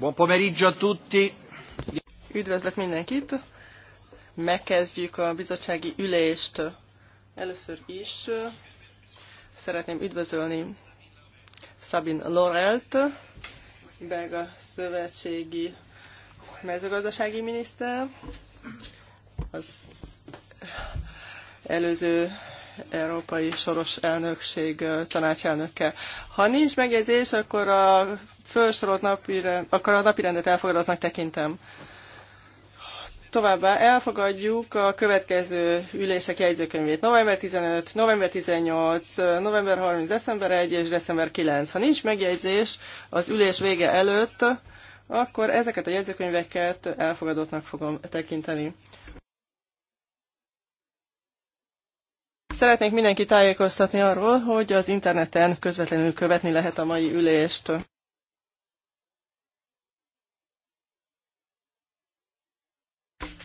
Buon pomeriggio a tutti. Üdvözlök mindenkit. Megkezdjük a bizottsági ülést. Először is szeretném üdvözölni Szabin Lorelt, belga szövetségi mezőgazdasági miniszter, az előző európai soros elnökség tanácselnöke. Ha nincs megjegyzés, akkor a felsorolt napire, akkor a rendet elfogadottnak tekintem. Továbbá elfogadjuk a következő ülések jegyzőkönyvét. November 15, november 18, november 30, december 1 és december 9. Ha nincs megjegyzés az ülés vége előtt, akkor ezeket a jegyzőkönyveket elfogadottnak fogom tekinteni. Szeretnék mindenki tájékoztatni arról, hogy az interneten közvetlenül követni lehet a mai ülést.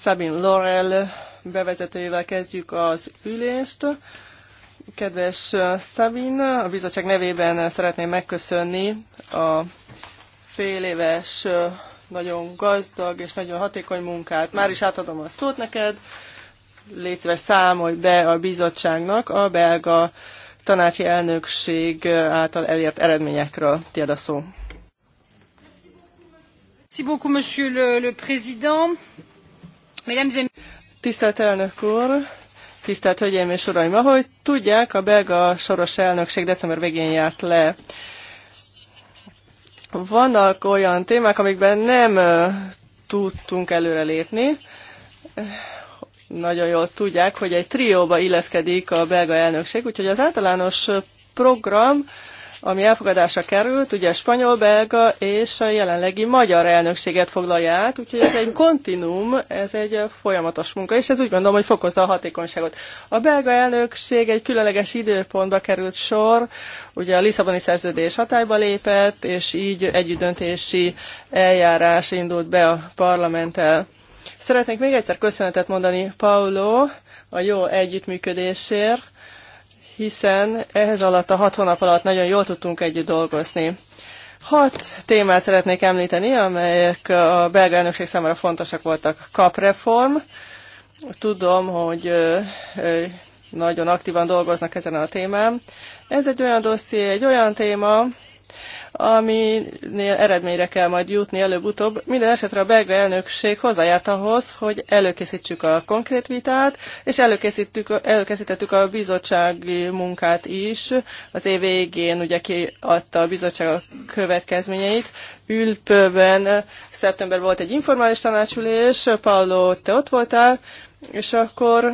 Sabine Laurel bevezetőjével kezdjük az ülést. Kedves Szabin, a bizottság nevében szeretném megköszönni a fél éves nagyon gazdag és nagyon hatékony munkát. Már is átadom a szót neked. Légy szíves, számolj be a bizottságnak a belga tanácsi elnökség által elért eredményekről. Tiéd a szó. Merci beaucoup, monsieur le, le président. Tisztelt elnök úr, tisztelt hölgyeim és uraim, ahogy tudják, a belga soros elnökség december végén járt le. Vannak olyan témák, amikben nem tudtunk előrelépni. Nagyon jól tudják, hogy egy trióba illeszkedik a belga elnökség, úgyhogy az általános program ami elfogadásra került, ugye a spanyol, belga és a jelenlegi magyar elnökséget foglalja át, úgyhogy ez egy kontinum, ez egy folyamatos munka, és ez úgy gondolom, hogy fokozza a hatékonyságot. A belga elnökség egy különleges időpontba került sor, ugye a Lisszaboni szerződés hatályba lépett, és így együttdöntési eljárás indult be a parlamenttel. Szeretnék még egyszer köszönetet mondani Paulo a jó együttműködésért, hiszen ehhez alatt a hat hónap alatt nagyon jól tudtunk együtt dolgozni. Hat témát szeretnék említeni, amelyek a belga elnökség számára fontosak voltak. Kapreform. Tudom, hogy nagyon aktívan dolgoznak ezen a témán. Ez egy olyan dosszié, egy olyan téma, aminél eredményre kell majd jutni előbb-utóbb. Minden esetre a belga elnökség hozzájárt ahhoz, hogy előkészítsük a konkrét vitát, és előkészítettük, előkészítettük a bizottsági munkát is. Az év végén ugye kiadta a bizottság a következményeit. Ülpőben szeptember volt egy informális tanácsülés, Paolo, te ott voltál, és akkor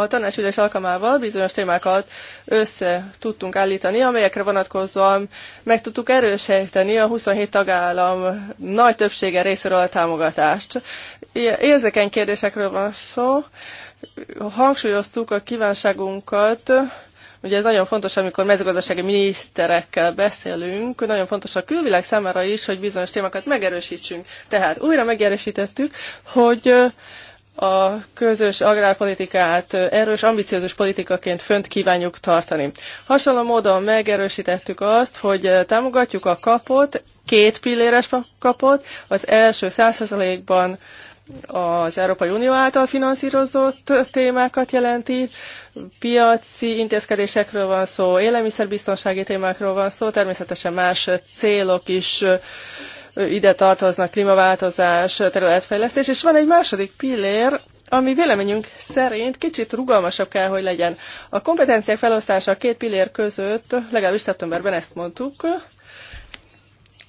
a tanácsülés alkalmával bizonyos témákat össze tudtunk állítani, amelyekre vonatkozóan meg tudtuk erősíteni a 27 tagállam nagy többsége részéről a támogatást. Érzékeny kérdésekről van szó. Hangsúlyoztuk a kívánságunkat, Ugye ez nagyon fontos, amikor mezőgazdasági miniszterekkel beszélünk, nagyon fontos a külvilág számára is, hogy bizonyos témákat megerősítsünk. Tehát újra megerősítettük, hogy a közös agrárpolitikát erős, ambiciózus politikaként fönt kívánjuk tartani. Hasonló módon megerősítettük azt, hogy támogatjuk a kapot, két pilléres kapot, az első 100%-ban az Európai Unió által finanszírozott témákat jelenti. Piaci intézkedésekről van szó, élelmiszerbiztonsági témákról van szó, természetesen más célok is ide tartoznak klímaváltozás, területfejlesztés, és van egy második pillér, ami véleményünk szerint kicsit rugalmasabb kell, hogy legyen. A kompetenciák felosztása a két pillér között, legalábbis szeptemberben ezt mondtuk,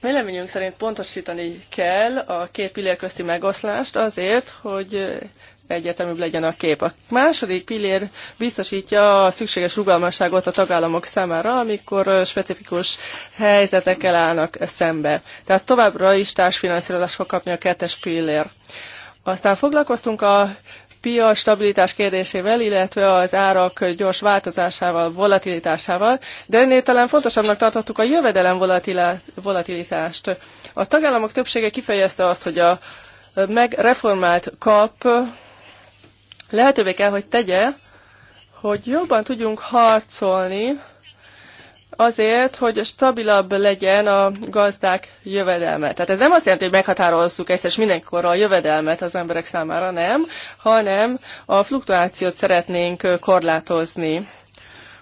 Véleményünk szerint pontosítani kell a két pillér közti megoszlást azért, hogy egyértelműbb legyen a kép. A második pillér biztosítja a szükséges rugalmasságot a tagállamok számára, amikor specifikus helyzetekkel állnak szembe. Tehát továbbra is társfinanszírozást fog kapni a kettes pillér. Aztán foglalkoztunk a piac stabilitás kérdésével, illetve az árak gyors változásával, volatilitásával, de ennél talán fontosabbnak tartottuk a jövedelem volatilitást. A tagállamok többsége kifejezte azt, hogy a megreformált kap lehetővé kell, hogy tegye, hogy jobban tudjunk harcolni azért, hogy stabilabb legyen a gazdák jövedelme. Tehát ez nem azt jelenti, hogy meghatározzuk egyszer mindenkor a jövedelmet az emberek számára, nem, hanem a fluktuációt szeretnénk korlátozni.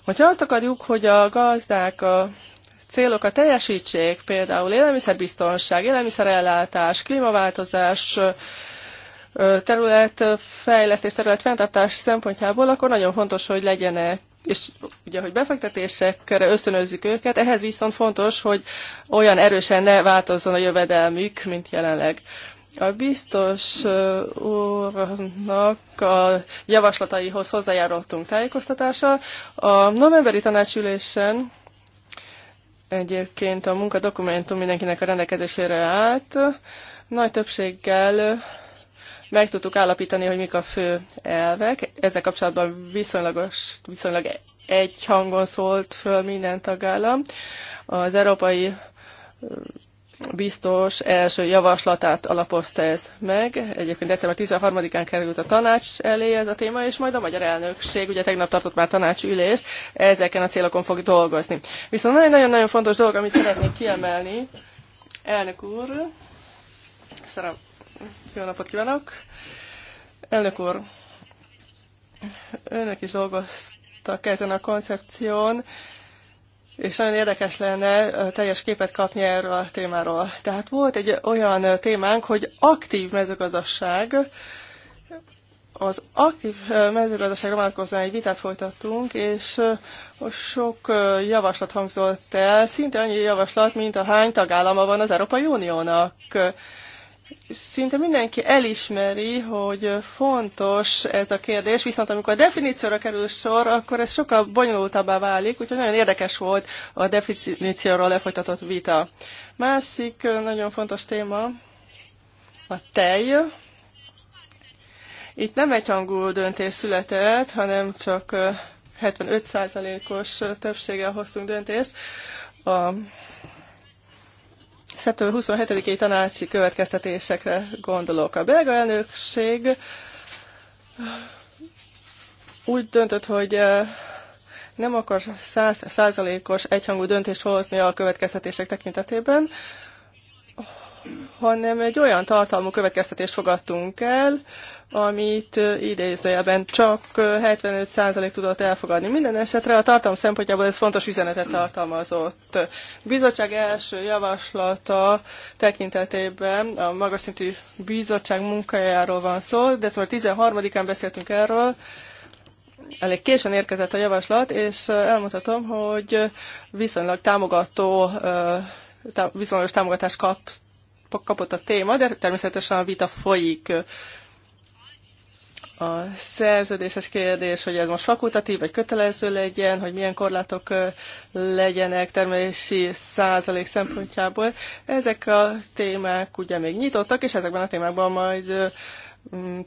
Hogyha azt akarjuk, hogy a gazdák a célokat teljesítsék, például élelmiszerbiztonság, élelmiszerellátás, klímaváltozás területfejlesztés, területfenntartás szempontjából, akkor nagyon fontos, hogy legyenek és ugye, hogy befektetésekre ösztönözzük őket, ehhez viszont fontos, hogy olyan erősen ne változzon a jövedelmük, mint jelenleg. A biztos úrnak a javaslataihoz hozzájárultunk tájékoztatással. A novemberi tanácsülésen egyébként a munkadokumentum mindenkinek a rendelkezésére állt. Nagy többséggel meg tudtuk állapítani, hogy mik a fő elvek. Ezzel kapcsolatban viszonylagos, viszonylag egy hangon szólt föl minden tagállam. Az európai biztos első javaslatát alapozta ez meg. Egyébként december 13-án került a tanács elé ez a téma, és majd a magyar elnökség, ugye tegnap tartott már tanácsülést, ezeken a célokon fog dolgozni. Viszont van egy nagyon-nagyon fontos dolog, amit szeretnék kiemelni. Elnök úr, jó napot kívánok! Elnök úr, önök is dolgoztak ezen a koncepción, és nagyon érdekes lenne teljes képet kapni erről a témáról. Tehát volt egy olyan témánk, hogy aktív mezőgazdaság, az aktív mezőgazdaságra vonatkozóan egy vitát folytattunk, és sok javaslat hangzott el, szinte annyi javaslat, mint a hány tagállama van az Európai Uniónak szinte mindenki elismeri, hogy fontos ez a kérdés, viszont amikor a definícióra kerül sor, akkor ez sokkal bonyolultabbá válik, úgyhogy nagyon érdekes volt a definícióról lefolytatott vita. Másik nagyon fontos téma a tej. Itt nem egyhangú döntés született, hanem csak 75%-os többséggel hoztunk döntést. A szeptember 27-i tanácsi következtetésekre gondolok. A belga elnökség úgy döntött, hogy eh, nem akar száz százalékos egyhangú döntést hozni a következtetések tekintetében, hanem egy olyan tartalmú következtetést fogadtunk el, amit idézőjelben csak 75% tudott elfogadni. Minden esetre a tartalom szempontjából ez fontos üzenetet tartalmazott. A bizottság első javaslata tekintetében a magas szintű bizottság munkájáról van szó, de szóval 13-án beszéltünk erről, elég későn érkezett a javaslat, és elmutatom, hogy viszonylag támogató viszonylagos támogatást kap, kapott a téma, de természetesen a vita folyik. A szerződéses kérdés, hogy ez most fakultatív vagy kötelező legyen, hogy milyen korlátok legyenek termelési százalék szempontjából. Ezek a témák ugye még nyitottak, és ezekben a témákban majd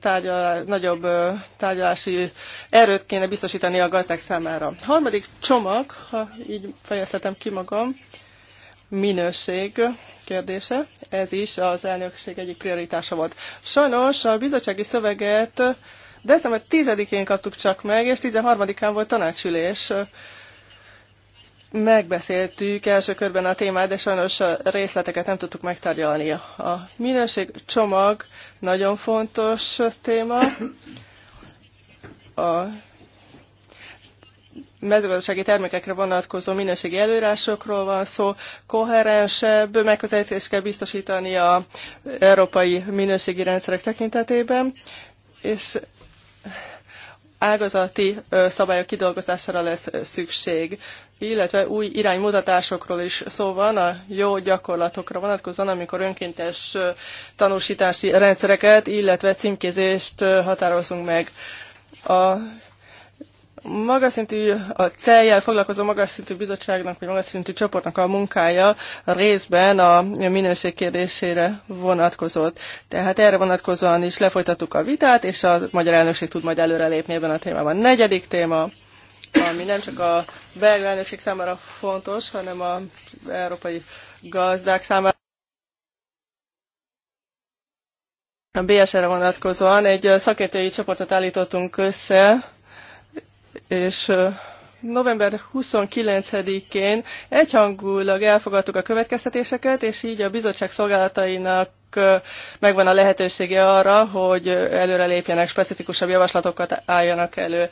tárgyal, nagyobb tárgyalási erőt kéne biztosítani a gazdák számára. Harmadik csomag, ha így fejezhetem ki magam, minőség kérdése. Ez is az elnökség egyik prioritása volt. Sajnos a bizottsági szöveget december 10-én kaptuk csak meg, és 13-án volt tanácsülés. Megbeszéltük első körben a témát, de sajnos a részleteket nem tudtuk megtárgyalni. A minőség csomag nagyon fontos téma. A mezőgazdasági termékekre vonatkozó minőségi előírásokról van szó, koherensebb megközelítést kell biztosítani a európai minőségi rendszerek tekintetében, és ágazati szabályok kidolgozására lesz szükség, illetve új iránymutatásokról is szó van a jó gyakorlatokra vonatkozóan, amikor önkéntes tanúsítási rendszereket, illetve címkézést határozunk meg. A magas szintű, a teljel foglalkozó magas szintű bizottságnak, vagy magas szintű csoportnak a munkája részben a minőség kérdésére vonatkozott. Tehát erre vonatkozóan is lefolytattuk a vitát, és a magyar elnökség tud majd előrelépni ebben a témában. Negyedik téma, ami nem csak a belga elnökség számára fontos, hanem az európai gazdák számára. A BSR-re vonatkozóan egy szakértői csoportot állítottunk össze, és november 29-én egyhangulag elfogadtuk a következtetéseket, és így a bizottság szolgálatainak megvan a lehetősége arra, hogy előrelépjenek, specifikusabb javaslatokat álljanak elő.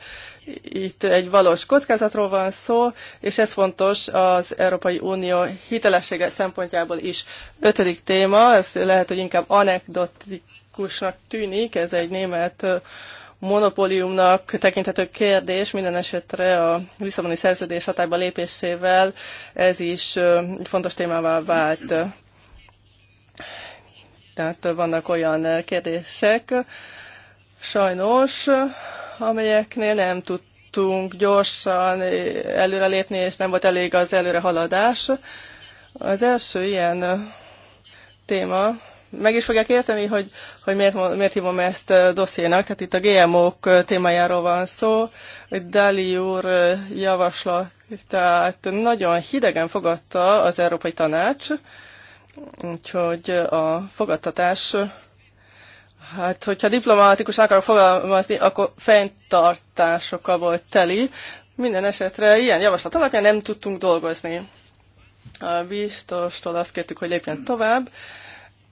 Itt egy valós kockázatról van szó, és ez fontos az Európai Unió hitelessége szempontjából is. Ötödik téma, ez lehet, hogy inkább anekdotikusnak tűnik, ez egy német monopóliumnak tekinthető kérdés, minden esetre a Lisszaboni szerződés hatályba lépésével ez is fontos témává vált. Tehát vannak olyan kérdések, sajnos, amelyeknél nem tudtunk gyorsan előrelépni, és nem volt elég az előrehaladás. Az első ilyen téma meg is fogják érteni, hogy, hogy miért, miért hívom ezt eh, dossziénak. Tehát itt a GMO-k eh, témájáról van szó. Dali úr eh, tehát nagyon hidegen fogadta az Európai Tanács, úgyhogy a fogadtatás Hát, hogyha diplomatikus akarok fogalmazni, akkor fenntartásokkal volt teli. Minden esetre ilyen javaslat alapján nem tudtunk dolgozni. A biztostól azt kértük, hogy lépjen tovább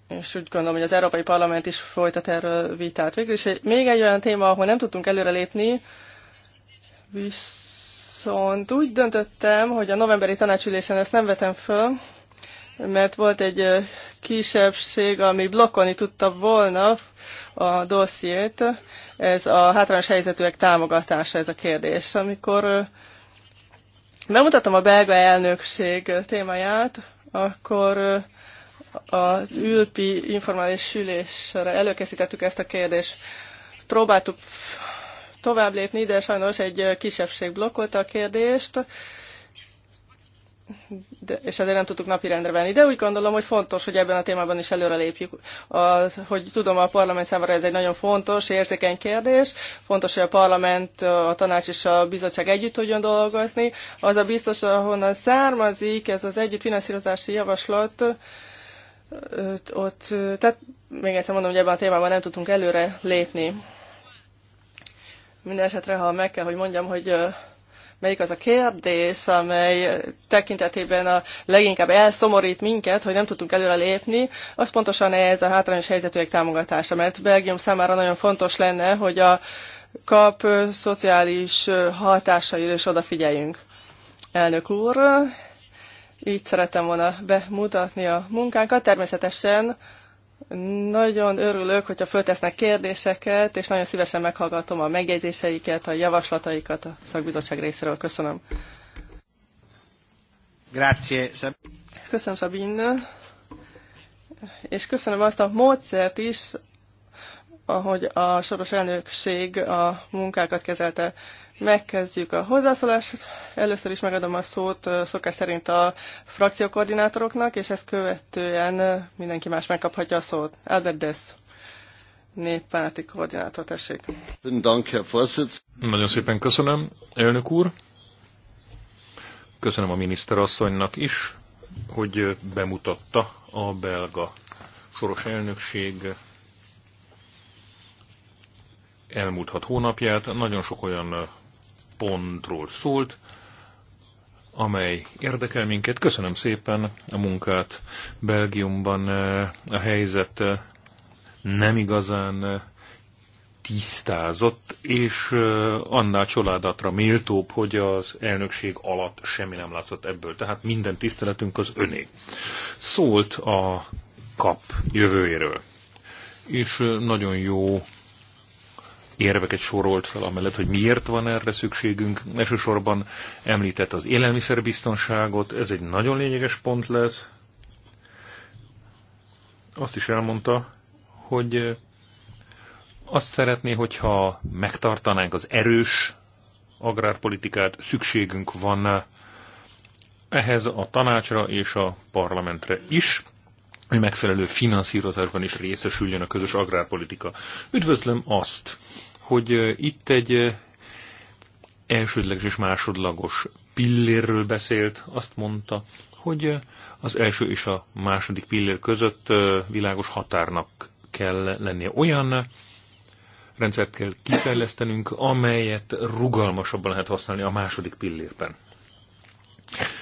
és úgy gondolom, hogy az Európai Parlament is folytat erről vitát. Végül is még egy olyan téma, ahol nem tudtunk előrelépni, viszont úgy döntöttem, hogy a novemberi tanácsülésen ezt nem vetem föl, mert volt egy kisebbség, ami blokkolni tudta volna a dossziét. Ez a hátrányos helyzetűek támogatása ez a kérdés. Amikor bemutattam a belga elnökség témáját, akkor az ülpi informális sülésre előkészítettük ezt a kérdést. Próbáltuk tovább lépni, de sajnos egy kisebbség blokkolta a kérdést, de, és ezért nem tudtuk napirendre venni. De úgy gondolom, hogy fontos, hogy ebben a témában is előre lépjük. Az, hogy tudom, a parlament számára ez egy nagyon fontos, érzékeny kérdés. Fontos, hogy a parlament, a tanács és a bizottság együtt tudjon dolgozni. Az a biztos, ahonnan származik ez az együttfinanszírozási javaslat, ott, tehát még egyszer mondom, hogy ebben a témában nem tudtunk előre lépni. Minden esetre, ha meg kell, hogy mondjam, hogy melyik az a kérdés, amely tekintetében a leginkább elszomorít minket, hogy nem tudtunk előre lépni, az pontosan ez a hátrányos helyzetűek támogatása, mert Belgium számára nagyon fontos lenne, hogy a kap szociális hatásaira is odafigyeljünk. Elnök úr, így szeretem volna bemutatni a munkánkat. Természetesen nagyon örülök, hogyha föltesznek kérdéseket, és nagyon szívesen meghallgatom a megjegyzéseiket, a javaslataikat a szakbizottság részéről. Köszönöm. Grazie. Köszönöm, Sabine. És köszönöm azt a módszert is, ahogy a soros elnökség a munkákat kezelte. Megkezdjük a hozzászólást. Először is megadom a szót szokás szerint a frakciókoordinátoroknak, és ezt követően mindenki más megkaphatja a szót. Albert Dess, néppárti koordinátor, tessék. Nagyon szépen köszönöm, elnök úr. Köszönöm a miniszterasszonynak is, hogy bemutatta a belga soros elnökség elmúlt hat hónapját. Nagyon sok olyan pontról szólt, amely érdekel minket. Köszönöm szépen a munkát. Belgiumban eh, a helyzet eh, nem igazán eh, tisztázott, és annál családatra méltóbb, hogy az elnökség alatt semmi nem látszott ebből. Tehát minden tiszteletünk az öné. Szólt a kap jövőjéről. És nagyon jó érveket sorolt fel, amellett, hogy miért van erre szükségünk. Elsősorban említett az élelmiszerbiztonságot, ez egy nagyon lényeges pont lesz. Azt is elmondta, hogy azt szeretné, hogyha megtartanánk az erős agrárpolitikát, szükségünk van ehhez a tanácsra és a parlamentre is hogy megfelelő finanszírozásban is részesüljön a közös agrárpolitika. Üdvözlöm azt, hogy itt egy elsődleges és másodlagos pillérről beszélt, azt mondta, hogy az első és a második pillér között világos határnak kell lennie. Olyan rendszert kell kifejlesztenünk, amelyet rugalmasabban lehet használni a második pillérben.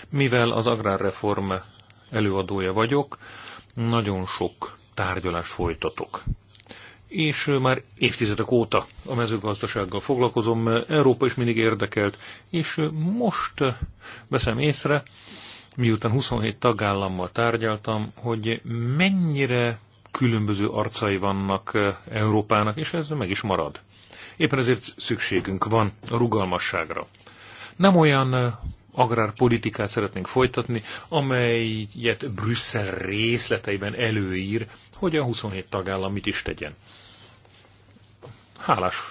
Mivel az agrárreform előadója vagyok, nagyon sok tárgyalást folytatok. És már évtizedek óta a mezőgazdasággal foglalkozom, Európa is mindig érdekelt, és most veszem észre, miután 27 tagállammal tárgyaltam, hogy mennyire különböző arcai vannak Európának, és ez meg is marad. Éppen ezért szükségünk van a rugalmasságra. Nem olyan agrárpolitikát szeretnénk folytatni, amelyet Brüsszel részleteiben előír, hogy a 27 tagállam mit is tegyen. Hálás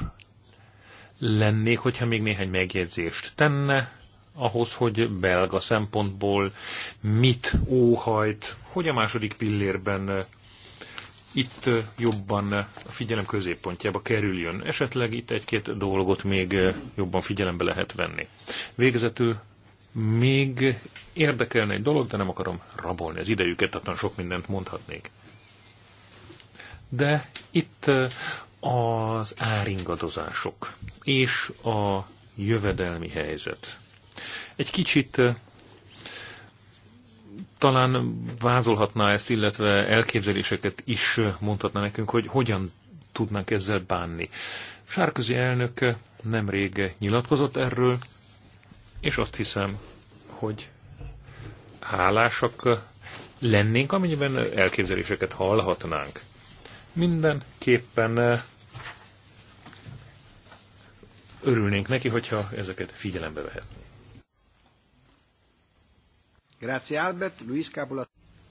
lennék, hogyha még néhány megjegyzést tenne, ahhoz, hogy belga szempontból mit óhajt, hogy a második pillérben itt jobban a figyelem középpontjába kerüljön. Esetleg itt egy-két dolgot még jobban figyelembe lehet venni. Végezetül még érdekelne egy dolog, de nem akarom rabolni az idejüket, tehát sok mindent mondhatnék. De itt az áringadozások és a jövedelmi helyzet. Egy kicsit talán vázolhatná ezt, illetve elképzeléseket is mondhatna nekünk, hogy hogyan tudnánk ezzel bánni. Sárközi elnök nemrég nyilatkozott erről, és azt hiszem, hogy hálásak lennénk, amennyiben elképzeléseket hallhatnánk. Mindenképpen eh, örülnénk neki, hogyha ezeket figyelembe vehetnénk. Grazie Albert, Luis Capula.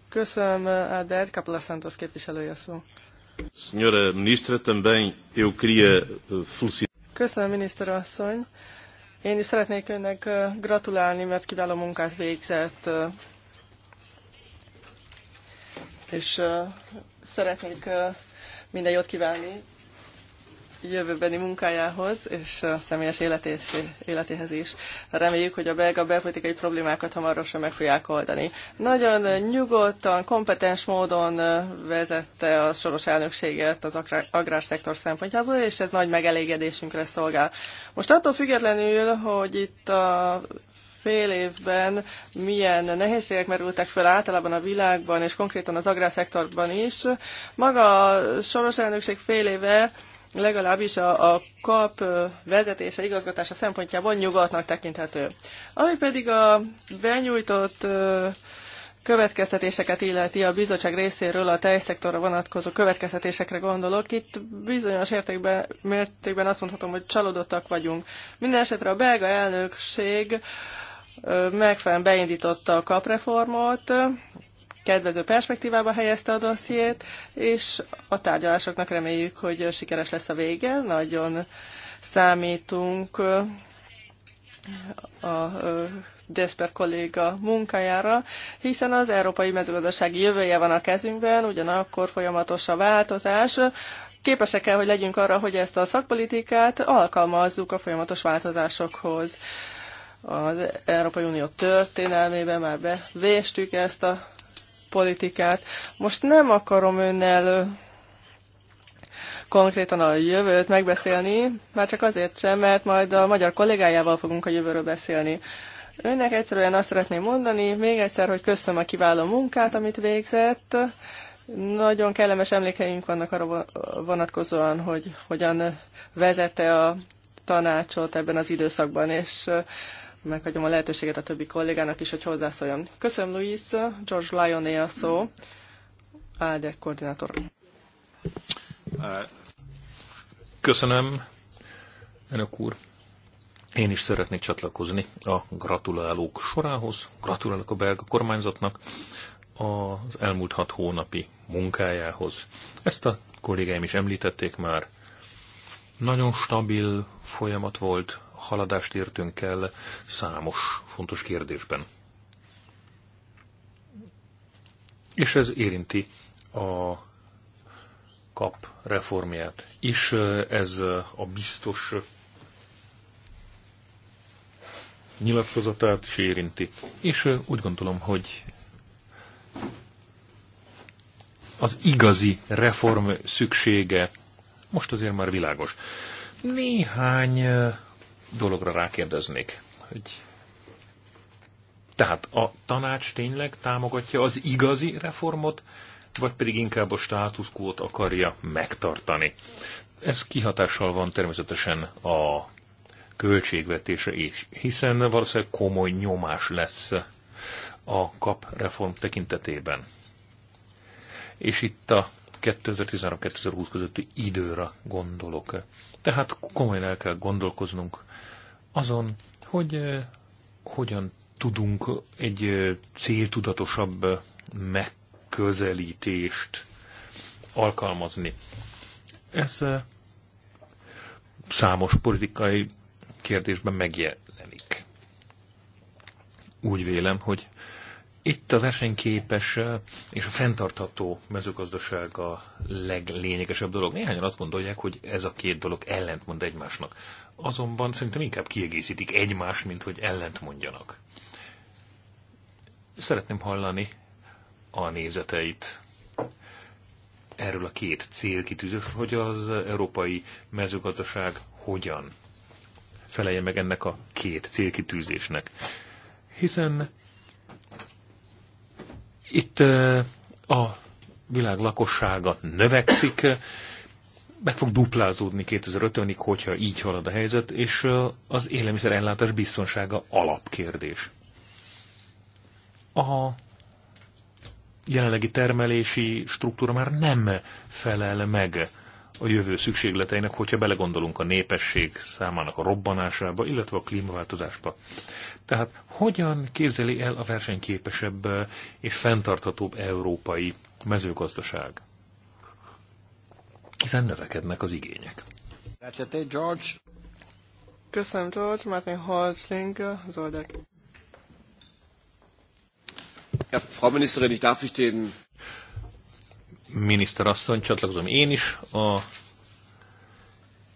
Köszönöm, eh, Albert. Capola Santos képviselője szó. Senyora Ministra, também eu queria eh, felicitar. Köszönöm, miniszter asszony. Én is szeretnék önnek gratulálni, mert kiváló munkát végzett, és szeretnék minden jót kívánni jövőbeni munkájához és a személyes életés, életéhez is. Reméljük, hogy a belga belpolitikai problémákat hamarosan meg fogják oldani. Nagyon nyugodtan, kompetens módon vezette a soros elnökséget az agrárszektor szempontjából, és ez nagy megelégedésünkre szolgál. Most attól függetlenül, hogy itt a fél évben milyen nehézségek merültek fel általában a világban, és konkrétan az agrárszektorban is. Maga a soros elnökség fél éve legalábbis a, a kap vezetése, igazgatása szempontjából nyugatnak tekinthető. Ami pedig a benyújtott következtetéseket illeti a bizottság részéről a tejszektorra vonatkozó következtetésekre gondolok. Itt bizonyos értékben, mértékben azt mondhatom, hogy csalódottak vagyunk. Minden esetre a belga elnökség megfelelően beindította a kapreformot, kedvező perspektívába helyezte a dossziét, és a tárgyalásoknak reméljük, hogy sikeres lesz a vége. Nagyon számítunk a Desper kolléga munkájára, hiszen az európai mezőgazdasági jövője van a kezünkben, ugyanakkor folyamatos a változás, képesek kell, hogy legyünk arra, hogy ezt a szakpolitikát alkalmazzuk a folyamatos változásokhoz. Az Európai Unió történelmében már bevéstük ezt a politikát. Most nem akarom önnel konkrétan a jövőt megbeszélni, már csak azért sem, mert majd a magyar kollégájával fogunk a jövőről beszélni. Önnek egyszerűen azt szeretném mondani, még egyszer, hogy köszönöm a kiváló munkát, amit végzett. Nagyon kellemes emlékeink vannak arra vonatkozóan, hogy hogyan vezette a tanácsot ebben az időszakban, és Meghagyom a lehetőséget a többi kollégának is, hogy hozzászóljon. Köszönöm, Luis. George Lyoné a szó. ADEC koordinátor. Köszönöm, Önök úr. Én is szeretnék csatlakozni a gratulálók sorához. Gratulálok a belga kormányzatnak az elmúlt hat hónapi munkájához. Ezt a kollégáim is említették már. Nagyon stabil folyamat volt, haladást értünk el számos fontos kérdésben. És ez érinti a kap reformját is, ez a biztos nyilatkozatát is érinti. És úgy gondolom, hogy az igazi reform szüksége most azért már világos. Néhány dologra rákérdeznék, hogy tehát a tanács tényleg támogatja az igazi reformot, vagy pedig inkább a státuszkót akarja megtartani. Ez kihatással van természetesen a költségvetése is, hiszen valószínűleg komoly nyomás lesz a kap reform tekintetében. És itt a 2013-2020 közötti időra gondolok. Tehát komolyan el kell gondolkoznunk azon, hogy eh, hogyan tudunk egy eh, céltudatosabb megközelítést alkalmazni. Ez eh, számos politikai kérdésben megjelenik. Úgy vélem, hogy itt a versenyképes és a fenntartható mezőgazdaság a leglényegesebb dolog. Néhányan azt gondolják, hogy ez a két dolog ellentmond egymásnak. Azonban szerintem inkább kiegészítik egymást, mint hogy ellentmondjanak. Szeretném hallani a nézeteit erről a két célkitűzésről, hogy az európai mezőgazdaság hogyan felelje meg ennek a két célkitűzésnek. Hiszen itt a világ lakossága növekszik, meg fog duplázódni 2050-ig, hogyha így halad a helyzet, és az élelmiszerellátás biztonsága alapkérdés. A jelenlegi termelési struktúra már nem felel meg a jövő szükségleteinek, hogyha belegondolunk a népesség számának a robbanásába, illetve a klímaváltozásba. Tehát hogyan képzeli el a versenyképesebb és fenntarthatóbb európai mezőgazdaság? Hiszen növekednek az igények. Köszönöm, eh, George. Köszönöm, George. Martin Holzling, Zoldek. Ja, Frau Ministerin, ich darf ich den... Miniszter asszony, csatlakozom én is a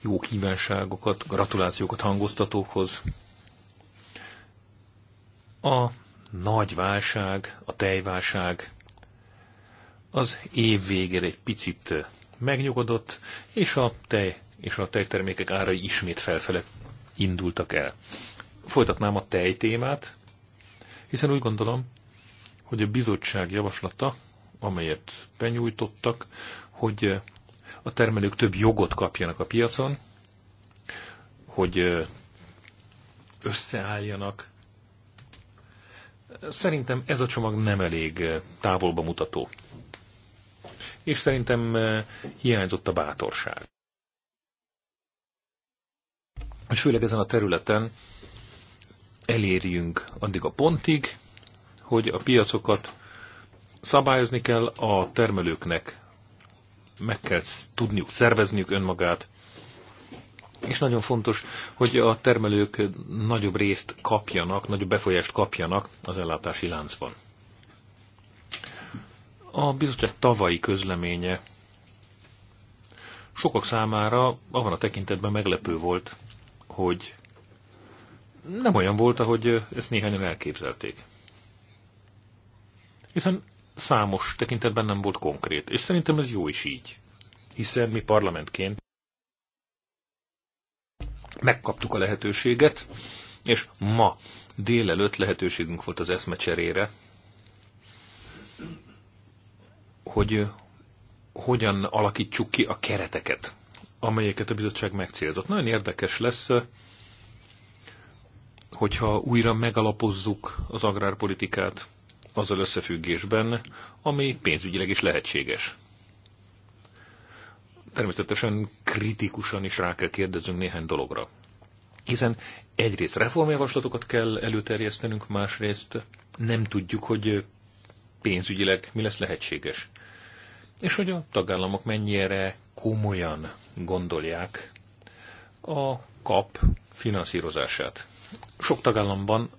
jó kívánságokat, gratulációkat hangoztatókhoz. A nagy válság, a tejválság az év végére egy picit megnyugodott, és a tej és a tejtermékek árai ismét felfele indultak el. Folytatnám a tej témát, hiszen úgy gondolom, hogy a bizottság javaslata, amelyet benyújtottak, hogy a termelők több jogot kapjanak a piacon, hogy összeálljanak, Szerintem ez a csomag nem elég eh, távolba mutató. És szerintem eh, hiányzott a bátorság. És főleg ezen a területen elérjünk addig a pontig, hogy a piacokat szabályozni kell, a termelőknek meg kell tudniuk szervezniük önmagát, és nagyon fontos, hogy a termelők nagyobb részt kapjanak, nagyobb befolyást kapjanak az ellátási láncban. A bizottság tavalyi közleménye sokak számára abban a tekintetben meglepő volt, hogy nem olyan volt, ahogy ezt néhányan elképzelték. Hiszen számos tekintetben nem volt konkrét, és szerintem ez jó is így. Hiszen mi parlamentként Megkaptuk a lehetőséget, és ma délelőtt lehetőségünk volt az eszmecserére, hogy hogyan alakítsuk ki a kereteket, amelyeket a bizottság megcélzott. Nagyon érdekes lesz, hogyha újra megalapozzuk az agrárpolitikát azzal összefüggésben, ami pénzügyileg is lehetséges természetesen kritikusan is rá kell kérdezünk néhány dologra. Hiszen egyrészt reformjavaslatokat kell előterjesztenünk, másrészt nem tudjuk, hogy pénzügyileg mi lesz lehetséges. És hogy a tagállamok mennyire komolyan gondolják a kap finanszírozását. Sok tagállamban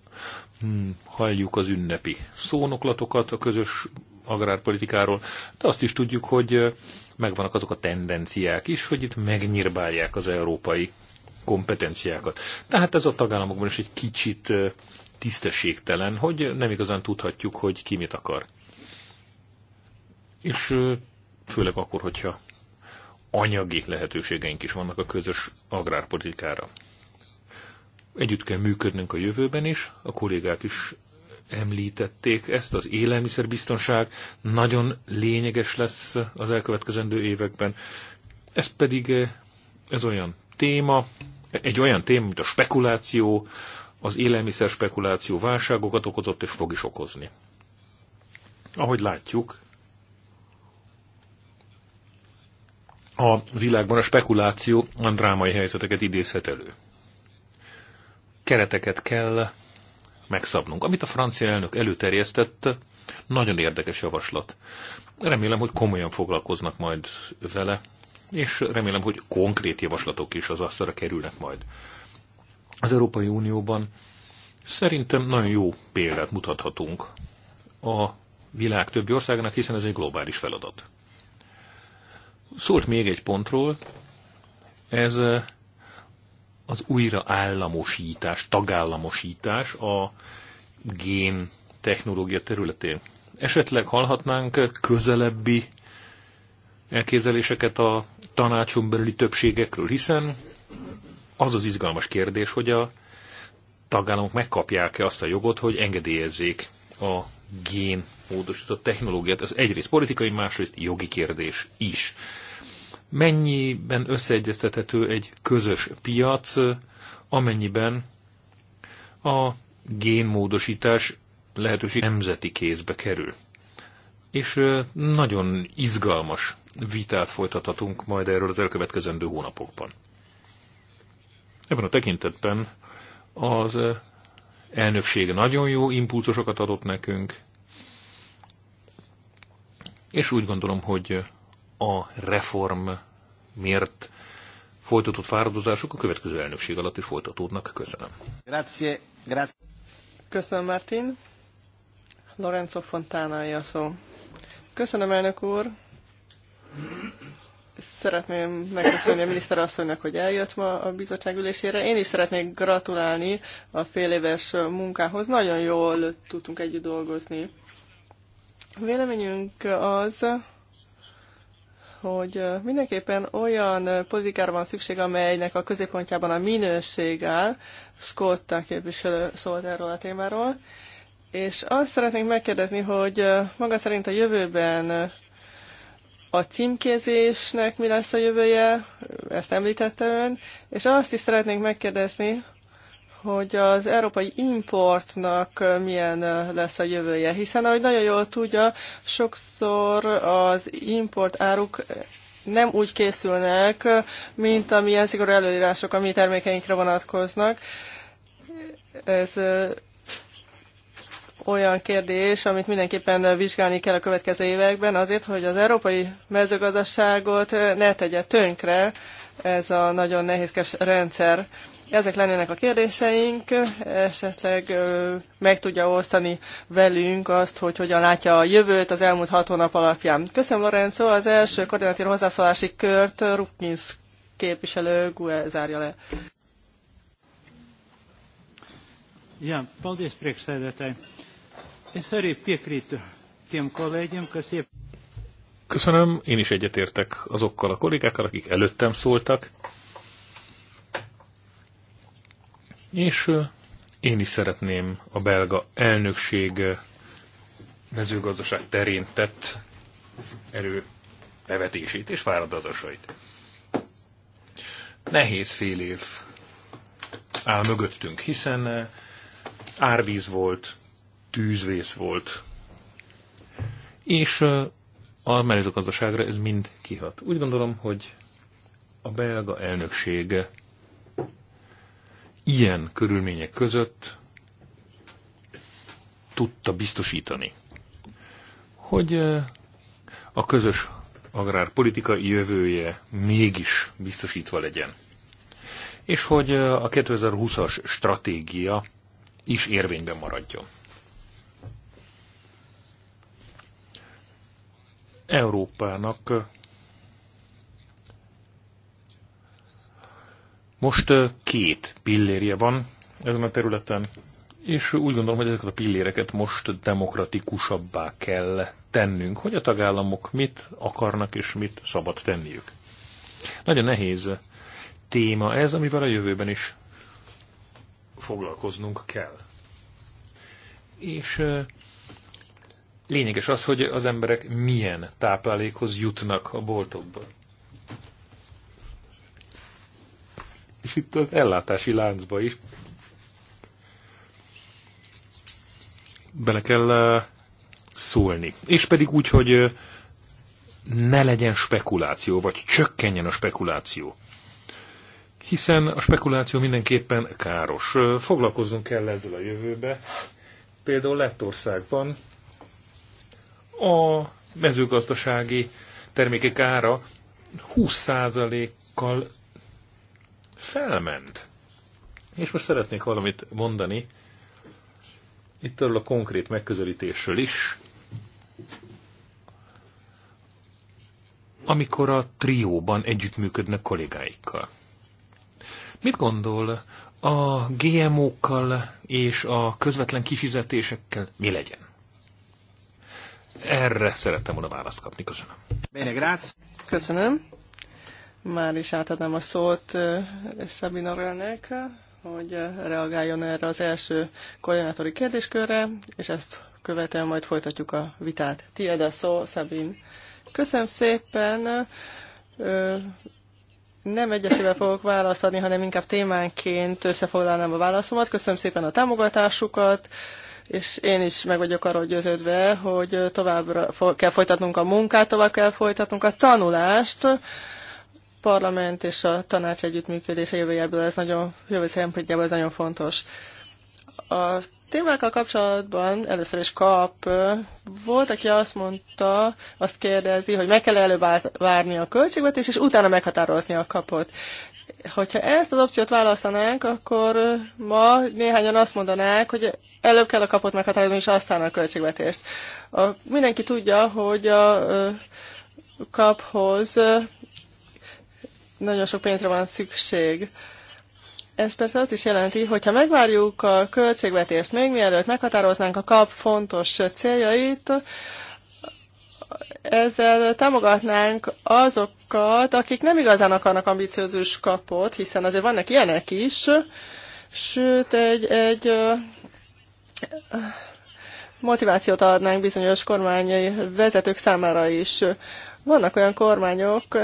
hmm, halljuk az ünnepi szónoklatokat a közös agrárpolitikáról, de azt is tudjuk, hogy megvannak azok a tendenciák is, hogy itt megnyírbálják az európai kompetenciákat. Tehát ez a tagállamokban is egy kicsit tisztességtelen, hogy nem igazán tudhatjuk, hogy ki mit akar. És főleg akkor, hogyha anyagi lehetőségeink is vannak a közös agrárpolitikára. Együtt kell működnünk a jövőben is, a kollégák is említették ezt, az élelmiszerbiztonság nagyon lényeges lesz az elkövetkezendő években. Ez pedig eh, ez olyan téma, egy olyan téma, mint a spekuláció, az élelmiszer spekuláció válságokat okozott és fog is okozni. Ahogy látjuk, a világban a spekuláció a drámai helyzeteket idézhet elő. Kereteket kell megszabnunk. Amit a francia elnök előterjesztett, nagyon érdekes javaslat. Remélem, hogy komolyan foglalkoznak majd vele, és remélem, hogy konkrét javaslatok is az asztalra kerülnek majd. Az Európai Unióban szerintem nagyon jó példát mutathatunk a világ többi országának, hiszen ez egy globális feladat. Szólt még egy pontról, ez az újraállamosítás, tagállamosítás a gén technológia területén. Esetleg hallhatnánk közelebbi elképzeléseket a tanácson belüli többségekről, hiszen az az izgalmas kérdés, hogy a tagállamok megkapják-e azt a jogot, hogy engedélyezzék a gén módosított technológiát. Ez egyrészt politikai, másrészt jogi kérdés is mennyiben összeegyeztethető egy közös piac, amennyiben a génmódosítás lehetőség nemzeti kézbe kerül. És nagyon izgalmas vitát folytathatunk majd erről az elkövetkezendő hónapokban. Ebben a tekintetben az elnökség nagyon jó impulzusokat adott nekünk, és úgy gondolom, hogy a reform miért folytatott fáradozások a következő elnökség alatt is folytatódnak. Köszönöm. Grazie, grazie. Köszönöm, Martin. Lorenzo Fontana a szó. Köszönöm, elnök úr. Szeretném megköszönni a miniszterasszonynak, hogy eljött ma a bizottság ülésére. Én is szeretnék gratulálni a fél éves munkához. Nagyon jól tudtunk együtt dolgozni. A véleményünk az, hogy mindenképpen olyan politikára van szükség, amelynek a középpontjában a minőség áll. Scott a képviselő szólt erről a témáról. És azt szeretnénk megkérdezni, hogy maga szerint a jövőben a címkézésnek mi lesz a jövője, ezt említette ön, és azt is szeretnénk megkérdezni, hogy az európai importnak milyen lesz a jövője, hiszen ahogy nagyon jól tudja, sokszor az import áruk nem úgy készülnek, mint amilyen szigorú előírások a mi termékeinkre vonatkoznak. Ez olyan kérdés, amit mindenképpen vizsgálni kell a következő években, azért, hogy az európai mezőgazdaságot ne tegye tönkre ez a nagyon nehézkes rendszer. Ezek lennének a kérdéseink, esetleg meg tudja osztani velünk azt, hogy hogyan látja a jövőt az elmúlt hat hónap alapján. Köszönöm, Lorenzo, az első koordinatív hozzászólási kört Rukminsz képviselő Gue zárja le. Ja, paldies priekšsēdētāji. Es arī piekrītu tiem kolēģiem, kas Köszönöm, én is egyetértek azokkal a kollégákkal, akik előttem szóltak, És én is szeretném a belga elnökség mezőgazdaság terén tett erő bevetését és fáradozásait. Nehéz fél év áll mögöttünk, hiszen árvíz volt, tűzvész volt, és a mezőgazdaságra ez mind kihat. Úgy gondolom, hogy a belga elnökség ilyen körülmények között tudta biztosítani, hogy eh, a közös agrárpolitika jövője mégis biztosítva legyen. És hogy eh, a 2020-as stratégia is érvényben maradjon. Európának Most két pillérje van ezen a területen, és úgy gondolom, hogy ezeket a pilléreket most demokratikusabbá kell tennünk, hogy a tagállamok mit akarnak és mit szabad tenniük. Nagyon nehéz téma ez, amivel a jövőben is foglalkoznunk kell. És lényeges az, hogy az emberek milyen táplálékhoz jutnak a boltokban. és itt az ellátási láncba is bele kell szólni. És pedig úgy, hogy ne legyen spekuláció, vagy csökkenjen a spekuláció. Hiszen a spekuláció mindenképpen káros. Foglalkoznunk kell ezzel a jövőbe. Például Lettországban a mezőgazdasági termékek ára 20%-kal felment. És most szeretnék valamit mondani, itt arról a konkrét megközelítésről is, amikor a trióban együttműködnek kollégáikkal. Mit gondol a GMO-kkal és a közvetlen kifizetésekkel mi legyen? Erre szerettem volna választ kapni. Köszönöm. Bene, Köszönöm. Már is átadnám a szót Szabina Rönnek, hogy reagáljon erre az első koordinátori kérdéskörre, és ezt követően majd folytatjuk a vitát. Tied a szó, Szabin. Köszönöm szépen. Nem egyesével fogok választani, hanem inkább témánként összefoglalnám a válaszomat. Köszönöm szépen a támogatásukat és én is meg vagyok arra győződve, hogy továbbra kell folytatnunk a munkát, tovább kell folytatnunk a tanulást, parlament és a tanács együttműködése jövőjéből ez nagyon, jövő szempontjából ez nagyon fontos. A témákkal kapcsolatban először is kap. Volt, aki azt mondta, azt kérdezi, hogy meg kell előbb várni a költségvetés, és utána meghatározni a kapot. Hogyha ezt az opciót választanánk, akkor ma néhányan azt mondanák, hogy előbb kell a kapot meghatározni, és aztán a költségvetést. A, mindenki tudja, hogy a, a kaphoz nagyon sok pénzre van szükség. Ez persze azt is jelenti, hogyha megvárjuk a költségvetést még mielőtt meghatároznánk a kap fontos céljait, ezzel támogatnánk azokat, akik nem igazán akarnak ambiciózus kapot, hiszen azért vannak ilyenek is, sőt, egy, egy motivációt adnánk bizonyos kormányai vezetők számára is. Vannak olyan kormányok,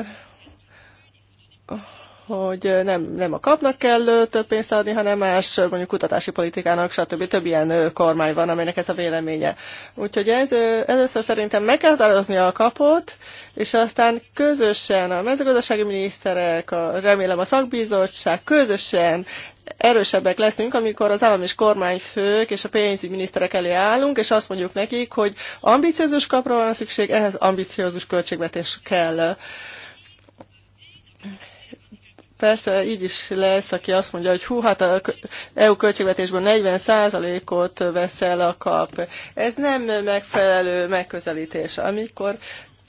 hogy nem, nem a kapnak kell több pénzt adni, hanem más mondjuk kutatási politikának, stb. több ilyen kormány van, amelynek ez a véleménye. Úgyhogy ez, először szerintem meg kell határozni a kapot, és aztán közösen a mezőgazdasági miniszterek, a, remélem a szakbizottság közösen erősebbek leszünk, amikor az állam és kormányfők és a pénzügyminiszterek elé állunk, és azt mondjuk nekik, hogy ambiciózus kapra van szükség, ehhez ambiciózus költségvetés kell. Persze így is lesz, aki azt mondja, hogy hú, hát a EU költségvetésből 40%-ot el a kap. Ez nem megfelelő megközelítés. Amikor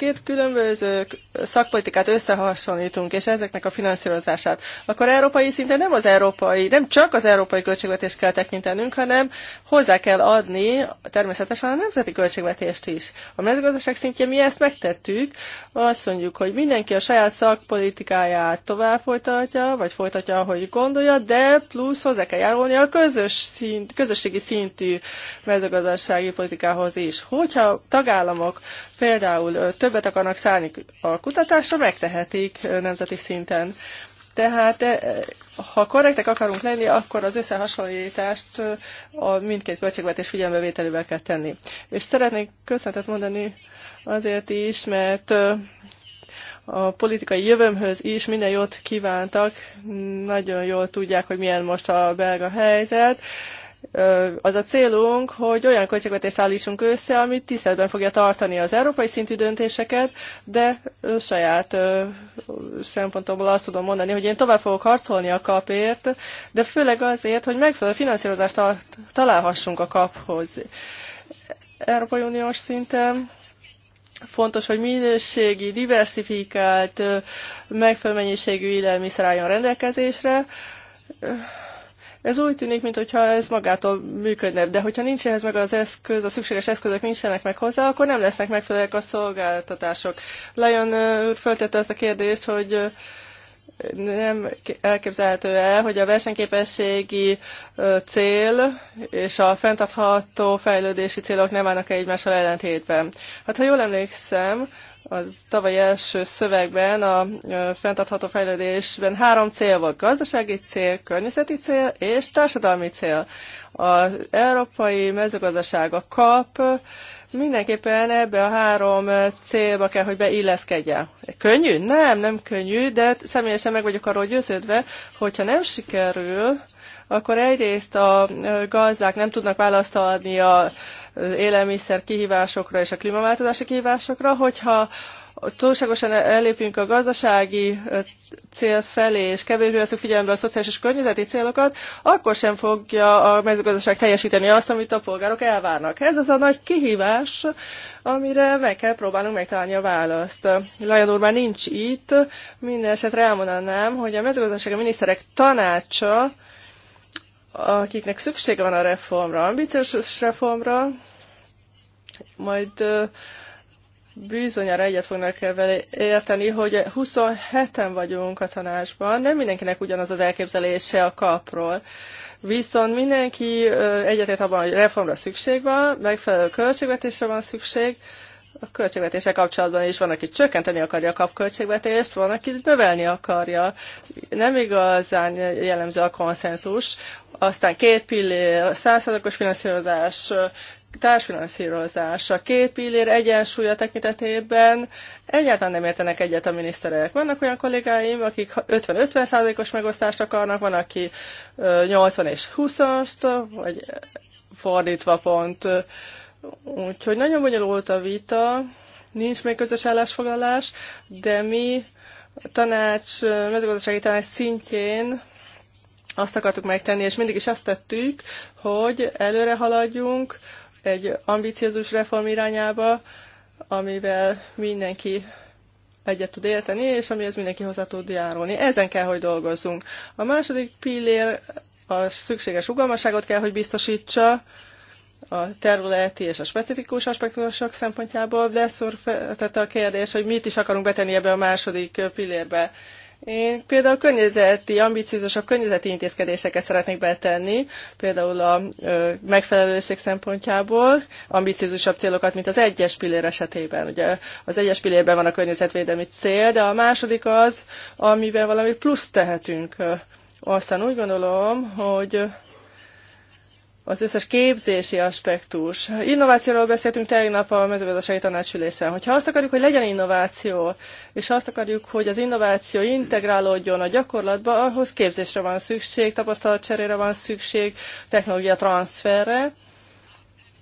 két különböző szakpolitikát összehasonlítunk, és ezeknek a finanszírozását, akkor európai szinten nem az európai, nem csak az európai költségvetést kell tekintenünk, hanem hozzá kell adni természetesen a nemzeti költségvetést is. A mezőgazdaság szintjén mi ezt megtettük, azt mondjuk, hogy mindenki a saját szakpolitikáját tovább folytatja, vagy folytatja, ahogy gondolja, de plusz hozzá kell járulni a közös szint, közösségi szintű mezőgazdasági politikához is. Hogyha tagállamok például többet akarnak szállni a kutatásra, megtehetik nemzeti szinten. Tehát ha korrektek akarunk lenni, akkor az összehasonlítást a mindkét költségvetés figyelmevételével kell tenni. És szeretnék köszönetet mondani azért is, mert a politikai jövőmhöz is minden jót kívántak, nagyon jól tudják, hogy milyen most a belga helyzet, az a célunk, hogy olyan költségvetést állítsunk össze, amit tiszteletben fogja tartani az európai szintű döntéseket, de saját szempontomból azt tudom mondani, hogy én tovább fogok harcolni a kapért, de főleg azért, hogy megfelelő finanszírozást találhassunk a kaphoz. Európai Uniós szinten fontos, hogy minőségi, diversifikált, megfelelő mennyiségű élelmiszer álljon rendelkezésre, ez úgy tűnik, mintha ez magától működne, de hogyha nincs ehhez meg az eszköz, a szükséges eszközök nincsenek meg hozzá, akkor nem lesznek megfelelők a szolgáltatások. Lajon úr föltette azt a kérdést, hogy nem elképzelhető el, hogy a versenyképességi cél és a fenntartható fejlődési célok nem állnak -e egymással ellentétben. Hát ha jól emlékszem, a tavaly első szövegben a fenntartható fejlődésben három cél volt, gazdasági cél, környezeti cél és társadalmi cél. Az európai mezőgazdaság a kap mindenképpen ebbe a három célba kell, hogy beilleszkedjen. Könnyű? Nem, nem könnyű, de személyesen meg vagyok arról győződve, hogyha nem sikerül, akkor egyrészt a gazdák nem tudnak választ adni a élelmiszer kihívásokra és a klímaváltozási kihívásokra, hogyha túlságosan ellépünk a gazdasági cél felé, és kevésbé veszünk figyelembe a szociális és környezeti célokat, akkor sem fogja a mezőgazdaság teljesíteni azt, amit a polgárok elvárnak. Ez az a nagy kihívás, amire meg kell próbálnunk megtalálni a választ. Lajon úr már nincs itt, minden esetre elmondanám, hogy a mezőgazdasági miniszterek tanácsa akiknek szüksége van a reformra, ambiciós reformra, majd bizonyára egyet fognak vele érteni, hogy 27-en vagyunk a tanácsban, nem mindenkinek ugyanaz az elképzelése a kapról. Viszont mindenki egyetért abban, hogy reformra szükség van, megfelelő költségvetésre van szükség, a költségvetése kapcsolatban is van, aki csökkenteni akarja a kapköltségvetést, van, aki növelni akarja. Nem igazán jellemző a konszenzus. Aztán két pillér, százszázalékos finanszírozás, társfinanszírozás, a két pillér egyensúlya tekintetében egyáltalán nem értenek egyet a miniszterek. Vannak olyan kollégáim, akik 50-50 százalékos -50 megosztást akarnak, van, aki 80 és 20-ast, vagy fordítva pont. Úgyhogy nagyon bonyolult a vita, nincs még közös állásfoglalás, de mi a tanács, mezőgazdasági tanács szintjén azt akartuk megtenni, és mindig is azt tettük, hogy előre haladjunk egy ambiciózus reform irányába, amivel mindenki egyet tud érteni, és amihez mindenki hozzá tud járulni. Ezen kell, hogy dolgozzunk. A második pillér a szükséges rugalmasságot kell, hogy biztosítsa a területi és a specifikus aspektusok szempontjából. Leszorfetette a kérdés, hogy mit is akarunk betenni ebbe a második pillérbe. Én például környezeti, ambiciózusabb környezeti intézkedéseket szeretnék betenni, például a ö, megfelelőség szempontjából ambiciózusabb célokat, mint az egyes pillér esetében. Ugye az egyes pillérben van a környezetvédelmi cél, de a második az, amiben valami plusz tehetünk. Aztán úgy gondolom, hogy az összes képzési aspektus. Innovációról beszéltünk tegnap a mezőgazdasági tanácsülésen. Hogyha azt akarjuk, hogy legyen innováció, és azt akarjuk, hogy az innováció integrálódjon a gyakorlatba, ahhoz képzésre van szükség, tapasztalatcserére van szükség, technológia transferre,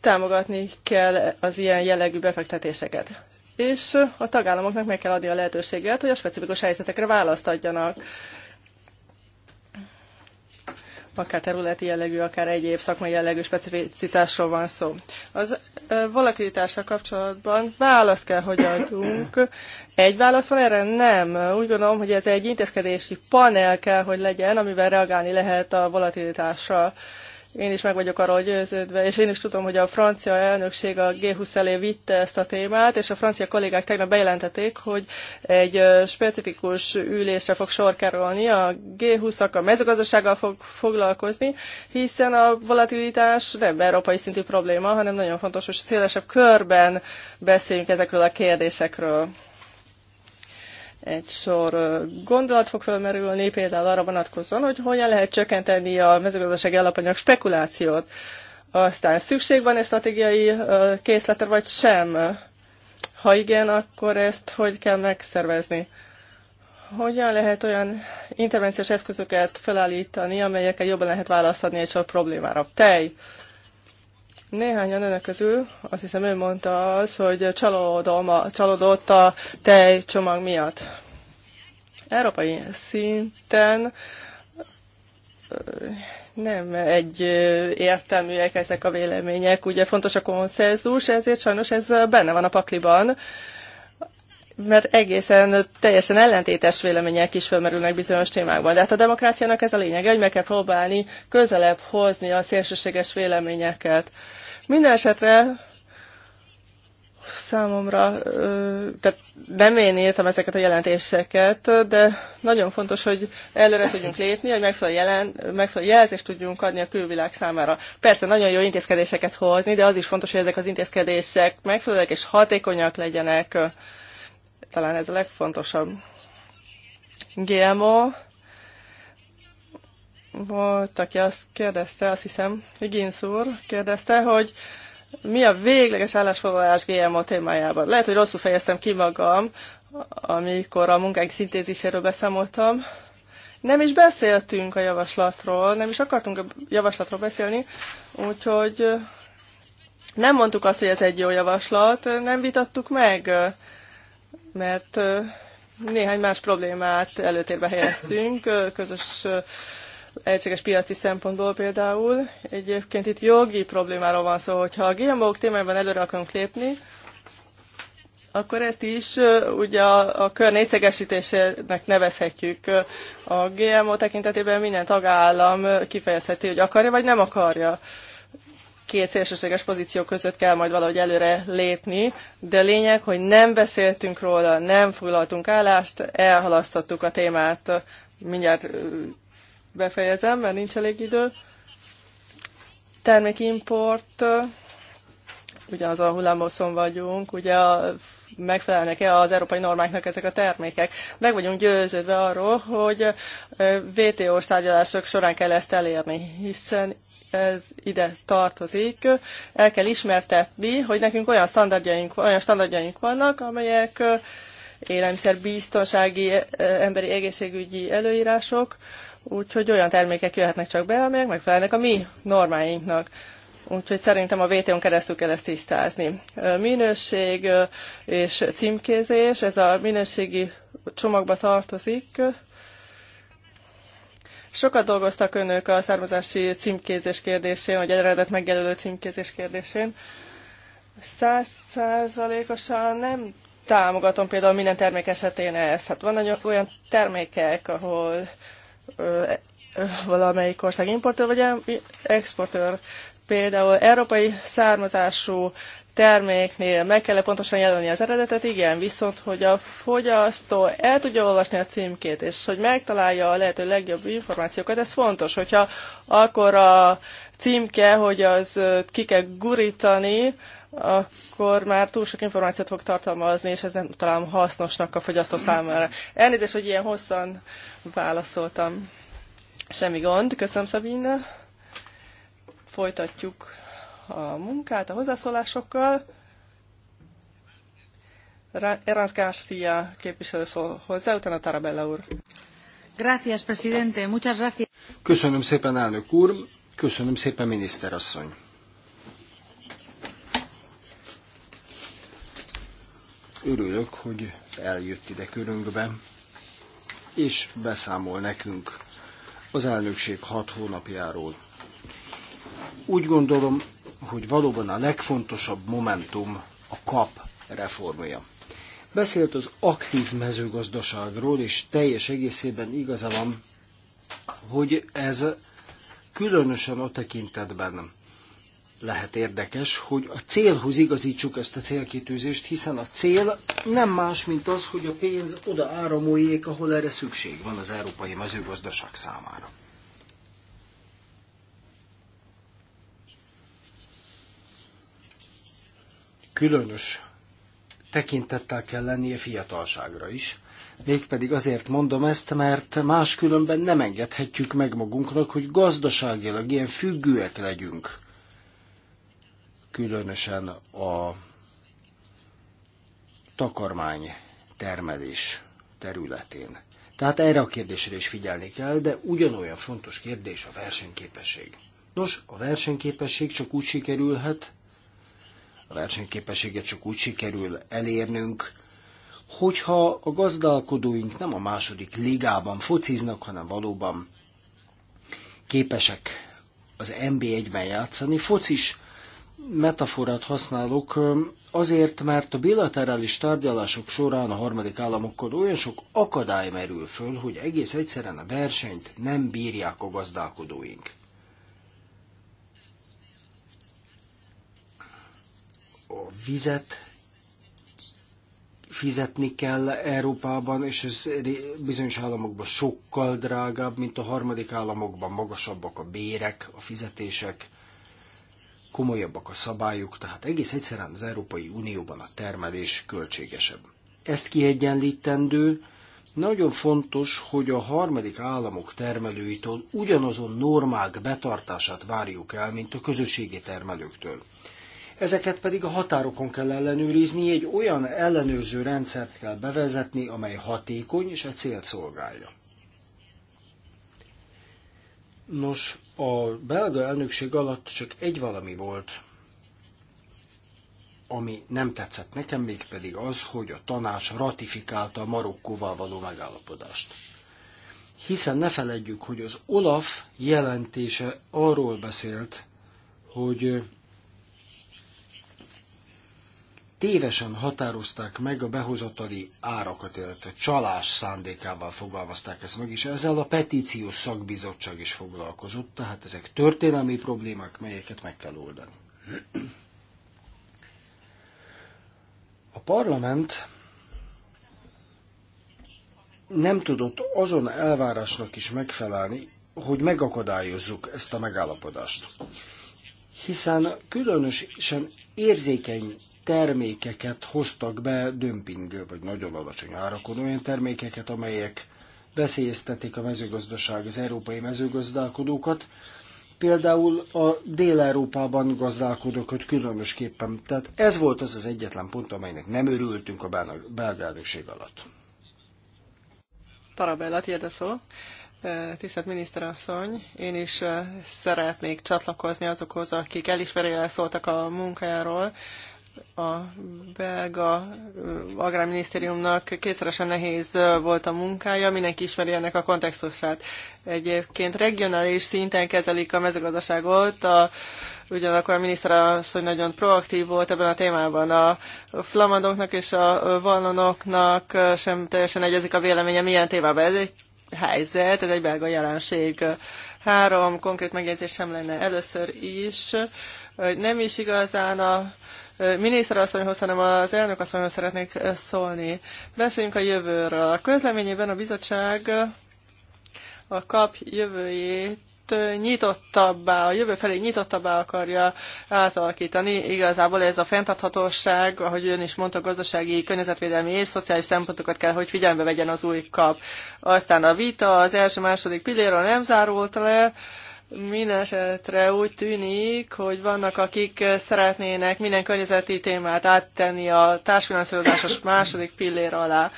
támogatni kell az ilyen jellegű befektetéseket. És a tagállamoknak meg kell adni a lehetőséget, hogy a specifikus helyzetekre választ adjanak akár területi jellegű, akár egyéb szakmai jellegű specificitásról van szó. Az volatilitással kapcsolatban választ kell, hogy adjunk. Egy válasz van erre? Nem. Úgy gondolom, hogy ez egy intézkedési panel kell, hogy legyen, amivel reagálni lehet a volatilitásra én is meg vagyok arról győződve, és én is tudom, hogy a francia elnökség a G20 elé vitte ezt a témát, és a francia kollégák tegnap bejelentették, hogy egy specifikus ülésre fog sor kerülni, a G20-ak a mezőgazdasággal fog foglalkozni, hiszen a volatilitás nem európai szintű probléma, hanem nagyon fontos, hogy szélesebb körben beszéljünk ezekről a kérdésekről egy sor gondolat fog felmerülni, például arra vonatkozóan, hogy hogyan lehet csökkenteni a mezőgazdasági alapanyag spekulációt. Aztán szükség van egy stratégiai készletre, vagy sem? Ha igen, akkor ezt hogy kell megszervezni? Hogyan lehet olyan intervenciós eszközöket felállítani, amelyekkel jobban lehet választani egy sor problémára? Tej, Néhányan önök közül, azt hiszem ő mondta az, hogy csalódom a, csalódott a tejcsomag miatt. Európai szinten nem egy értelműek ezek a vélemények. Ugye fontos a konszenzus, ezért sajnos ez benne van a pakliban, mert egészen teljesen ellentétes vélemények is felmerülnek bizonyos témákban. De hát a demokráciának ez a lényege, hogy meg kell próbálni közelebb hozni a szélsőséges véleményeket. Minden esetre számomra, tehát nem én írtam ezeket a jelentéseket, de nagyon fontos, hogy előre tudjunk lépni, hogy megfelelő, jelen, megfelelő jelzést tudjunk adni a külvilág számára. Persze nagyon jó intézkedéseket hozni, de az is fontos, hogy ezek az intézkedések megfelelőek és hatékonyak legyenek talán ez a legfontosabb. GMO, volt, aki azt kérdezte, azt hiszem, Higgins úr kérdezte, hogy mi a végleges állásfoglalás GMO témájában. Lehet, hogy rosszul fejeztem ki magam, amikor a munkánk szintéziséről beszámoltam. Nem is beszéltünk a javaslatról, nem is akartunk a javaslatról beszélni, úgyhogy nem mondtuk azt, hogy ez egy jó javaslat, nem vitattuk meg mert néhány más problémát előtérbe helyeztünk, közös egységes piaci szempontból például. Egyébként itt jogi problémáról van szó, hogyha a GMO-k témában előre akarunk lépni, akkor ezt is ugye a, a kör négyszegesítésének nevezhetjük. A GMO tekintetében minden tagállam kifejezheti, hogy akarja vagy nem akarja két szélsőséges pozíció között kell majd valahogy előre lépni, de lényeg, hogy nem beszéltünk róla, nem foglaltunk állást, elhalasztottuk a témát. Mindjárt befejezem, mert nincs elég idő. Termékimport, ugyanaz a hullámoszon vagyunk, ugye a megfelelnek-e az európai normáknak ezek a termékek. Meg vagyunk győződve arról, hogy WTO-s tárgyalások során kell ezt elérni, hiszen ez ide tartozik. El kell ismertetni, hogy nekünk olyan standardjaink, olyan standardjaink vannak, amelyek élelmiszerbiztonsági, e, e, emberi egészségügyi előírások, úgyhogy olyan termékek jöhetnek csak be, amelyek megfelelnek a mi normáinknak. Úgyhogy szerintem a VTO-n keresztül kell ezt tisztázni. Minőség és címkézés, ez a minőségi csomagba tartozik, Sokat dolgoztak önök a származási címkézés kérdésén, vagy eredet megjelölő címkézés kérdésén. Száz százalékosan nem támogatom például minden termék esetén ezt. Hát van olyan termékek, ahol ö, ö, valamelyik ország importőr vagy exportőr, például európai származású terméknél meg kell -e pontosan jelölni az eredetet? Igen, viszont hogy a fogyasztó el tudja olvasni a címkét, és hogy megtalálja a lehető legjobb információkat, ez fontos, hogyha akkor a címke, hogy az ki kell gurítani, akkor már túl sok információt fog tartalmazni, és ez nem talán hasznosnak a fogyasztó számára. Elnézést, hogy ilyen hosszan válaszoltam. Semmi gond, köszönöm Szabina. Folytatjuk a munkát a hozzászólásokkal. Eranz Garcia képviselő szól hozzá, utána Tarabella úr. Gracias, presidente. Muchas gracias. Köszönöm szépen, elnök úr. Köszönöm szépen, miniszterasszony. Örülök, hogy eljött ide körünkbe, és beszámol nekünk az elnökség hat hónapjáról. Úgy gondolom, hogy valóban a legfontosabb momentum a kap reformja. Beszélt az aktív mezőgazdaságról, és teljes egészében igaza van, hogy ez különösen a tekintetben lehet érdekes, hogy a célhoz igazítsuk ezt a célkitűzést, hiszen a cél nem más, mint az, hogy a pénz oda áramoljék, ahol erre szükség van az európai mezőgazdaság számára. különös tekintettel kell lennie fiatalságra is. Mégpedig azért mondom ezt, mert máskülönben nem engedhetjük meg magunknak, hogy gazdaságilag ilyen függőek legyünk. Különösen a takarmány termelés területén. Tehát erre a kérdésre is figyelni kell, de ugyanolyan fontos kérdés a versenyképesség. Nos, a versenyképesség csak úgy sikerülhet, a versenyképességet csak úgy sikerül elérnünk, hogyha a gazdálkodóink nem a második ligában fociznak, hanem valóban képesek az NB1-ben játszani. Focis metaforát használok, azért, mert a bilaterális tárgyalások során a harmadik államokkal olyan sok akadály merül föl, hogy egész egyszerűen a versenyt nem bírják a gazdálkodóink. fizet, fizetni kell Európában, és ez bizonyos államokban sokkal drágább, mint a harmadik államokban. Magasabbak a bérek, a fizetések, komolyabbak a szabályok, tehát egész egyszerűen az Európai Unióban a termelés költségesebb. Ezt kiegyenlítendő, nagyon fontos, hogy a harmadik államok termelőitől ugyanazon normák betartását várjuk el, mint a közösségi termelőktől ezeket pedig a határokon kell ellenőrizni, egy olyan ellenőrző rendszert kell bevezetni, amely hatékony és a célt szolgálja. Nos, a belga elnökség alatt csak egy valami volt, ami nem tetszett nekem, mégpedig az, hogy a tanács ratifikálta a Marokkóval való megállapodást. Hiszen ne feledjük, hogy az Olaf jelentése arról beszélt, hogy tévesen határozták meg a behozatali árakat, illetve csalás szándékával fogalmazták ezt meg, és ezzel a petíciós szakbizottság is foglalkozott, tehát ezek történelmi problémák, melyeket meg kell oldani. A parlament nem tudott azon elvárásnak is megfelelni, hogy megakadályozzuk ezt a megállapodást. Hiszen különösen érzékeny termékeket hoztak be dömping, vagy nagyon alacsony árakon, olyan termékeket, amelyek veszélyeztetik a mezőgazdaság, az európai mezőgazdálkodókat. Például a Dél-Európában gazdálkodókat különösképpen. Tehát ez volt az az egyetlen pont, amelynek nem örültünk a belga elnökség alatt. Tarabella, tiéd a szó. Tisztelt miniszterasszony, én is szeretnék csatlakozni azokhoz, akik elismerően szóltak a munkájáról, a belga agrárminisztériumnak kétszeresen nehéz volt a munkája, mindenki ismeri ennek a kontextusát. Egyébként regionális szinten kezelik a mezőgazdaságot, a, ugyanakkor a miniszter asszony nagyon proaktív volt ebben a témában. A flamandoknak és a vallonoknak sem teljesen egyezik a véleménye milyen témában. Ez egy helyzet, ez egy belga jelenség. Három konkrét megjegyzés sem lenne először is. Nem is igazán a miniszterasszonyhoz, hanem az elnökasszonyhoz szeretnék eh, szólni. Beszéljünk a jövőről. A közleményében a bizottság a kap jövőjét eh, nyitottabbá, a jövő felé nyitottabbá akarja átalakítani. Igazából ez a fenntarthatóság, ahogy ön is mondta, gazdasági, környezetvédelmi és szociális szempontokat kell, hogy figyelembe vegyen az új kap. Aztán a vita az első-második pilléről nem zárult le, Mindenesetre úgy tűnik, hogy vannak, akik szeretnének minden környezeti témát áttenni a társfinanszírozásos második pillér alá,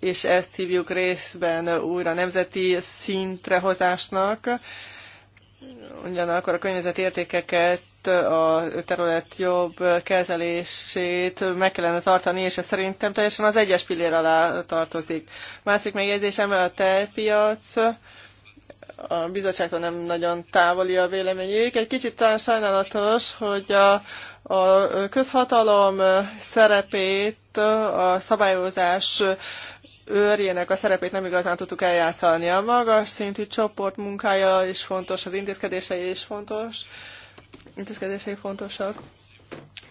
és ezt hívjuk részben újra nemzeti szintre hozásnak. Ugyanakkor a környezeti értékeket a terület jobb kezelését meg kellene tartani, és ez szerintem teljesen az egyes pillér alá tartozik. Másik megjegyzésem a telpiac. piac a bizottságtól nem nagyon távoli a véleményük. Egy kicsit talán sajnálatos, hogy a, a közhatalom szerepét a szabályozás őrjének a szerepét nem igazán tudtuk eljátszani. A magas szintű csoport munkája is fontos, az intézkedései is fontos, intézkedései fontosak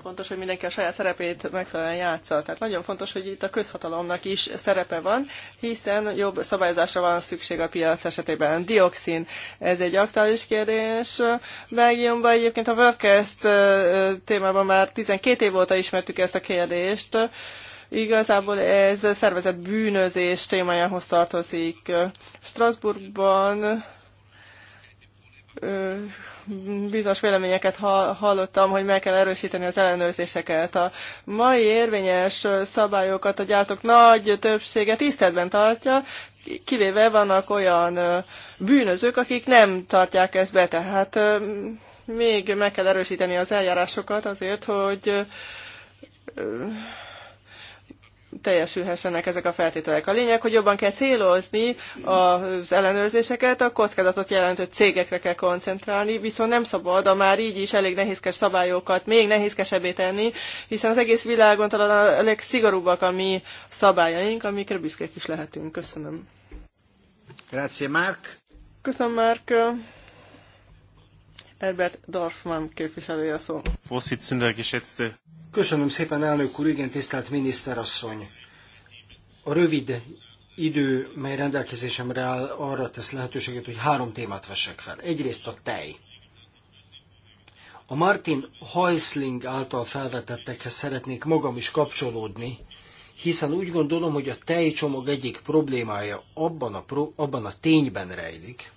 fontos, hogy mindenki a saját szerepét megfelelően játsza. Tehát nagyon fontos, hogy itt a közhatalomnak is szerepe van, hiszen jobb szabályozásra van szükség a piac esetében. Dioxin, ez egy aktuális kérdés. Belgiumban egyébként a Workest témában már 12 év óta ismertük ezt a kérdést. Igazából ez szervezett bűnözés témájához tartozik. Strasbourgban bizonyos véleményeket hallottam, hogy meg kell erősíteni az ellenőrzéseket. A mai érvényes szabályokat a gyártók nagy többsége tiszteletben tartja, kivéve vannak olyan bűnözők, akik nem tartják ezt be. Tehát még meg kell erősíteni az eljárásokat azért, hogy teljesülhessenek ezek a feltételek. A lényeg, hogy jobban kell célozni az ellenőrzéseket, a kockázatot jelentő cégekre kell koncentrálni, viszont nem szabad a már így is elég nehézkes szabályokat még nehézkesebbé tenni, hiszen az egész világon talán a legszigorúbbak a mi szabályaink, amikre büszkék is lehetünk. Köszönöm. Grazie, Mark. Köszönöm, Mark. Herbert Dorfman képviselője a szó. Vorsitzender, geschätzte Köszönöm szépen, elnök úr, igen, tisztelt miniszterasszony. A rövid idő, mely rendelkezésemre áll, arra tesz lehetőséget, hogy három témát vessek fel. Egyrészt a tej. A Martin Heusling által felvetettekhez szeretnék magam is kapcsolódni, hiszen úgy gondolom, hogy a tejcsomag egyik problémája abban a, pro, abban a tényben rejlik,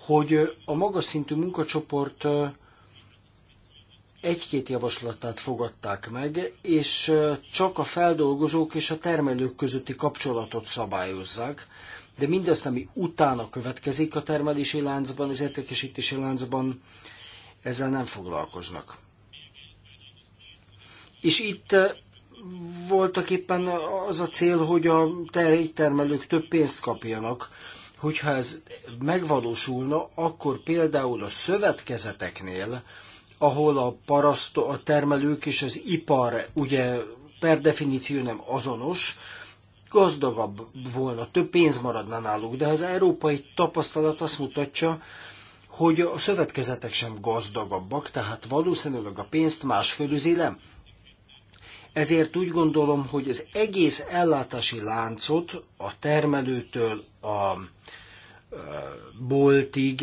hogy a magas szintű munkacsoport egy-két javaslatát fogadták meg, és csak a feldolgozók és a termelők közötti kapcsolatot szabályozzák, de mindazt, ami utána következik a termelési láncban, az értékesítési láncban, ezzel nem foglalkoznak. És itt voltak éppen az a cél, hogy a termelők több pénzt kapjanak. Hogyha ez megvalósulna, akkor például a szövetkezeteknél, ahol a paraszt, a termelők és az ipar ugye per definíció nem azonos, gazdagabb volna, több pénz maradna náluk, de az európai tapasztalat azt mutatja, hogy a szövetkezetek sem gazdagabbak, tehát valószínűleg a pénzt más fölüzi le. Ezért úgy gondolom, hogy az egész ellátási láncot a termelőtől a boltig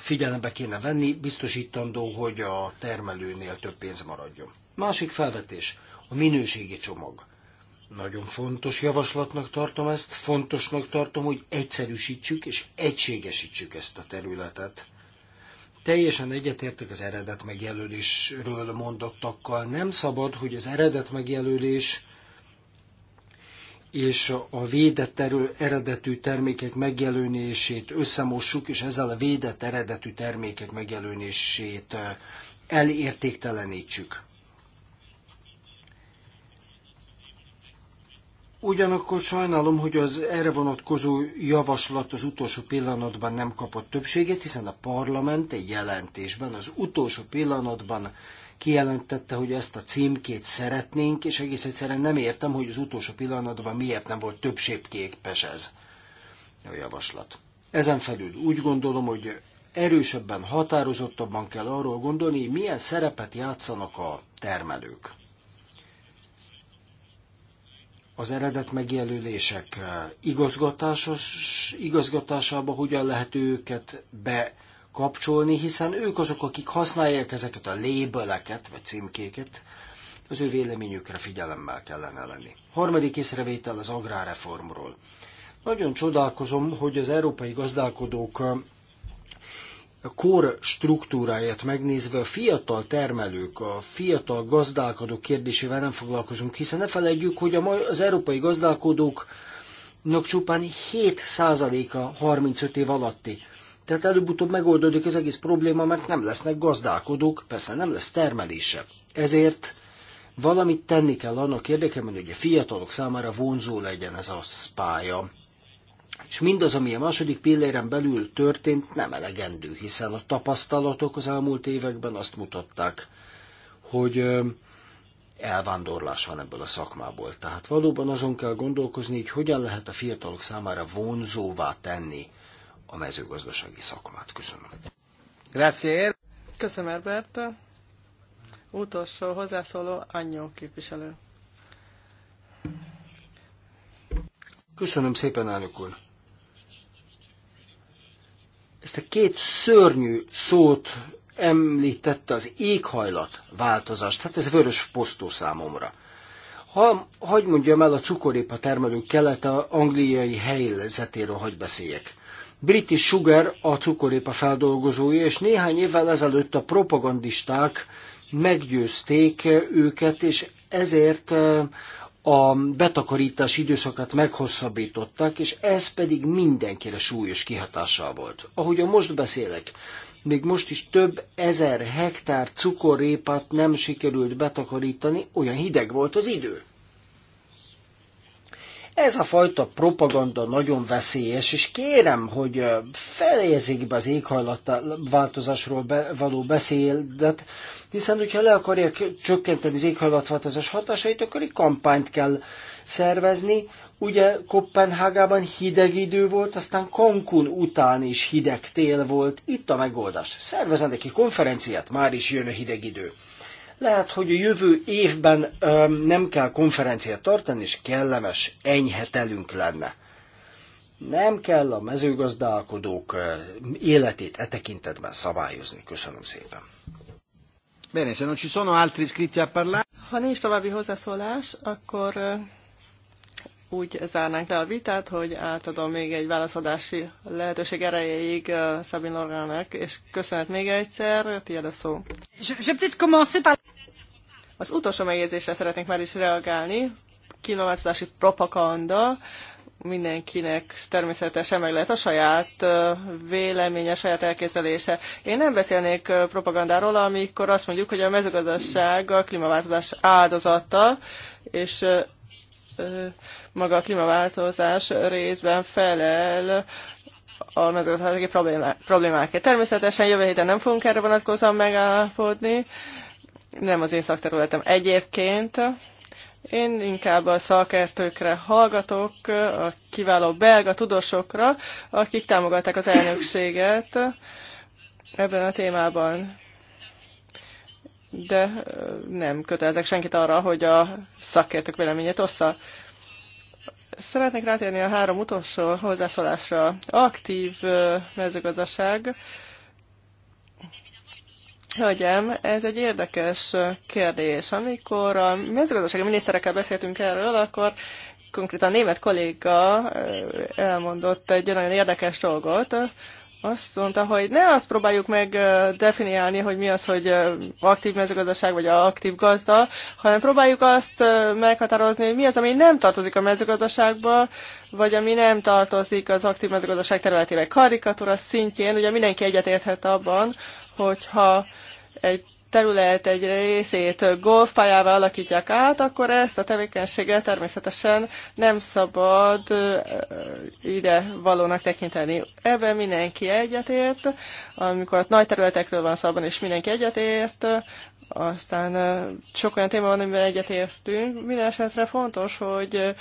figyelembe kéne venni, biztosítandó, hogy a termelőnél több pénz maradjon. Másik felvetés, a minőségi csomag. Nagyon fontos javaslatnak tartom ezt, fontosnak tartom, hogy egyszerűsítsük és egységesítsük ezt a területet. Teljesen egyetértek az eredet megjelölésről mondottakkal. Nem szabad, hogy az eredet megjelölés és a védett erő, eredetű termékek megjelölését összemossuk, és ezzel a védett eredetű termékek megjelölését eh, elértéktelenítsük. Ugyanakkor sajnálom, hogy az erre vonatkozó javaslat az utolsó pillanatban nem kapott többséget, hiszen a parlament egy jelentésben az utolsó pillanatban kijelentette, hogy ezt a címkét szeretnénk, és egész egyszerűen nem értem, hogy az utolsó pillanatban miért nem volt többségképes ez a javaslat. Ezen felül úgy gondolom, hogy erősebben, határozottabban kell arról gondolni, milyen szerepet játszanak a termelők. Az eredet megjelölések igazgatásos, igazgatásába hogyan lehet őket be kapcsolni, hiszen ők azok, akik használják ezeket a lébeleket, vagy címkéket, az ő véleményükre figyelemmel kellene lenni. Harmadik észrevétel az agrárreformról. Nagyon csodálkozom, hogy az európai gazdálkodók kor struktúráját megnézve a fiatal termelők, a fiatal gazdálkodók kérdésével nem foglalkozunk, hiszen ne felejtjük, hogy az európai gazdálkodóknak csupán 7%-a 35 év alatti. Tehát előbb-utóbb megoldódik az egész probléma, mert nem lesznek gazdálkodók, persze nem lesz termelése. Ezért valamit tenni kell annak érdekében, hogy a fiatalok számára vonzó legyen ez a pálya. És mindaz, ami a második pilléren belül történt, nem elegendő, hiszen a tapasztalatok az elmúlt években azt mutatták, hogy elvándorlás van ebből a szakmából. Tehát valóban azon kell gondolkozni, hogy hogyan lehet a fiatalok számára vonzóvá tenni a mezőgazdasági szakmát. Köszönöm. Grazie. Köszönöm, Herbert. Utolsó hozzászóló, Anyó képviselő. Köszönöm szépen, elnök úr. Ezt a két szörnyű szót említette az éghajlat változást. Hát ez vörös posztó számomra. Ha, hagy mondjam el a cukorépa termelők kelet a angliai helyzetéről, hagy beszéljek. British Sugar a cukorépa feldolgozója, és néhány évvel ezelőtt a propagandisták meggyőzték őket, és ezért eh, a betakarítás időszakát meghosszabbították, és ez pedig mindenkire súlyos kihatással volt. Ahogy a most beszélek, még most is több ezer hektár cukorrépát nem sikerült betakarítani, olyan hideg volt az idő. Ez a fajta propaganda nagyon veszélyes, és kérem, hogy fejezzék be az éghajlatváltozásról be, való beszédet, hiszen hogyha le akarják csökkenteni az éghajlatváltozás hatásait, akkor egy kampányt kell szervezni. Ugye Kopenhágában hideg idő volt, aztán Cancun után is hideg tél volt. Itt a megoldás. Szervezzenek egy konferenciát, már is jön a hideg idő. Lehet, hogy a jövő évben nem kell konferenciát tartani, és kellemes enyhetelünk lenne. Nem kell a mezőgazdálkodók életét e tekintetben szabályozni. Köszönöm szépen. Bene, se non ci sono altri iscritti a parlare. Ha nincs további hozzászólás, akkor úgy zárnánk le a vitát, hogy átadom még egy válaszadási lehetőség erejéig uh, Szabin Lorának, és köszönet még egyszer, tiéd a szó. Az utolsó megjegyzésre szeretnék már is reagálni. Kinomváltozási propaganda mindenkinek természetesen meg lehet a saját uh, véleménye, saját elképzelése. Én nem beszélnék uh, propagandáról, amikor azt mondjuk, hogy a mezőgazdaság a klímaváltozás áldozata, és maga a klímaváltozás részben felel a mezőgazdasági problémákért. Természetesen jövő héten nem fogunk erre vonatkozóan megállapodni, nem az én szakterületem egyébként. Én inkább a szakértőkre hallgatok, a kiváló belga tudósokra, akik támogatták az elnökséget ebben a témában. De nem kötelezek senkit arra, hogy a szakértők véleményét osszak. Szeretnék rátérni a három utolsó hozzászólásra. Aktív mezőgazdaság. Hölgyem, ez egy érdekes kérdés. Amikor a mezőgazdasági miniszterekkel beszéltünk erről, akkor konkrétan a német kolléga elmondott egy nagyon érdekes dolgot azt mondta, hogy ne azt próbáljuk meg definiálni, hogy mi az, hogy aktív mezőgazdaság vagy aktív gazda, hanem próbáljuk azt meghatározni, hogy mi az, ami nem tartozik a mezőgazdaságba, vagy ami nem tartozik az aktív mezőgazdaság területébe. Karikatúra szintjén ugye mindenki egyetérthet abban, hogyha egy terület egy részét golfpályává alakítják át, akkor ezt a tevékenységet természetesen nem szabad ide valónak tekinteni. Ebben mindenki egyetért, amikor nagy területekről van szabban, és mindenki egyetért, aztán sok olyan téma van, amiben egyetértünk. Minden esetre fontos, hogy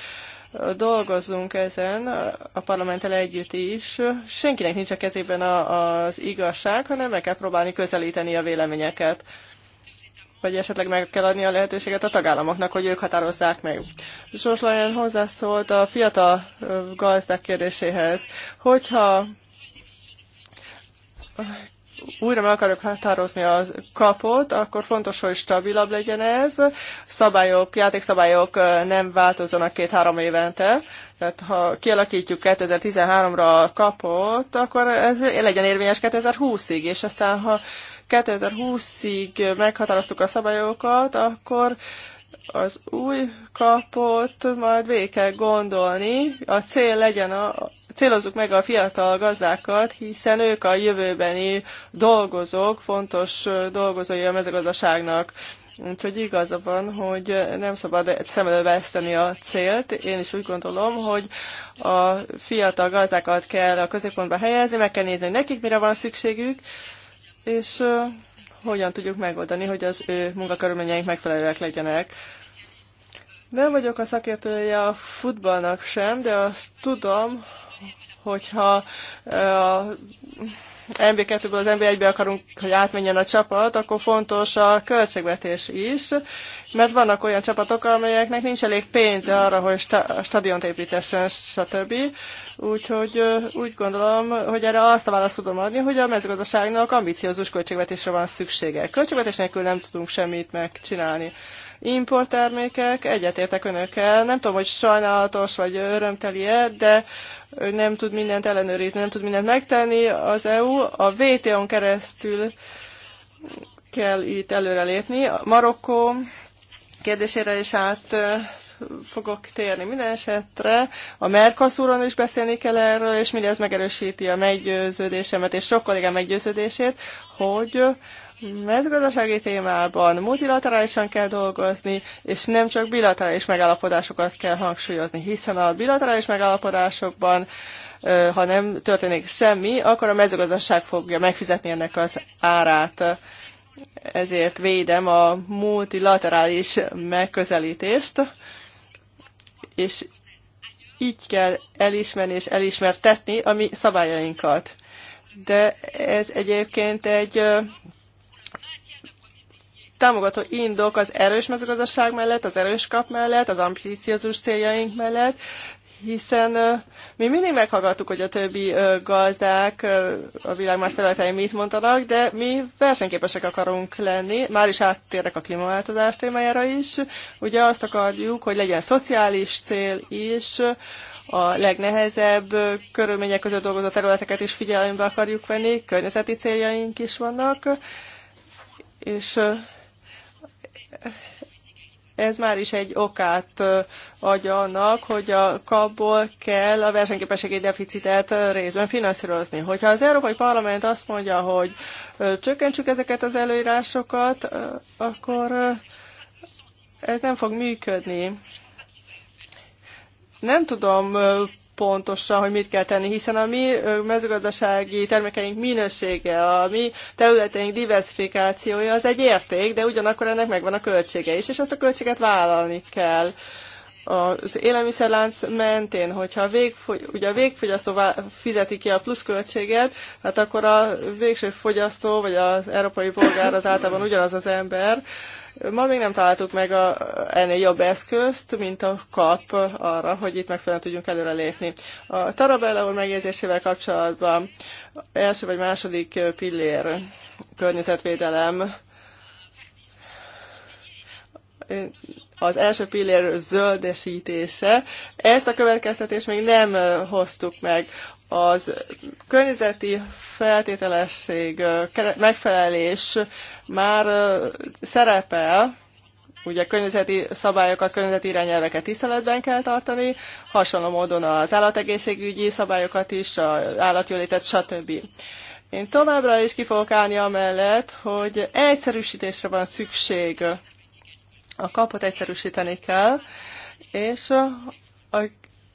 dolgozzunk ezen a parlamenttel együtt is. Senkinek nincs a kezében a, az igazság, hanem meg kell próbálni közelíteni a véleményeket. Vagy esetleg meg kell adni a lehetőséget a tagállamoknak, hogy ők határozzák meg. Sors Lajon hozzászólt a fiatal gazdák kérdéséhez. Hogyha újra meg akarjuk határozni a kapot, akkor fontos, hogy stabilabb legyen ez. Szabályok, játékszabályok nem változzanak két-három évente. Tehát ha kialakítjuk 2013-ra a kapot, akkor ez legyen érvényes 2020-ig, és aztán ha 2020-ig meghatároztuk a szabályokat, akkor az új kapot majd végig kell gondolni. A cél legyen a, célozzuk meg a fiatal gazdákat, hiszen ők a jövőbeni dolgozók, fontos dolgozói a mezőgazdaságnak. Úgyhogy igaza van, hogy nem szabad szem veszteni a célt. Én is úgy gondolom, hogy a fiatal gazdákat kell a középpontba helyezni, meg kell nézni, hogy nekik mire van szükségük, és hogyan tudjuk megoldani, hogy az ő munkakörülményeink megfelelőek legyenek. Nem vagyok a szakértője a futballnak sem, de azt tudom, hogyha a MB2-ből az MB1-be akarunk, hogy átmenjen a csapat, akkor fontos a költségvetés is, mert vannak olyan csapatok, amelyeknek nincs elég pénze arra, hogy sta- stadiont építessen, stb. Úgyhogy úgy gondolom, hogy erre azt a választ tudom adni, hogy a mezőgazdaságnak ambiciózus költségvetésre van szüksége. Költségvetés nélkül nem tudunk semmit megcsinálni importtermékek, egyetértek önökkel. Nem tudom, hogy sajnálatos vagy örömteli -e, de nem tud mindent ellenőrizni, nem tud mindent megtenni az EU. A WTO-n keresztül kell itt előrelépni. A Marokkó kérdésére is át fogok térni. Minden esetre a Mercosuron is beszélni kell erről, és mindez megerősíti a meggyőződésemet, és sok kollégám meggyőződését, hogy mezőgazdasági témában multilaterálisan kell dolgozni, és nem csak bilaterális megállapodásokat kell hangsúlyozni, hiszen a bilaterális megállapodásokban ha nem történik semmi, akkor a mezőgazdaság fogja megfizetni ennek az árát. Ezért védem a multilaterális megközelítést, és így kell elismerni és elismertetni a mi szabályainkat. De ez egyébként egy támogató indok az erős mezőgazdaság mellett, az erős kap mellett, az ambiciózus céljaink mellett, hiszen mi mindig meghallgattuk, hogy a többi gazdák a világ más területein mit mondanak, de mi versenyképesek akarunk lenni, már is áttérnek a klímaváltozás témájára is. Ugye azt akarjuk, hogy legyen szociális cél is, a legnehezebb körülmények között dolgozó területeket is figyelembe akarjuk venni, környezeti céljaink is vannak, és ez már is egy okát adja annak, hogy a kapból kell a versenyképességi deficitet részben finanszírozni. Hogyha az Európai Parlament azt mondja, hogy csökkentsük ezeket az előírásokat, akkor ez nem fog működni. Nem tudom pontosan, hogy mit kell tenni, hiszen a mi mezőgazdasági termékeink minősége, a mi területeink diversifikációja az egy érték, de ugyanakkor ennek megvan a költsége is, és ezt a költséget vállalni kell az élelmiszerlánc mentén, hogyha a végfogy, ugye a végfogyasztó fizeti ki a pluszköltséget, hát akkor a végső fogyasztó, vagy az európai polgár az általában ugyanaz az ember, Ma még nem találtuk meg a, ennél jobb eszközt, mint a kap arra, hogy itt megfelelően tudjunk előrelépni. A Tarabella úr megjegyzésével kapcsolatban első vagy második pillér környezetvédelem az első pillér zöldesítése. Ezt a következtetést még nem hoztuk meg az környezeti feltételesség, megfelelés már szerepel, ugye környezeti szabályokat, környezeti irányelveket tiszteletben kell tartani, hasonló módon az állategészségügyi szabályokat is, az állatjólétet, stb. Én továbbra is ki fogok állni amellett, hogy egyszerűsítésre van szükség. A kapot egyszerűsíteni kell, és a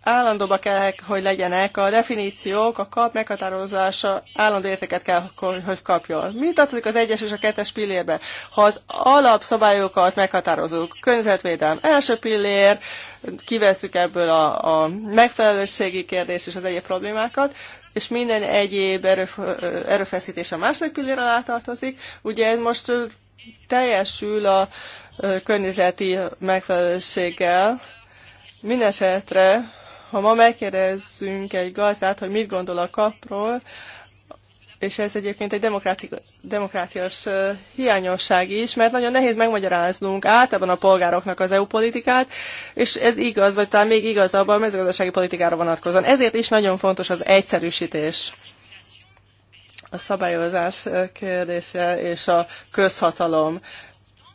állandóba kell, hogy legyenek a definíciók, a kap meghatározása állandó értéket kell, hogy kapjon. Mi tartozik az egyes és a kettes pillérbe? Ha az alapszabályokat meghatározunk, környezetvédelem első pillér, kiveszük ebből a, a megfelelősségi kérdést és az egyéb problémákat, és minden egyéb erőf, erőfeszítés a második pillér alá tartozik. Ugye ez most teljesül a környezeti megfelelősséggel, minden esetre ha ma megkérdezzünk egy gazdát, hogy mit gondol a kapról, és ez egyébként egy demokráciás hiányosság is, mert nagyon nehéz megmagyaráznunk általában a polgároknak az EU politikát, és ez igaz, vagy talán még igazabb a mezőgazdasági politikára vonatkozóan. Ezért is nagyon fontos az egyszerűsítés a szabályozás kérdése és a közhatalom.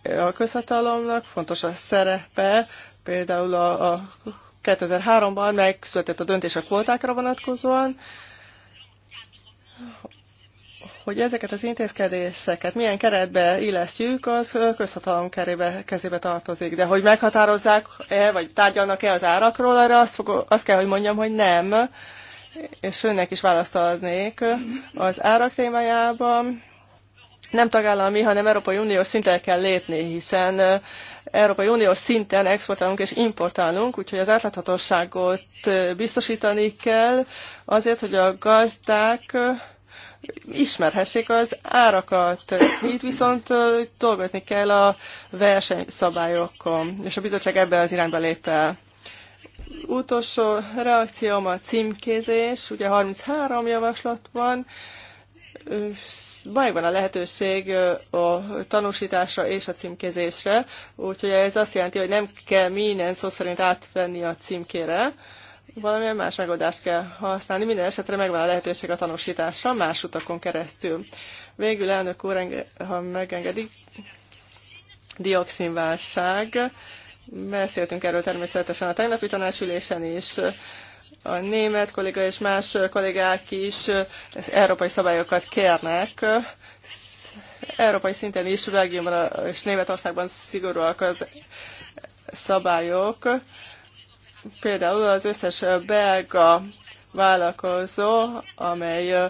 A közhatalomnak fontos a szerepe, például a, a 2003-ban megszületett a döntés a kvótákra vonatkozóan, hogy ezeket az intézkedéseket milyen keretbe illesztjük, az közhatalom kerébe, kezébe tartozik. De hogy meghatározzák-e, vagy tárgyalnak-e az árakról, arra azt, fog, azt kell, hogy mondjam, hogy nem. És önnek is választ adnék az árak témájában. Nem tagállami, hanem Európai Unió szinten kell lépni, hiszen Európai Uniós szinten exportálunk és importálunk, úgyhogy az átláthatóságot biztosítani kell azért, hogy a gazdák ismerhessék az árakat. Itt viszont dolgozni kell a versenyszabályokon, és a bizottság ebbe az irányba lép el. Utolsó reakcióm a címkézés, ugye 33 javaslat van, megvan a lehetőség a tanúsításra és a címkézésre, úgyhogy ez azt jelenti, hogy nem kell minden szó szerint átvenni a címkére, valamilyen más megoldást kell használni. Minden esetre megvan a lehetőség a tanúsításra, más utakon keresztül. Végül elnök úr, ha megengedik, dioxinválság. Beszéltünk erről természetesen a tegnapi tanácsülésen is a német kolléga és más kollégák is európai szabályokat kérnek. Európai szinten is Belgiumban és Németországban szigorúak az szabályok. Például az összes belga vállalkozó, amely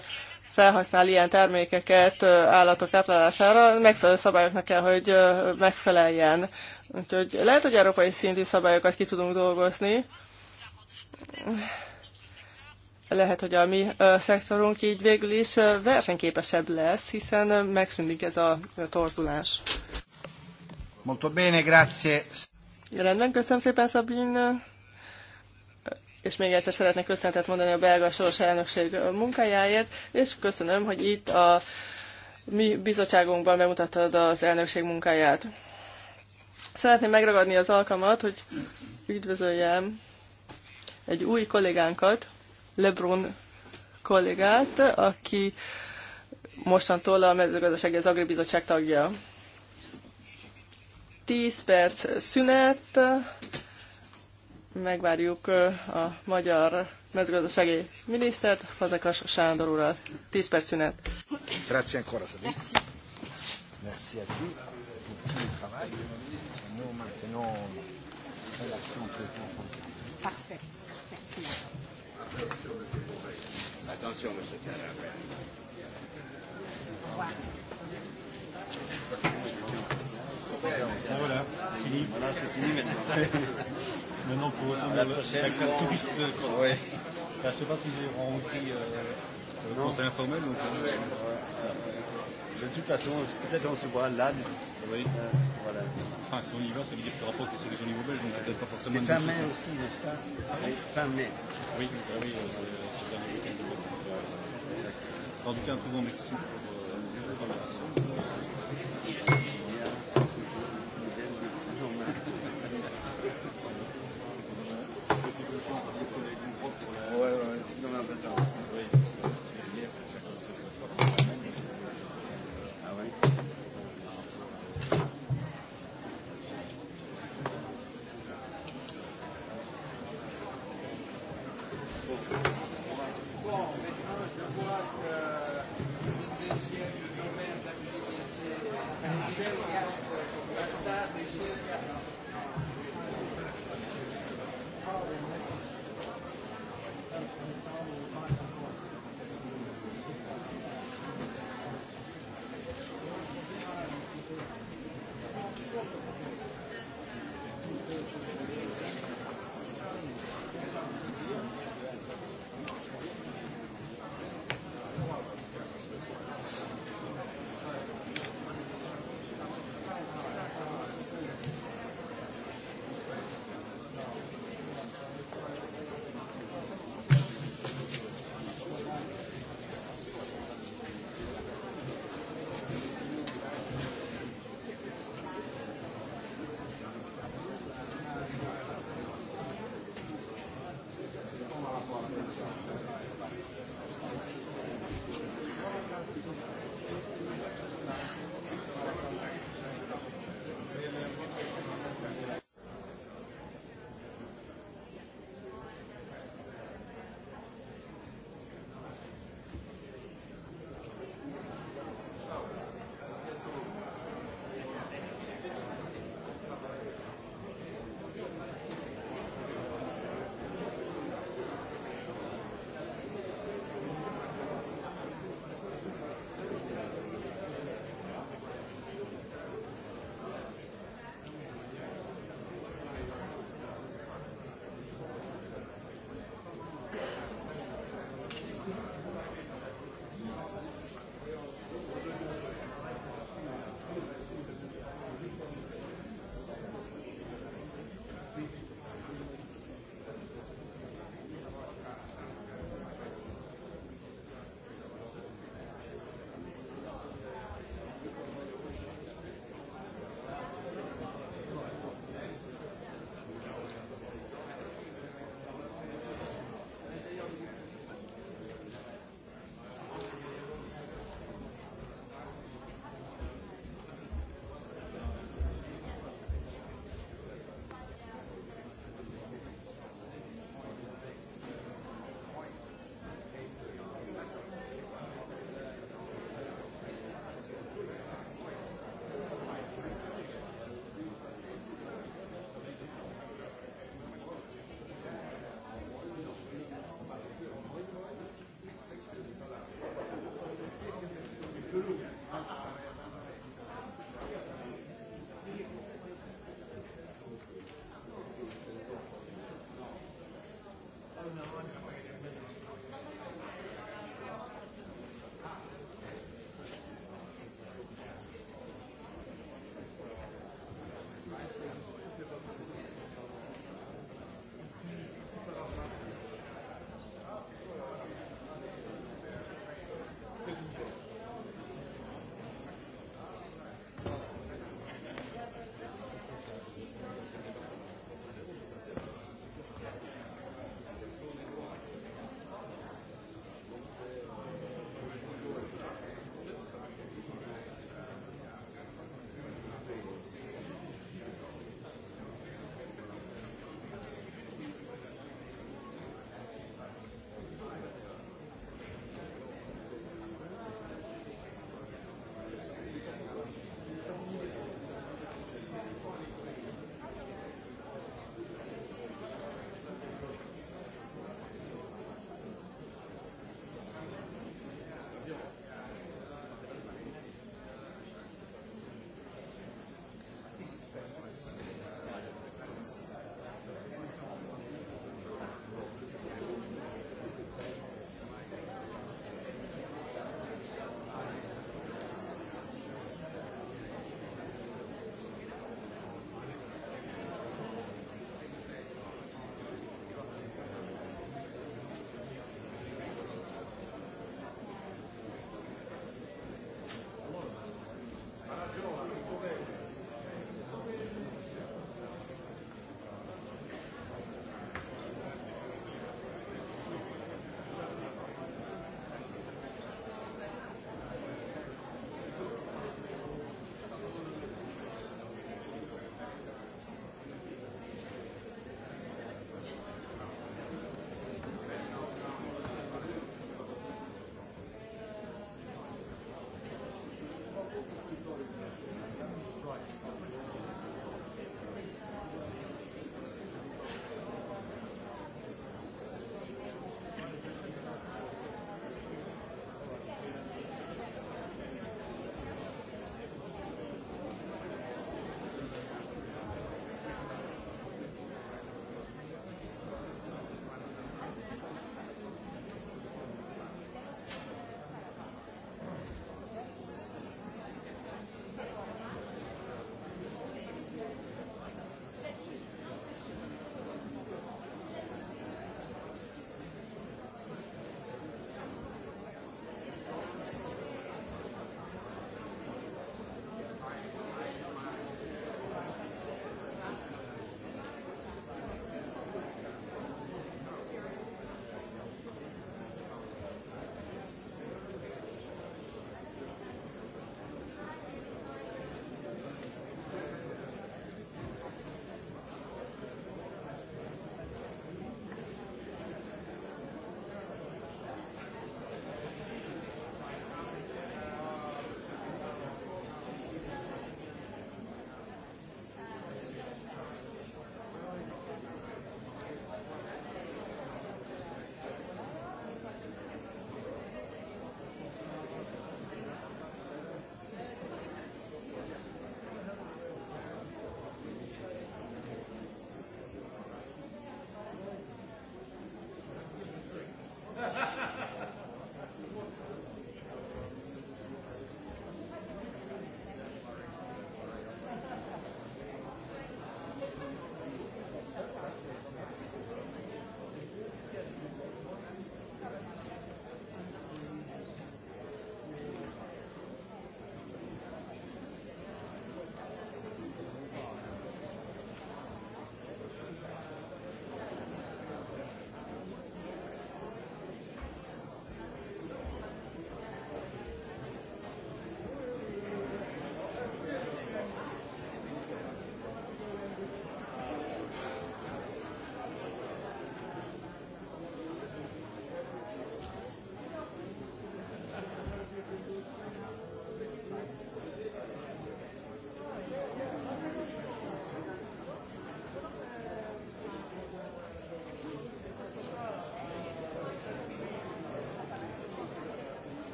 felhasznál ilyen termékeket állatok táplálására, megfelelő szabályoknak kell, hogy megfeleljen. Úgyhogy lehet, hogy európai szintű szabályokat ki tudunk dolgozni, lehet, hogy a mi szektorunk így végül is versenyképesebb lesz, hiszen megszűnik ez a torzulás. Molto bene, grazie. Rendben, köszönöm szépen Szabin. És még egyszer szeretnék köszönetet mondani a belga soros elnökség munkájáért, és köszönöm, hogy itt a mi bizottságunkban bemutattad az elnökség munkáját. Szeretném megragadni az alkalmat, hogy üdvözöljem egy új kollégánkat, Lebrun kollégát, aki mostantól a mezőgazdasági az Agribizottság tagja. 10 perc szünet, megvárjuk a magyar mezőgazdasági minisztert, Fazekas Sándor urat. 10 perc szünet. Grazie ancora, Sabine. Merci. Merci a tu. Parfait. Attention, monsieur Tarabella. Ah, voilà, fini. Voilà, c'est fini maintenant. maintenant, pour retourner la, la classe touriste. Quoi. Ouais. Bah, je sais pas si j'ai rencontré euh, le conseil informel. Donc, euh, de toute façon, peut-être on se voit là. Oui. Euh, Voilà. Enfin, si on y va, ça veut dire que le rapport qui est sur les eaux nouvelles, donc c'est peut-être pas forcément. C'est fin mai aussi, n'est-ce pas oui. Fin mai. Oui, oui, euh, c'est le dernier week-end de mai. En tout cas, un très grand merci.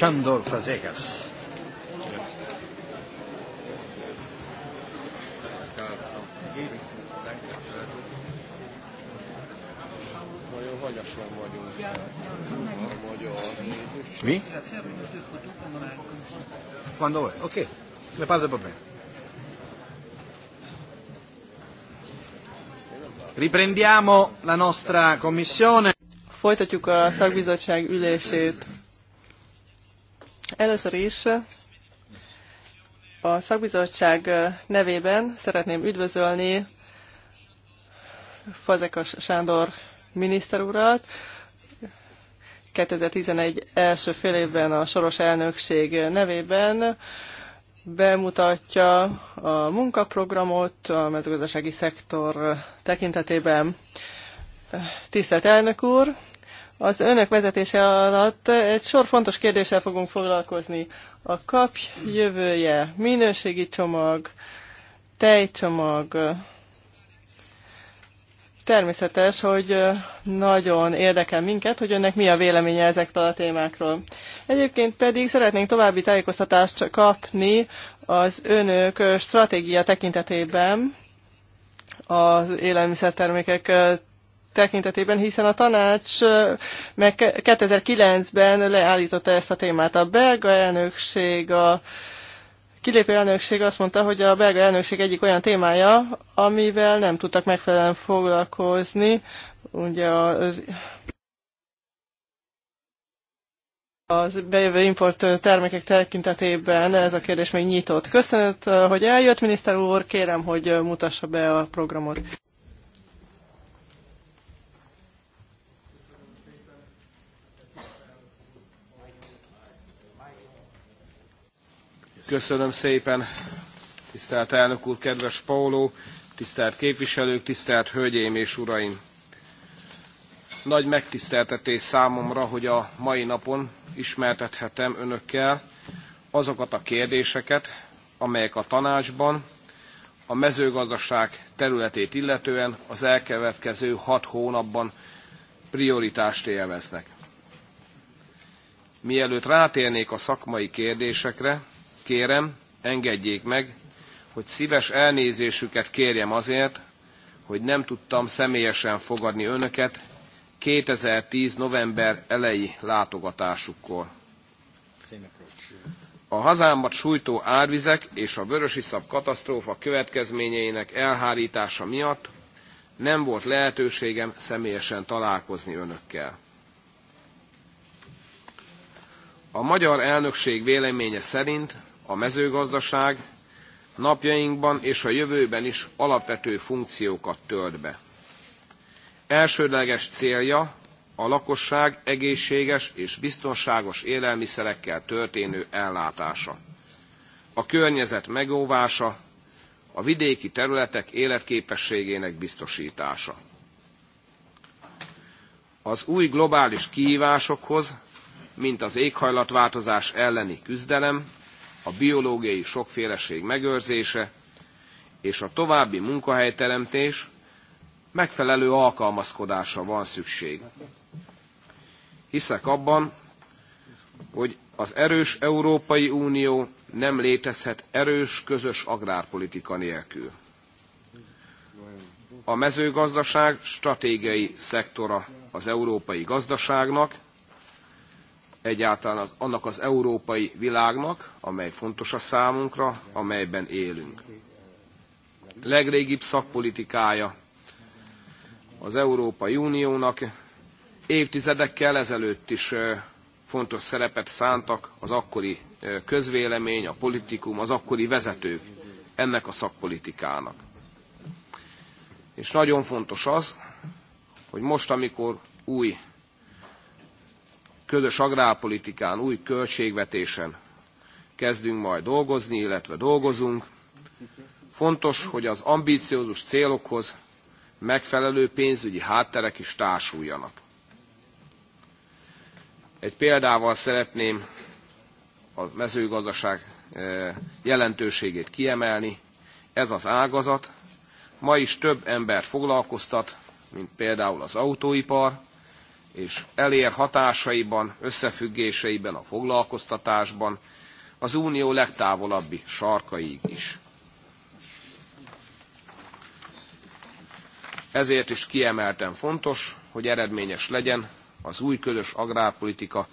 Sándor Fazegas. Mi? Quando vuoi, ok, ne parlo per me. Riprendiamo la nostra commissione. Folytatjuk a szakbizottság ülését. Először is a szakbizottság nevében szeretném üdvözölni Fazekas Sándor miniszter urat. 2011 első fél évben a soros elnökség nevében bemutatja a munkaprogramot a mezőgazdasági szektor tekintetében. Tisztelt elnök úr, az önök vezetése alatt egy sor fontos kérdéssel fogunk foglalkozni. A kap jövője, minőségi csomag, tejcsomag. Természetes, hogy nagyon érdekel minket, hogy önnek mi a véleménye ezekről a témákról. Egyébként pedig szeretnénk további tájékoztatást kapni az önök stratégia tekintetében az élelmiszertermékek tekintetében, hiszen a tanács meg 2009-ben leállította ezt a témát. A belga elnökség, a kilépő elnökség azt mondta, hogy a belga elnökség egyik olyan témája, amivel nem tudtak megfelelően foglalkozni, ugye az az bejövő import termékek tekintetében ez a kérdés még nyitott. Köszönöm, hogy eljött, miniszter úr, kérem, hogy mutassa be a programot. Köszönöm szépen, tisztelt elnök úr, kedves Paulo, tisztelt képviselők, tisztelt hölgyeim és uraim! Nagy megtiszteltetés számomra, hogy a mai napon ismertethetem önökkel azokat a kérdéseket, amelyek a tanácsban a mezőgazdaság területét illetően az elkövetkező hat hónapban prioritást élveznek. Mielőtt rátérnék a szakmai kérdésekre, kérem, engedjék meg, hogy szíves elnézésüket kérjem azért, hogy nem tudtam személyesen fogadni önöket 2010. november elejé látogatásukkor. A hazámat sújtó árvizek és a vörösiszap katasztrófa következményeinek elhárítása miatt nem volt lehetőségem személyesen találkozni önökkel. A magyar elnökség véleménye szerint a mezőgazdaság napjainkban és a jövőben is alapvető funkciókat tölt be. Elsődleges célja a lakosság egészséges és biztonságos élelmiszerekkel történő ellátása, a környezet megóvása, a vidéki területek életképességének biztosítása. Az új globális kihívásokhoz, mint az éghajlatváltozás elleni küzdelem, a biológiai sokféleség megőrzése és a további munkahelyteremtés megfelelő alkalmazkodásra van szükség. Hiszek abban, hogy az erős Európai Unió nem létezhet erős közös agrárpolitika nélkül. A mezőgazdaság stratégiai szektora az európai gazdaságnak, egyáltalán az, annak az európai világnak, amely fontos a számunkra, amelyben élünk. Legrégibb szakpolitikája az Európai Uniónak évtizedekkel ezelőtt is fontos szerepet szántak az akkori közvélemény, a politikum, az akkori vezetők ennek a szakpolitikának. És nagyon fontos az, hogy most, amikor új közös agrárpolitikán, új költségvetésen kezdünk majd dolgozni, illetve dolgozunk. Fontos, hogy az ambíciózus célokhoz megfelelő pénzügyi hátterek is társuljanak. Egy példával szeretném a mezőgazdaság e, jelentőségét kiemelni. Ez az ágazat ma is több embert foglalkoztat, mint például az autóipar, és elér hatásaiban, összefüggéseiben, a foglalkoztatásban az unió legtávolabbi sarkaig is. Ezért is kiemelten fontos, hogy eredményes legyen az új közös agrárpolitika,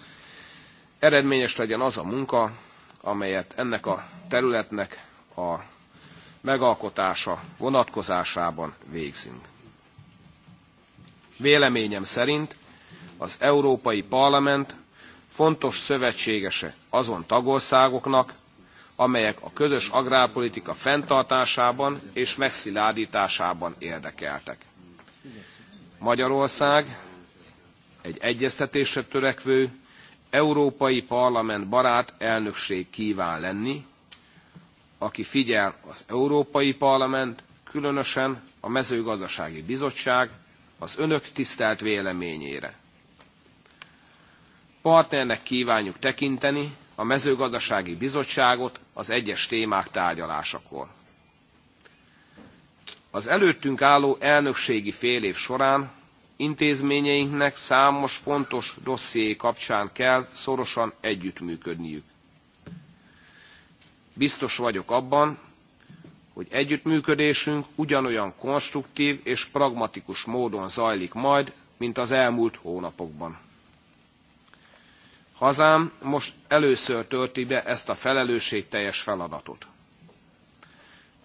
eredményes legyen az a munka, amelyet ennek a területnek a megalkotása vonatkozásában végzünk. Véleményem szerint az Európai Parlament fontos szövetségese azon tagországoknak, amelyek a közös agrárpolitika fenntartásában és megszilárdításában érdekeltek. Magyarország egy egyeztetésre törekvő, európai parlament barát elnökség kíván lenni, aki figyel az Európai Parlament, különösen a mezőgazdasági bizottság az önök tisztelt véleményére Partnernek kívánjuk tekinteni a mezőgazdasági bizottságot az egyes témák tárgyalásakor. Az előttünk álló elnökségi fél év során intézményeinknek számos fontos dosszié kapcsán kell szorosan együttműködniük. Biztos vagyok abban, hogy együttműködésünk ugyanolyan konstruktív és pragmatikus módon zajlik majd, mint az elmúlt hónapokban. Hazám most először tölti be ezt a felelősségteljes feladatot.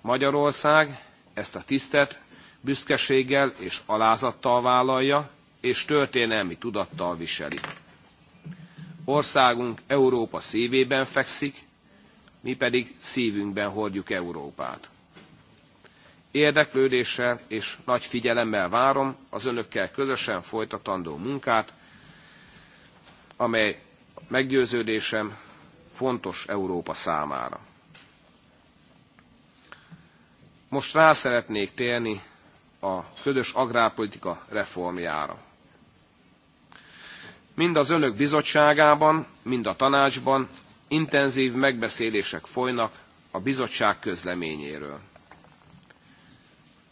Magyarország ezt a tisztet büszkeséggel és alázattal vállalja, és történelmi tudattal viseli. Országunk Európa szívében fekszik, mi pedig szívünkben hordjuk Európát. Érdeklődéssel és nagy figyelemmel várom az önökkel közösen folytatandó munkát, amely Meggyőződésem fontos Európa számára. Most rá szeretnék térni a ködös agrárpolitika reformjára. Mind az önök bizottságában, mind a tanácsban intenzív megbeszélések folynak a bizottság közleményéről.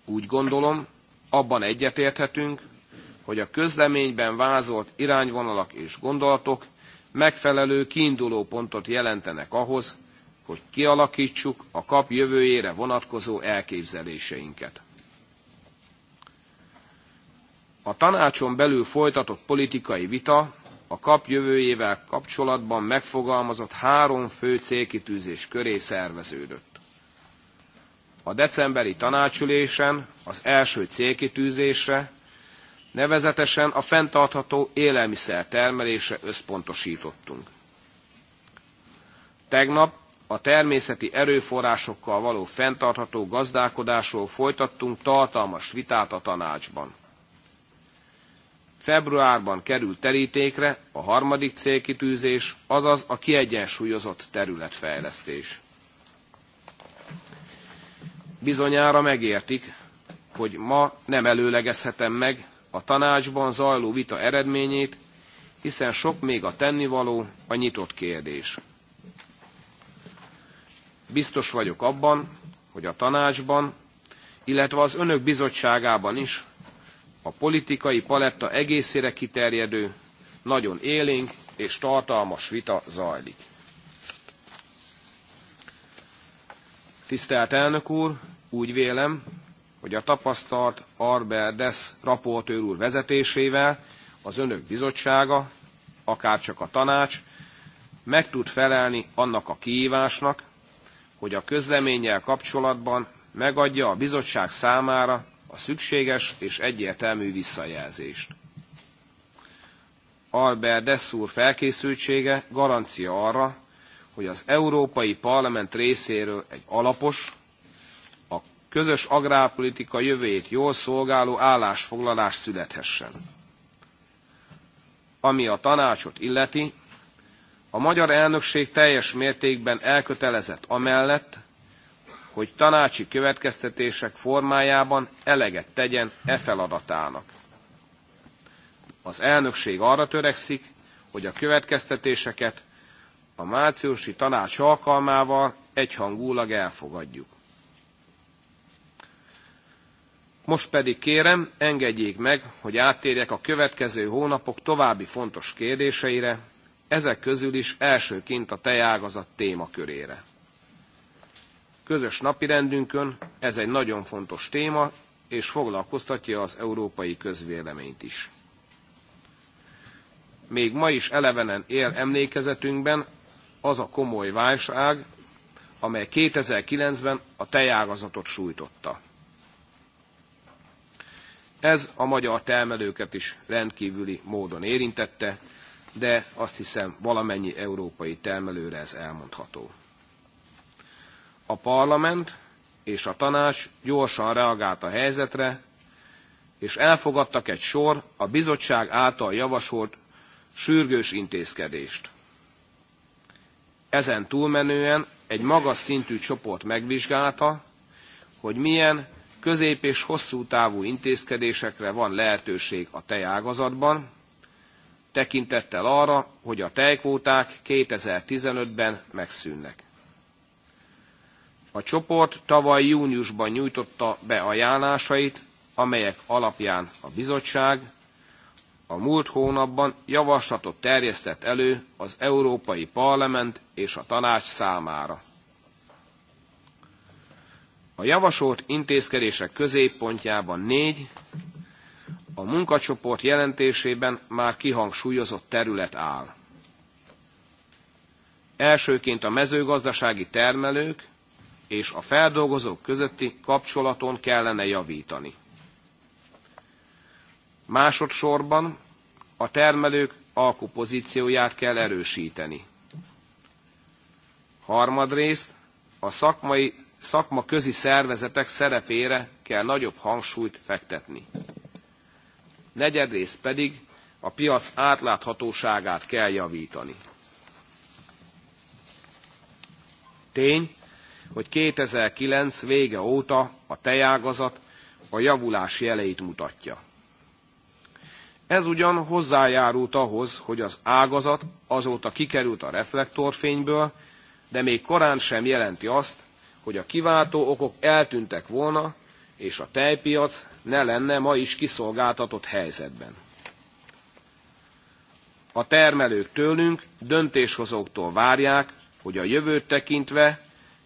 Úgy gondolom, abban egyetérthetünk, hogy a közleményben vázolt irányvonalak és gondolatok megfelelő kiinduló pontot jelentenek ahhoz, hogy kialakítsuk a kap jövőjére vonatkozó elképzeléseinket. A tanácson belül folytatott politikai vita a kap jövőjével kapcsolatban megfogalmazott három fő célkitűzés köré szerveződött. A decemberi tanácsülésen az első célkitűzésre, nevezetesen a fenntartható élelmiszer termelésre összpontosítottunk. Tegnap a természeti erőforrásokkal való fenntartható gazdálkodásról folytattunk tartalmas vitát a tanácsban. Februárban került terítékre a harmadik célkitűzés, azaz a kiegyensúlyozott területfejlesztés. Bizonyára megértik, hogy ma nem előlegezhetem meg a tanácsban zajló vita eredményét, hiszen sok még a tennivaló, a nyitott kérdés. Biztos vagyok abban, hogy a tanácsban, illetve az önök bizottságában is a politikai paletta egészére kiterjedő, nagyon élénk és tartalmas vita zajlik. Tisztelt elnök úr, úgy vélem, hogy a tapasztalt Arberdes Dess raportőr úr vezetésével az önök bizottsága, akár csak a tanács, meg tud felelni annak a kihívásnak, hogy a közleménnyel kapcsolatban megadja a bizottság számára a szükséges és egyértelmű visszajelzést. Albert Dessur felkészültsége garancia arra, hogy az Európai Parlament részéről egy alapos, közös agrárpolitika jövőjét jól szolgáló állásfoglalás születhessen. Ami a tanácsot illeti, a magyar elnökség teljes mértékben elkötelezett amellett, hogy tanácsi következtetések formájában eleget tegyen e feladatának. Az elnökség arra törekszik, hogy a következtetéseket a márciusi tanács alkalmával egyhangúlag elfogadjuk. Most pedig kérem, engedjék meg, hogy áttérjek a következő hónapok további fontos kérdéseire, ezek közül is elsőként a tejágazat témakörére. Közös napirendünkön ez egy nagyon fontos téma, és foglalkoztatja az európai közvéleményt is. Még ma is elevenen él emlékezetünkben az a komoly válság, amely 2009-ben a tejágazatot sújtotta. Ez a magyar termelőket is rendkívüli módon érintette, de azt hiszem valamennyi európai termelőre ez elmondható. A parlament és a tanács gyorsan reagált a helyzetre, és elfogadtak egy sor a bizottság által javasolt sürgős intézkedést. Ezen túlmenően egy magas szintű csoport megvizsgálta, hogy milyen közép- és hosszú távú intézkedésekre van lehetőség a tejágazatban, tekintettel arra, hogy a tejkvóták 2015-ben megszűnnek. A csoport tavaly júniusban nyújtotta be ajánlásait, amelyek alapján a bizottság a múlt hónapban javaslatot terjesztett elő az Európai Parlament és a Tanács számára. A javasolt intézkedések középpontjában négy, a munkacsoport jelentésében már kihangsúlyozott terület áll. Elsőként a mezőgazdasági termelők és a feldolgozók közötti kapcsolaton kellene javítani. Másodszorban a termelők alkupozícióját kell erősíteni. Harmadrészt a szakmai szakmaközi szervezetek szerepére kell nagyobb hangsúlyt fektetni. Negyedrészt pedig a piac átláthatóságát kell javítani. Tény, hogy 2009 vége óta a tejágazat a javulás jeleit mutatja. Ez ugyan hozzájárult ahhoz, hogy az ágazat azóta kikerült a reflektorfényből, de még korán sem jelenti azt, hogy a kiváltó okok eltűntek volna, és a tejpiac ne lenne ma is kiszolgáltatott helyzetben. A termelők tőlünk, döntéshozóktól várják, hogy a jövőt tekintve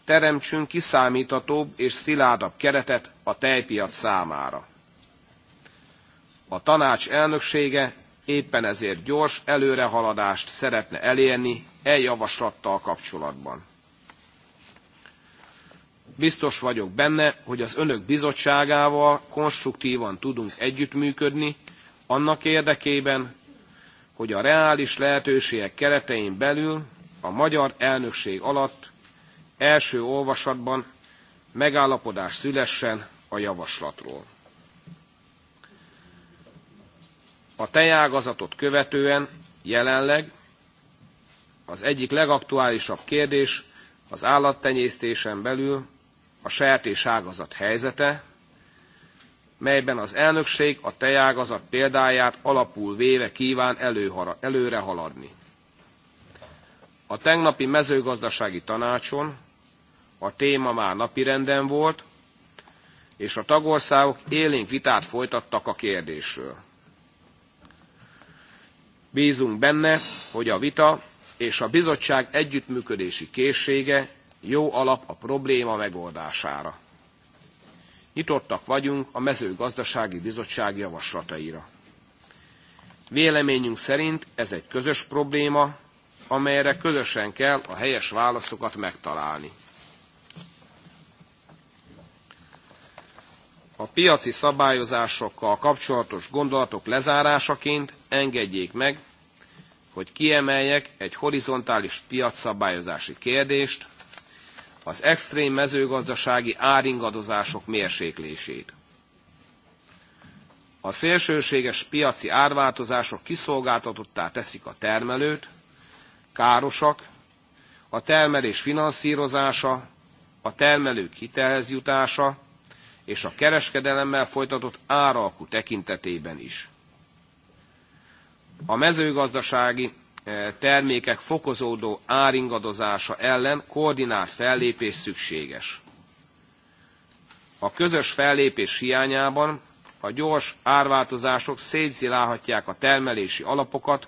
teremtsünk kiszámíthatóbb és szilárdabb keretet a tejpiac számára. A tanács elnöksége éppen ezért gyors előrehaladást szeretne elérni e javaslattal kapcsolatban. Biztos vagyok benne, hogy az önök bizottságával konstruktívan tudunk együttműködni, annak érdekében, hogy a reális lehetőségek keretein belül a magyar elnökség alatt első olvasatban megállapodás szülessen a javaslatról. A tejágazatot követően jelenleg az egyik legaktuálisabb kérdés az állattenyésztésen belül a saját ágazat helyzete, melyben az elnökség a tejágazat példáját alapul véve kíván előre haladni. A tegnapi mezőgazdasági tanácson a téma már napirenden volt, és a tagországok élénk vitát folytattak a kérdésről. Bízunk benne, hogy a vita és a bizottság együttműködési készsége jó alap a probléma megoldására. Nyitottak vagyunk a mezőgazdasági bizottság javaslataira. Véleményünk szerint ez egy közös probléma, amelyre közösen kell a helyes válaszokat megtalálni. A piaci szabályozásokkal kapcsolatos gondolatok lezárásaként engedjék meg, hogy kiemeljek egy horizontális piacszabályozási kérdést, az extrém mezőgazdasági áringadozások mérséklését. A szélsőséges piaci árváltozások kiszolgáltatottá teszik a termelőt, károsak, a termelés finanszírozása, a termelők hitelhez jutása és a kereskedelemmel folytatott áralkú tekintetében is. A mezőgazdasági termékek fokozódó áringadozása ellen koordinált fellépés szükséges. A közös fellépés hiányában a gyors árváltozások szétzilálhatják a termelési alapokat,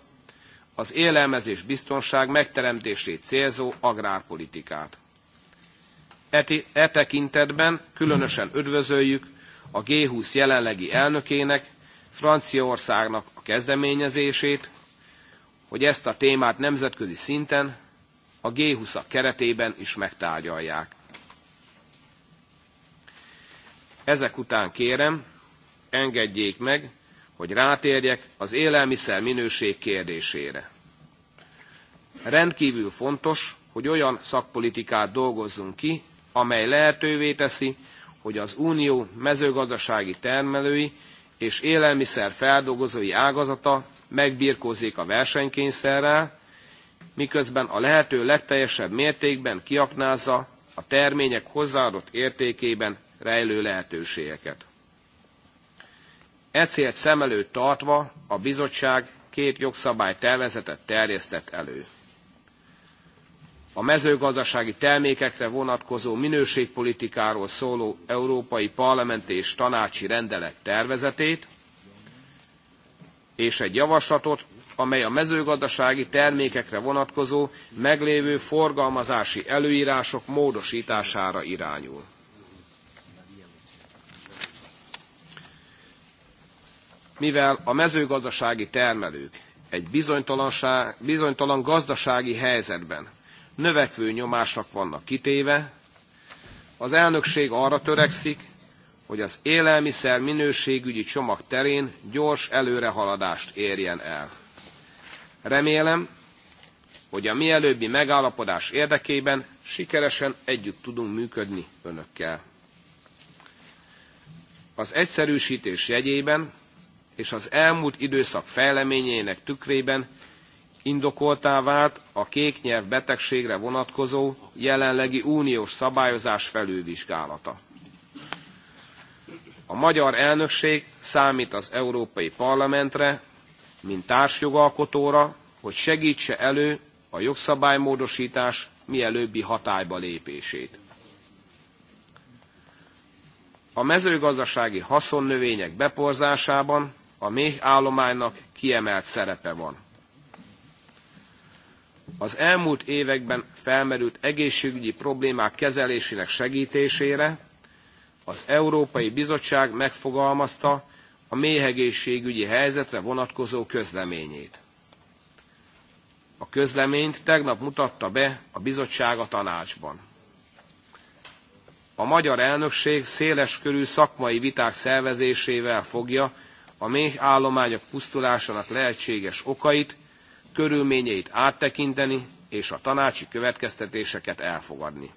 az élelmezés biztonság megteremtését célzó agrárpolitikát. e, e tekintetben különösen üdvözöljük a G20 jelenlegi elnökének, Franciaországnak a kezdeményezését, hogy ezt a témát nemzetközi szinten a g 20 keretében is megtárgyalják. Ezek után kérem, engedjék meg, hogy rátérjek az élelmiszer minőség kérdésére. Rendkívül fontos, hogy olyan szakpolitikát dolgozzunk ki, amely lehetővé teszi, hogy az unió mezőgazdasági termelői és élelmiszer feldolgozói ágazata megbirkózik a versenykényszerrel, miközben a lehető legteljesebb mértékben kiaknázza a termények hozzáadott értékében rejlő lehetőségeket. E célt szem előtt tartva a bizottság két jogszabály tervezetet terjesztett elő. A mezőgazdasági termékekre vonatkozó minőségpolitikáról szóló Európai Parlament és Tanácsi Rendelet tervezetét, és egy javaslatot, amely a mezőgazdasági termékekre vonatkozó meglévő forgalmazási előírások módosítására irányul. Mivel a mezőgazdasági termelők egy bizonytalan gazdasági helyzetben növekvő nyomásnak vannak kitéve, az elnökség arra törekszik, hogy az élelmiszer minőségügyi csomag terén gyors előrehaladást érjen el. Remélem, hogy a mielőbbi megállapodás érdekében sikeresen együtt tudunk működni önökkel. Az egyszerűsítés jegyében és az elmúlt időszak fejleményeinek tükrében indokoltá vált a kéknyelv betegségre vonatkozó jelenlegi uniós szabályozás felülvizsgálata. A magyar elnökség számít az Európai Parlamentre, mint társjogalkotóra, hogy segítse elő a jogszabálymódosítás mielőbbi hatályba lépését. A mezőgazdasági haszonnövények beporzásában a méhállománynak kiemelt szerepe van. Az elmúlt években felmerült egészségügyi problémák kezelésének segítésére az Európai Bizottság megfogalmazta a méhegészségügyi helyzetre vonatkozó közleményét. A közleményt tegnap mutatta be a bizottság a tanácsban. A magyar elnökség széles körű szakmai viták szervezésével fogja a méhállományok pusztulásának lehetséges okait, körülményeit áttekinteni és a tanácsi következtetéseket elfogadni.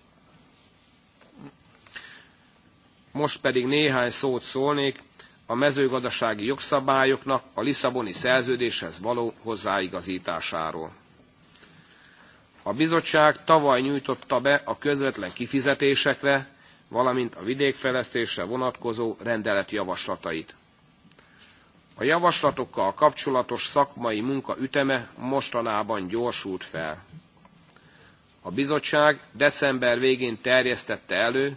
Most pedig néhány szót szólnék a mezőgazdasági jogszabályoknak a Lisszaboni szerződéshez való hozzáigazításáról. A bizottság tavaly nyújtotta be a közvetlen kifizetésekre, valamint a vidékfejlesztésre vonatkozó rendelet javaslatait. A javaslatokkal kapcsolatos szakmai munka üteme mostanában gyorsult fel. A bizottság december végén terjesztette elő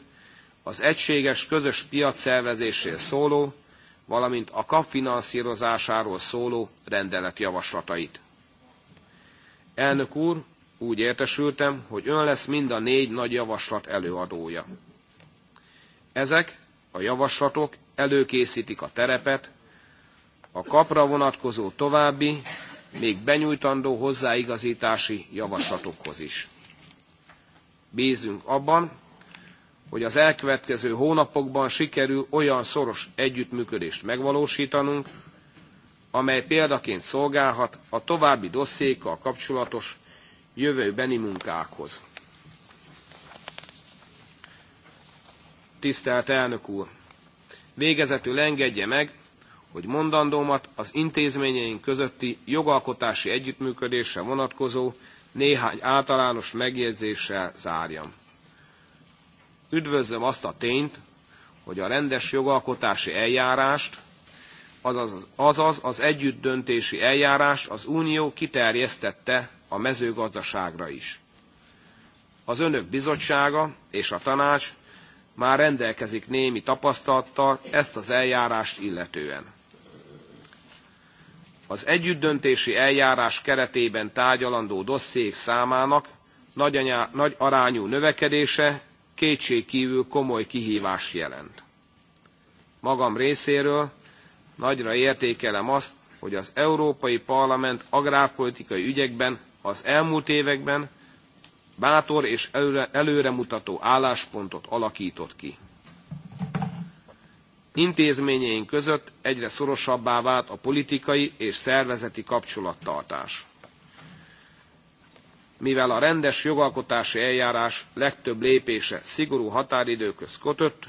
az egységes közös piac szervezésről szóló, valamint a kap finanszírozásáról szóló rendelet javaslatait. Elnök úr, úgy értesültem, hogy ön lesz mind a négy nagy javaslat előadója. Ezek a javaslatok előkészítik a terepet a kapra vonatkozó további, még benyújtandó hozzáigazítási javaslatokhoz is. Bízunk abban, hogy az elkövetkező hónapokban sikerül olyan szoros együttműködést megvalósítanunk, amely példaként szolgálhat a további dosszékkal kapcsolatos jövőbeni munkákhoz. Tisztelt elnök úr! Végezetül engedje meg, hogy mondandómat az intézményeink közötti jogalkotási együttműködésre vonatkozó néhány általános megjegyzéssel zárjam. Üdvözlöm azt a tényt, hogy a rendes jogalkotási eljárást, azaz, azaz az együttdöntési eljárást az Unió kiterjesztette a mezőgazdaságra is. Az önök bizottsága és a tanács már rendelkezik némi tapasztalattal ezt az eljárást illetően. Az együttdöntési eljárás keretében tárgyalandó dossziék számának nagy, arányú növekedése kétségkívül komoly kihívás jelent. Magam részéről nagyra értékelem azt, hogy az Európai Parlament agrárpolitikai ügyekben az elmúlt években bátor és előre, előremutató álláspontot alakított ki. Intézményeink között egyre szorosabbá vált a politikai és szervezeti kapcsolattartás mivel a rendes jogalkotási eljárás legtöbb lépése szigorú határidőköz kötött,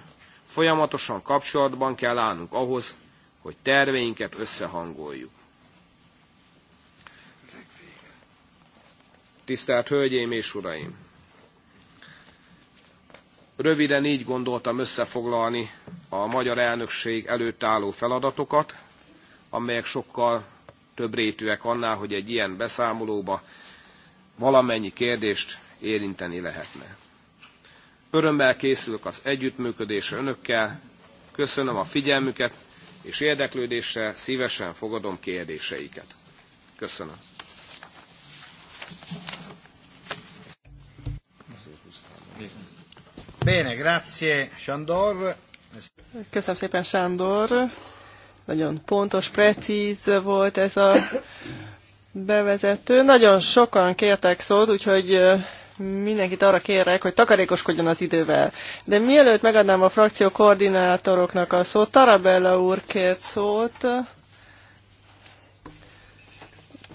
folyamatosan kapcsolatban kell állnunk ahhoz, hogy terveinket összehangoljuk. Tisztelt Hölgyeim és Uraim! Röviden így gondoltam összefoglalni a magyar elnökség előtt álló feladatokat, amelyek sokkal több rétűek annál, hogy egy ilyen beszámolóba valamennyi kérdést érinteni lehetne. Örömmel készülök az együttműködésre önökkel, köszönöm a figyelmüket, és érdeklődéssel szívesen fogadom kérdéseiket. Köszönöm. Bene, grazie Sándor. Köszönöm szépen Sándor. Nagyon pontos, precíz volt ez a bevezető. Nagyon sokan kértek szót, úgyhogy mindenkit arra kérek, hogy takarékoskodjon az idővel. De mielőtt megadnám a frakció koordinátoroknak a szót, Tarabella úr kért szót.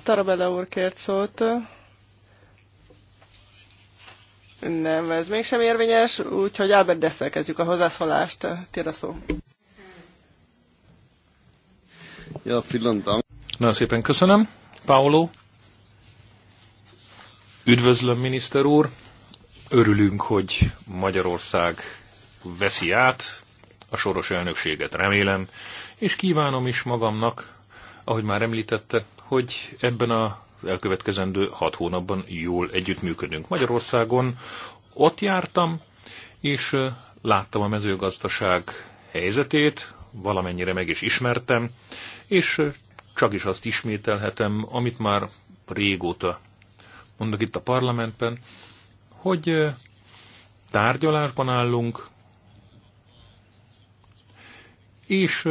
Tarabella úr kért szót. Nem, ez mégsem érvényes, úgyhogy Albert Desszel kezdjük a hozzászólást. Tér a szó. Ja, Na, szépen köszönöm. Paulo. Üdvözlöm, miniszter úr! Örülünk, hogy Magyarország veszi át a soros elnökséget, remélem, és kívánom is magamnak, ahogy már említette, hogy ebben az elkövetkezendő hat hónapban jól együttműködünk. Magyarországon ott jártam, és láttam a mezőgazdaság helyzetét, valamennyire meg is ismertem, és csak is azt ismételhetem, amit már régóta mondok itt a parlamentben, hogy tárgyalásban állunk, és,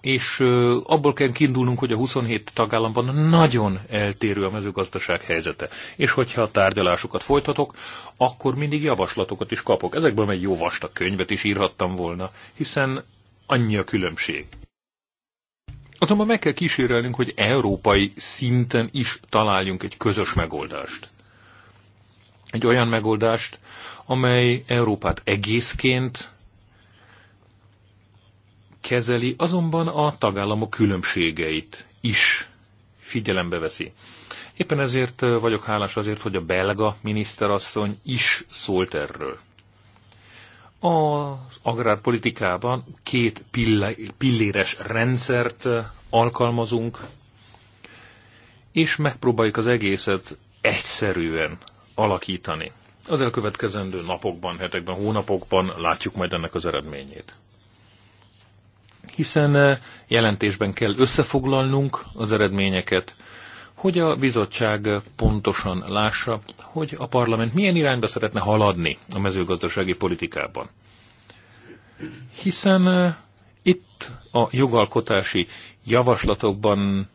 és abból kell kiindulnunk, hogy a 27 tagállamban nagyon eltérő a mezőgazdaság helyzete. És hogyha a tárgyalásokat folytatok, akkor mindig javaslatokat is kapok. Ezekből egy jó vastag könyvet is írhattam volna, hiszen annyi a különbség. Azonban meg kell kísérelnünk, hogy európai szinten is találjunk egy közös megoldást. Egy olyan megoldást, amely Európát egészként kezeli, azonban a tagállamok különbségeit is figyelembe veszi. Éppen ezért vagyok hálás azért, hogy a belga miniszterasszony is szólt erről. Az agrárpolitikában két pilléres rendszert alkalmazunk, és megpróbáljuk az egészet egyszerűen alakítani. Az elkövetkezendő napokban, hetekben, hónapokban látjuk majd ennek az eredményét. Hiszen jelentésben kell összefoglalnunk az eredményeket, hogy a bizottság pontosan lássa, hogy a parlament milyen irányba szeretne haladni a mezőgazdasági politikában. Hiszen itt a jogalkotási javaslatokban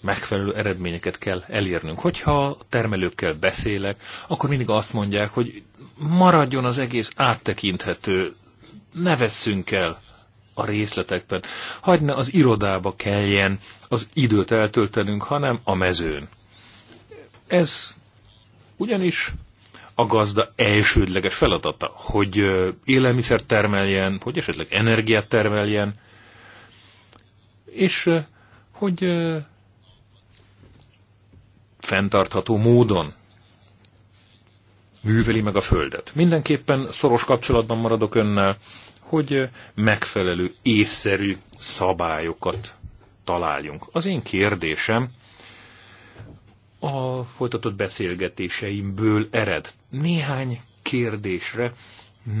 megfelelő eredményeket kell elérnünk. Hogyha termelőkkel beszélek, akkor mindig azt mondják, hogy maradjon az egész áttekinthető, ne vesszünk el a részletekben. Hagyna az irodába kelljen az időt eltöltenünk, hanem a mezőn. Ez ugyanis a gazda elsődleges feladata, hogy élelmiszer termeljen, hogy esetleg energiát termeljen, és hogy fenntartható módon műveli meg a földet. Mindenképpen szoros kapcsolatban maradok önnel, hogy megfelelő észszerű szabályokat találjunk. Az én kérdésem a folytatott beszélgetéseimből ered. Néhány kérdésre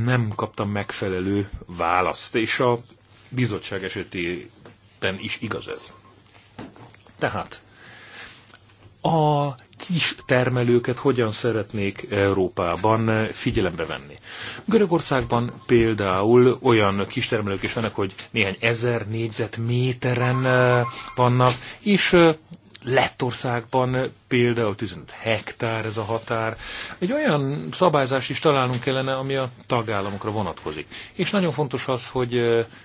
nem kaptam megfelelő választ, és a bizottság esetében is igaz ez. Tehát a kis termelőket hogyan szeretnék Európában figyelembe venni. Görögországban például olyan kis termelők is vannak, hogy néhány ezer négyzetméteren vannak, és Lettországban például 15 hektár ez a határ. Egy olyan szabályzást is találnunk kellene, ami a tagállamokra vonatkozik. És nagyon fontos az, hogy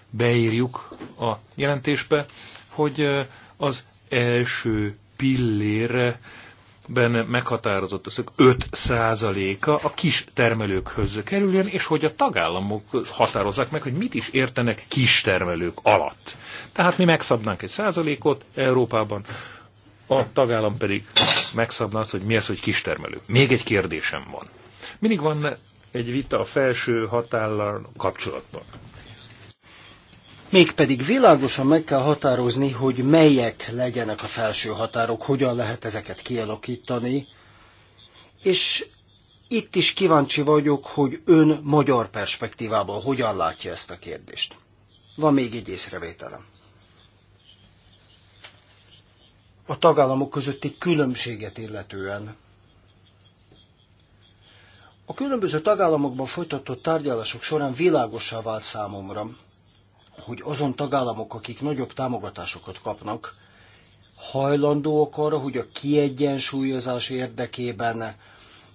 beírjuk a jelentésbe, hogy az első pillére ben meghatározott összeg 5%-a a kis termelőkhöz kerüljön, és hogy a tagállamok határozzák meg, hogy mit is értenek kis termelők alatt. Tehát mi megszabnánk egy százalékot Európában, a tagállam pedig megszabná azt, hogy mi az, hogy kis termelő Még egy kérdésem van. Mindig van egy vita a felső hatállal kapcsolatban. Mégpedig világosan meg kell határozni, hogy melyek legyenek a felső határok, hogyan lehet ezeket kialakítani, és itt is kíváncsi vagyok, hogy ön magyar perspektívából hogyan látja ezt a kérdést. Van még egy észrevételem. A tagállamok közötti különbséget illetően. A különböző tagállamokban folytatott tárgyalások során világosá vált számomra, hogy azon tagállamok, akik nagyobb támogatásokat kapnak, hajlandóak arra, hogy a kiegyensúlyozás érdekében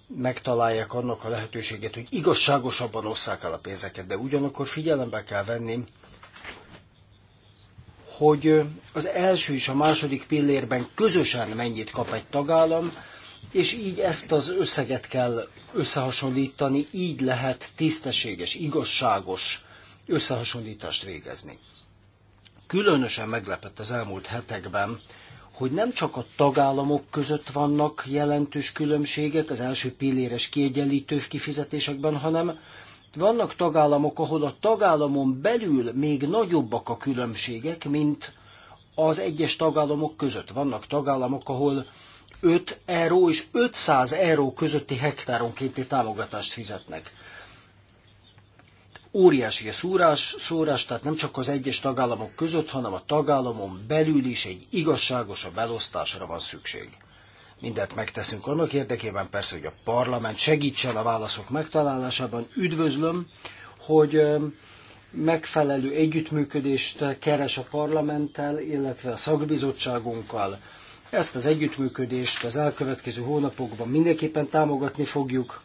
megtalálják annak a lehetőséget, hogy igazságosabban osszák el a pénzeket, de ugyanakkor figyelembe kell venni, hogy az első és a második pillérben közösen mennyit kap egy tagállam, és így ezt az összeget kell összehasonlítani, így lehet tisztességes, igazságos összehasonlítást végezni. Különösen meglepett az elmúlt hetekben, hogy nem csak a tagállamok között vannak jelentős különbségek az első pilléres kiegyenlítő kifizetésekben, hanem vannak tagállamok, ahol a tagállamon belül még nagyobbak a különbségek, mint az egyes tagállamok között. Vannak tagállamok, ahol 5 euró és 500 euró közötti hektáronkénti támogatást fizetnek óriási a szórás, szórás, tehát nem csak az egyes tagállamok között, hanem a tagállamon belül is egy igazságosabb elosztásra van szükség. Mindent megteszünk annak érdekében, persze, hogy a parlament segítsen a válaszok megtalálásában. Üdvözlöm, hogy megfelelő együttműködést keres a parlamenttel, illetve a szakbizottságunkkal. Ezt az együttműködést az elkövetkező hónapokban mindenképpen támogatni fogjuk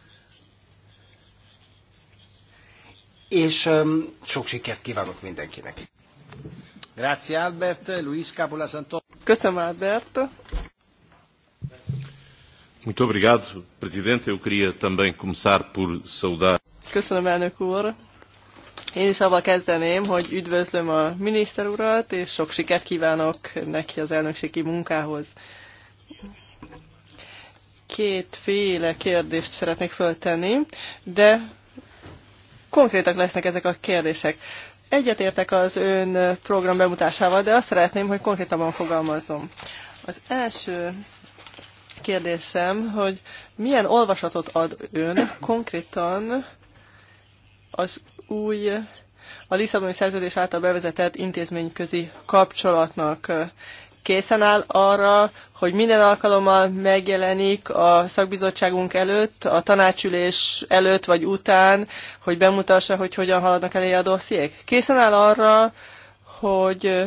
és um, sok sikert kívánok mindenkinek. Grazie Albert, Luis Capola Santos. Köszönöm Albert. Muito obrigado, Presidente. Eu queria também começar por saudar. Köszönöm, elnök úr. Én is avval kezdeném, hogy üdvözlöm a miniszter urat, és sok sikert kívánok neki az elnökségi munkához. Kétféle kérdést szeretnék föltenni, de konkrétak lesznek ezek a kérdések. Egyetértek az ön program bemutásával, de azt szeretném, hogy konkrétabban fogalmazom. Az első kérdésem, hogy milyen olvasatot ad ön konkrétan az új, a Lisszaboni szerződés által bevezetett intézményközi kapcsolatnak készen áll arra, hogy minden alkalommal megjelenik a szakbizottságunk előtt, a tanácsülés előtt vagy után, hogy bemutassa, hogy hogyan haladnak elé a dossziék. Készen áll arra, hogy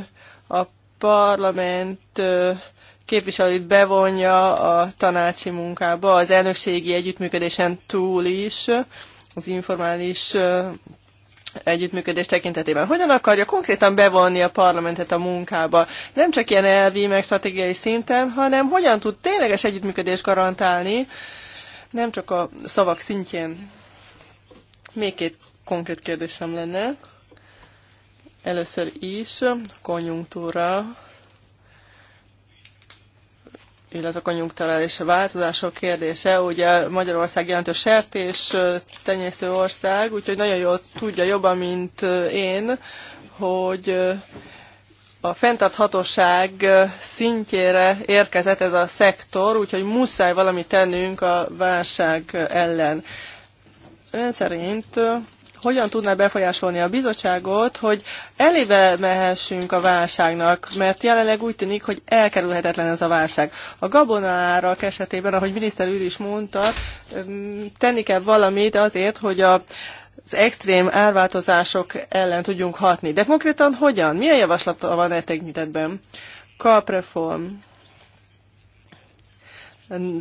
a parlament képviselőit bevonja a tanácsi munkába, az elnökségi együttműködésen túl is, az informális együttműködés tekintetében. Hogyan akarja konkrétan bevonni a parlamentet a munkába? Nem csak ilyen elvi, meg stratégiai szinten, hanem hogyan tud tényleges együttműködést garantálni, nem csak a szavak szintjén. Még két konkrét kérdésem lenne. Először is konjunktúra illetve a konjunkturális változások kérdése. Ugye Magyarország jelentős sertés tenyésztő ország, úgyhogy nagyon jól tudja jobban, mint én, hogy a fenntarthatóság szintjére érkezett ez a szektor, úgyhogy muszáj valamit tennünk a válság ellen. Ön szerint hogyan tudná befolyásolni a bizottságot, hogy elébe mehessünk a válságnak, mert jelenleg úgy tűnik, hogy elkerülhetetlen ez a válság. A gabonárak esetében, ahogy miniszter úr is mondta, tenni kell valamit azért, hogy a az extrém árváltozások ellen tudjunk hatni. De konkrétan hogyan? Milyen javaslata van e tekintetben? Kapreform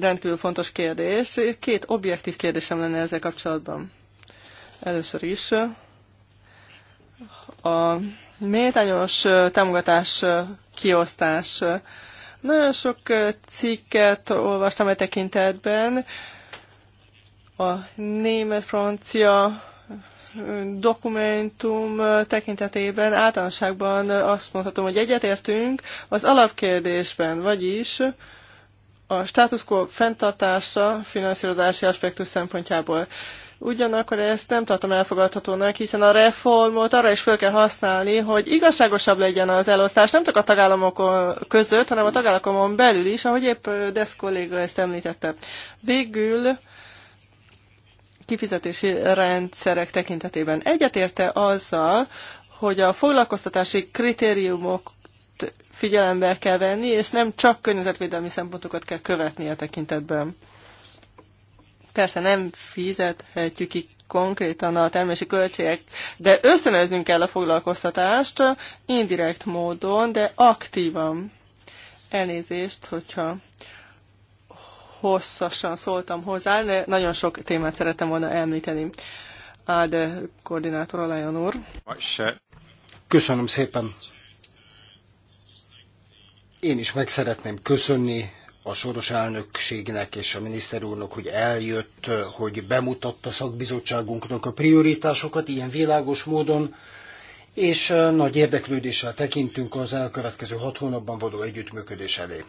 rendkívül fontos kérdés. Két objektív kérdésem lenne ezzel kapcsolatban. Először is a méltányos támogatás kiosztás. Nagyon sok cikket olvastam e tekintetben. A német-francia dokumentum tekintetében általánosságban azt mondhatom, hogy egyetértünk az alapkérdésben, vagyis a status quo fenntartása finanszírozási aspektus szempontjából. Ugyanakkor ezt nem tartom elfogadhatónak, hiszen a reformot arra is fel kell használni, hogy igazságosabb legyen az elosztás, nem csak a tagállamok között, hanem a tagállamokon belül is, ahogy épp Desz kolléga ezt említette. Végül kifizetési rendszerek tekintetében egyetérte azzal, hogy a foglalkoztatási kritériumok figyelembe kell venni, és nem csak környezetvédelmi szempontokat kell követni a e tekintetben. Persze nem fizethetjük ki konkrétan a termési költségek, de ösztönöznünk kell a foglalkoztatást indirekt módon, de aktívan. Elnézést, hogyha hosszasan szóltam hozzá, de nagyon sok témát szerettem volna említeni. Áde koordinátor Alajan úr. Köszönöm szépen. Én is meg szeretném köszönni a soros elnökségnek és a miniszter úrnak, hogy eljött, hogy bemutatta szakbizottságunknak a prioritásokat ilyen világos módon, és nagy érdeklődéssel tekintünk az elkövetkező hat hónapban való együttműködés elé.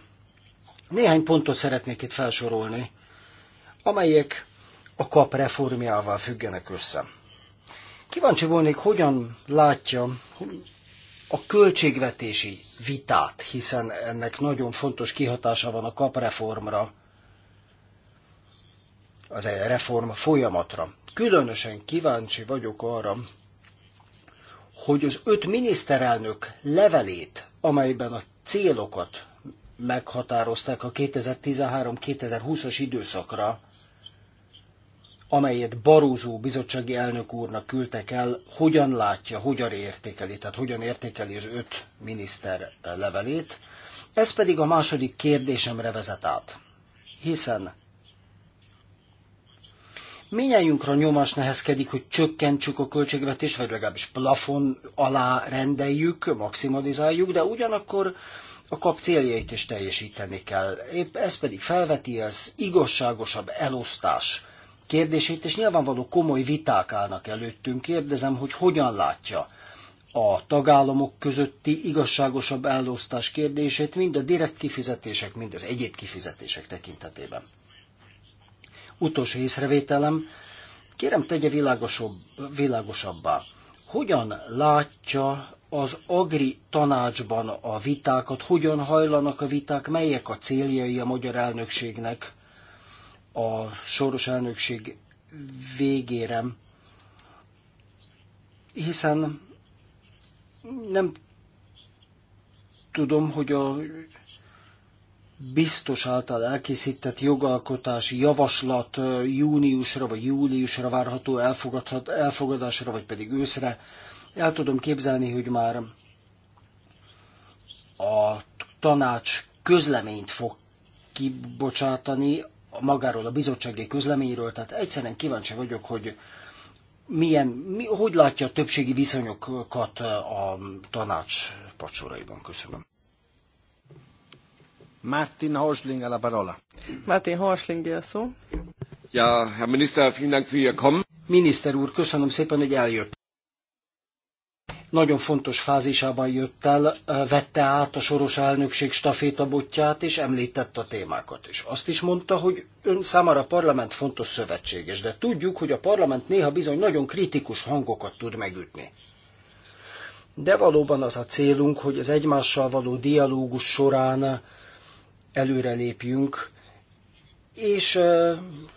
Néhány pontot szeretnék itt felsorolni, amelyek a kap reformjával függenek össze. Kíváncsi volnék, hogyan látja, a költségvetési vitát, hiszen ennek nagyon fontos kihatása van a kapreformra, az e reform folyamatra. Különösen kíváncsi vagyok arra, hogy az öt miniszterelnök levelét, amelyben a célokat meghatározták a 2013-2020-as időszakra, amelyet Barózó bizottsági elnök úrnak küldtek el, hogyan látja, hogyan értékeli, tehát hogyan értékeli az öt miniszter levelét. Ez pedig a második kérdésemre vezet át. Hiszen minnyájunkra nyomás nehezkedik, hogy csökkentsük a költségvetést, vagy legalábbis plafon alá rendeljük, maximalizáljuk, de ugyanakkor a kap céljait is teljesíteni kell. Épp ez pedig felveti az igazságosabb elosztás kérdését, és nyilvánvaló komoly viták állnak előttünk. Kérdezem, hogy hogyan látja a tagállamok közötti igazságosabb elosztás kérdését, mind a direkt kifizetések, mind az egyéb kifizetések tekintetében. Utolsó észrevételem, kérem tegye világosabb, világosabbá, hogyan látja az Agri tanácsban a vitákat, hogyan hajlanak a viták, melyek a céljai a magyar elnökségnek, a soros elnökség végére, hiszen nem tudom, hogy a biztos által elkészített jogalkotási javaslat júniusra vagy júliusra várható elfogadhat, elfogadásra, vagy pedig őszre. El tudom képzelni, hogy már a tanács közleményt fog kibocsátani magáról a bizottsági közleményről, tehát egyszerűen kíváncsi vagyok, hogy milyen, mi, hogy látja a többségi viszonyokat a tanács pacsoraiban. Köszönöm. Martin Horsling a la parola. Martin Horsling a szó. Ja, Herr Minister, vielen Dank für Ihr Kommen. Miniszter úr, köszönöm szépen, hogy eljött. Nagyon fontos fázisában jött el, vette át a soros elnökség stafétabotját, és említette a témákat is. Azt is mondta, hogy ön számára a parlament fontos szövetséges, de tudjuk, hogy a parlament néha bizony nagyon kritikus hangokat tud megütni. De valóban az a célunk, hogy az egymással való dialógus során előrelépjünk, és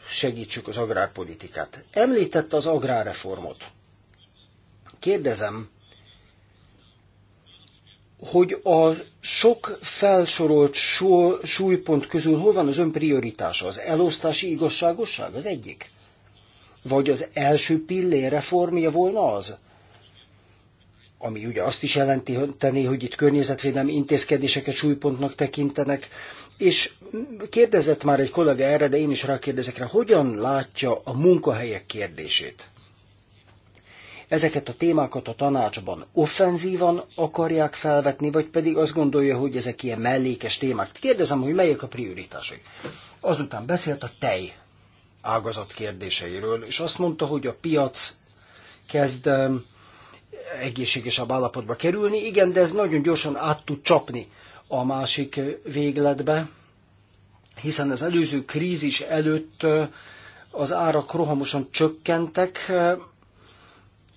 segítsük az agrárpolitikát. Említette az agrárreformot. Kérdezem, hogy a sok felsorolt sor, súlypont közül hol van az ön prioritása? Az elosztási igazságosság az egyik? Vagy az első pillér reformja volna az? Ami ugye azt is jelenteni, hogy itt környezetvédelmi intézkedéseket súlypontnak tekintenek, és kérdezett már egy kollega erre, de én is rákérdezek rá, hogyan látja a munkahelyek kérdését? ezeket a témákat a tanácsban offenzívan akarják felvetni, vagy pedig azt gondolja, hogy ezek ilyen mellékes témák. Kérdezem, hogy melyek a prioritások? Azután beszélt a tej ágazat kérdéseiről, és azt mondta, hogy a piac kezd egészségesebb állapotba kerülni. Igen, de ez nagyon gyorsan át tud csapni a másik végletbe, hiszen az előző krízis előtt az árak rohamosan csökkentek,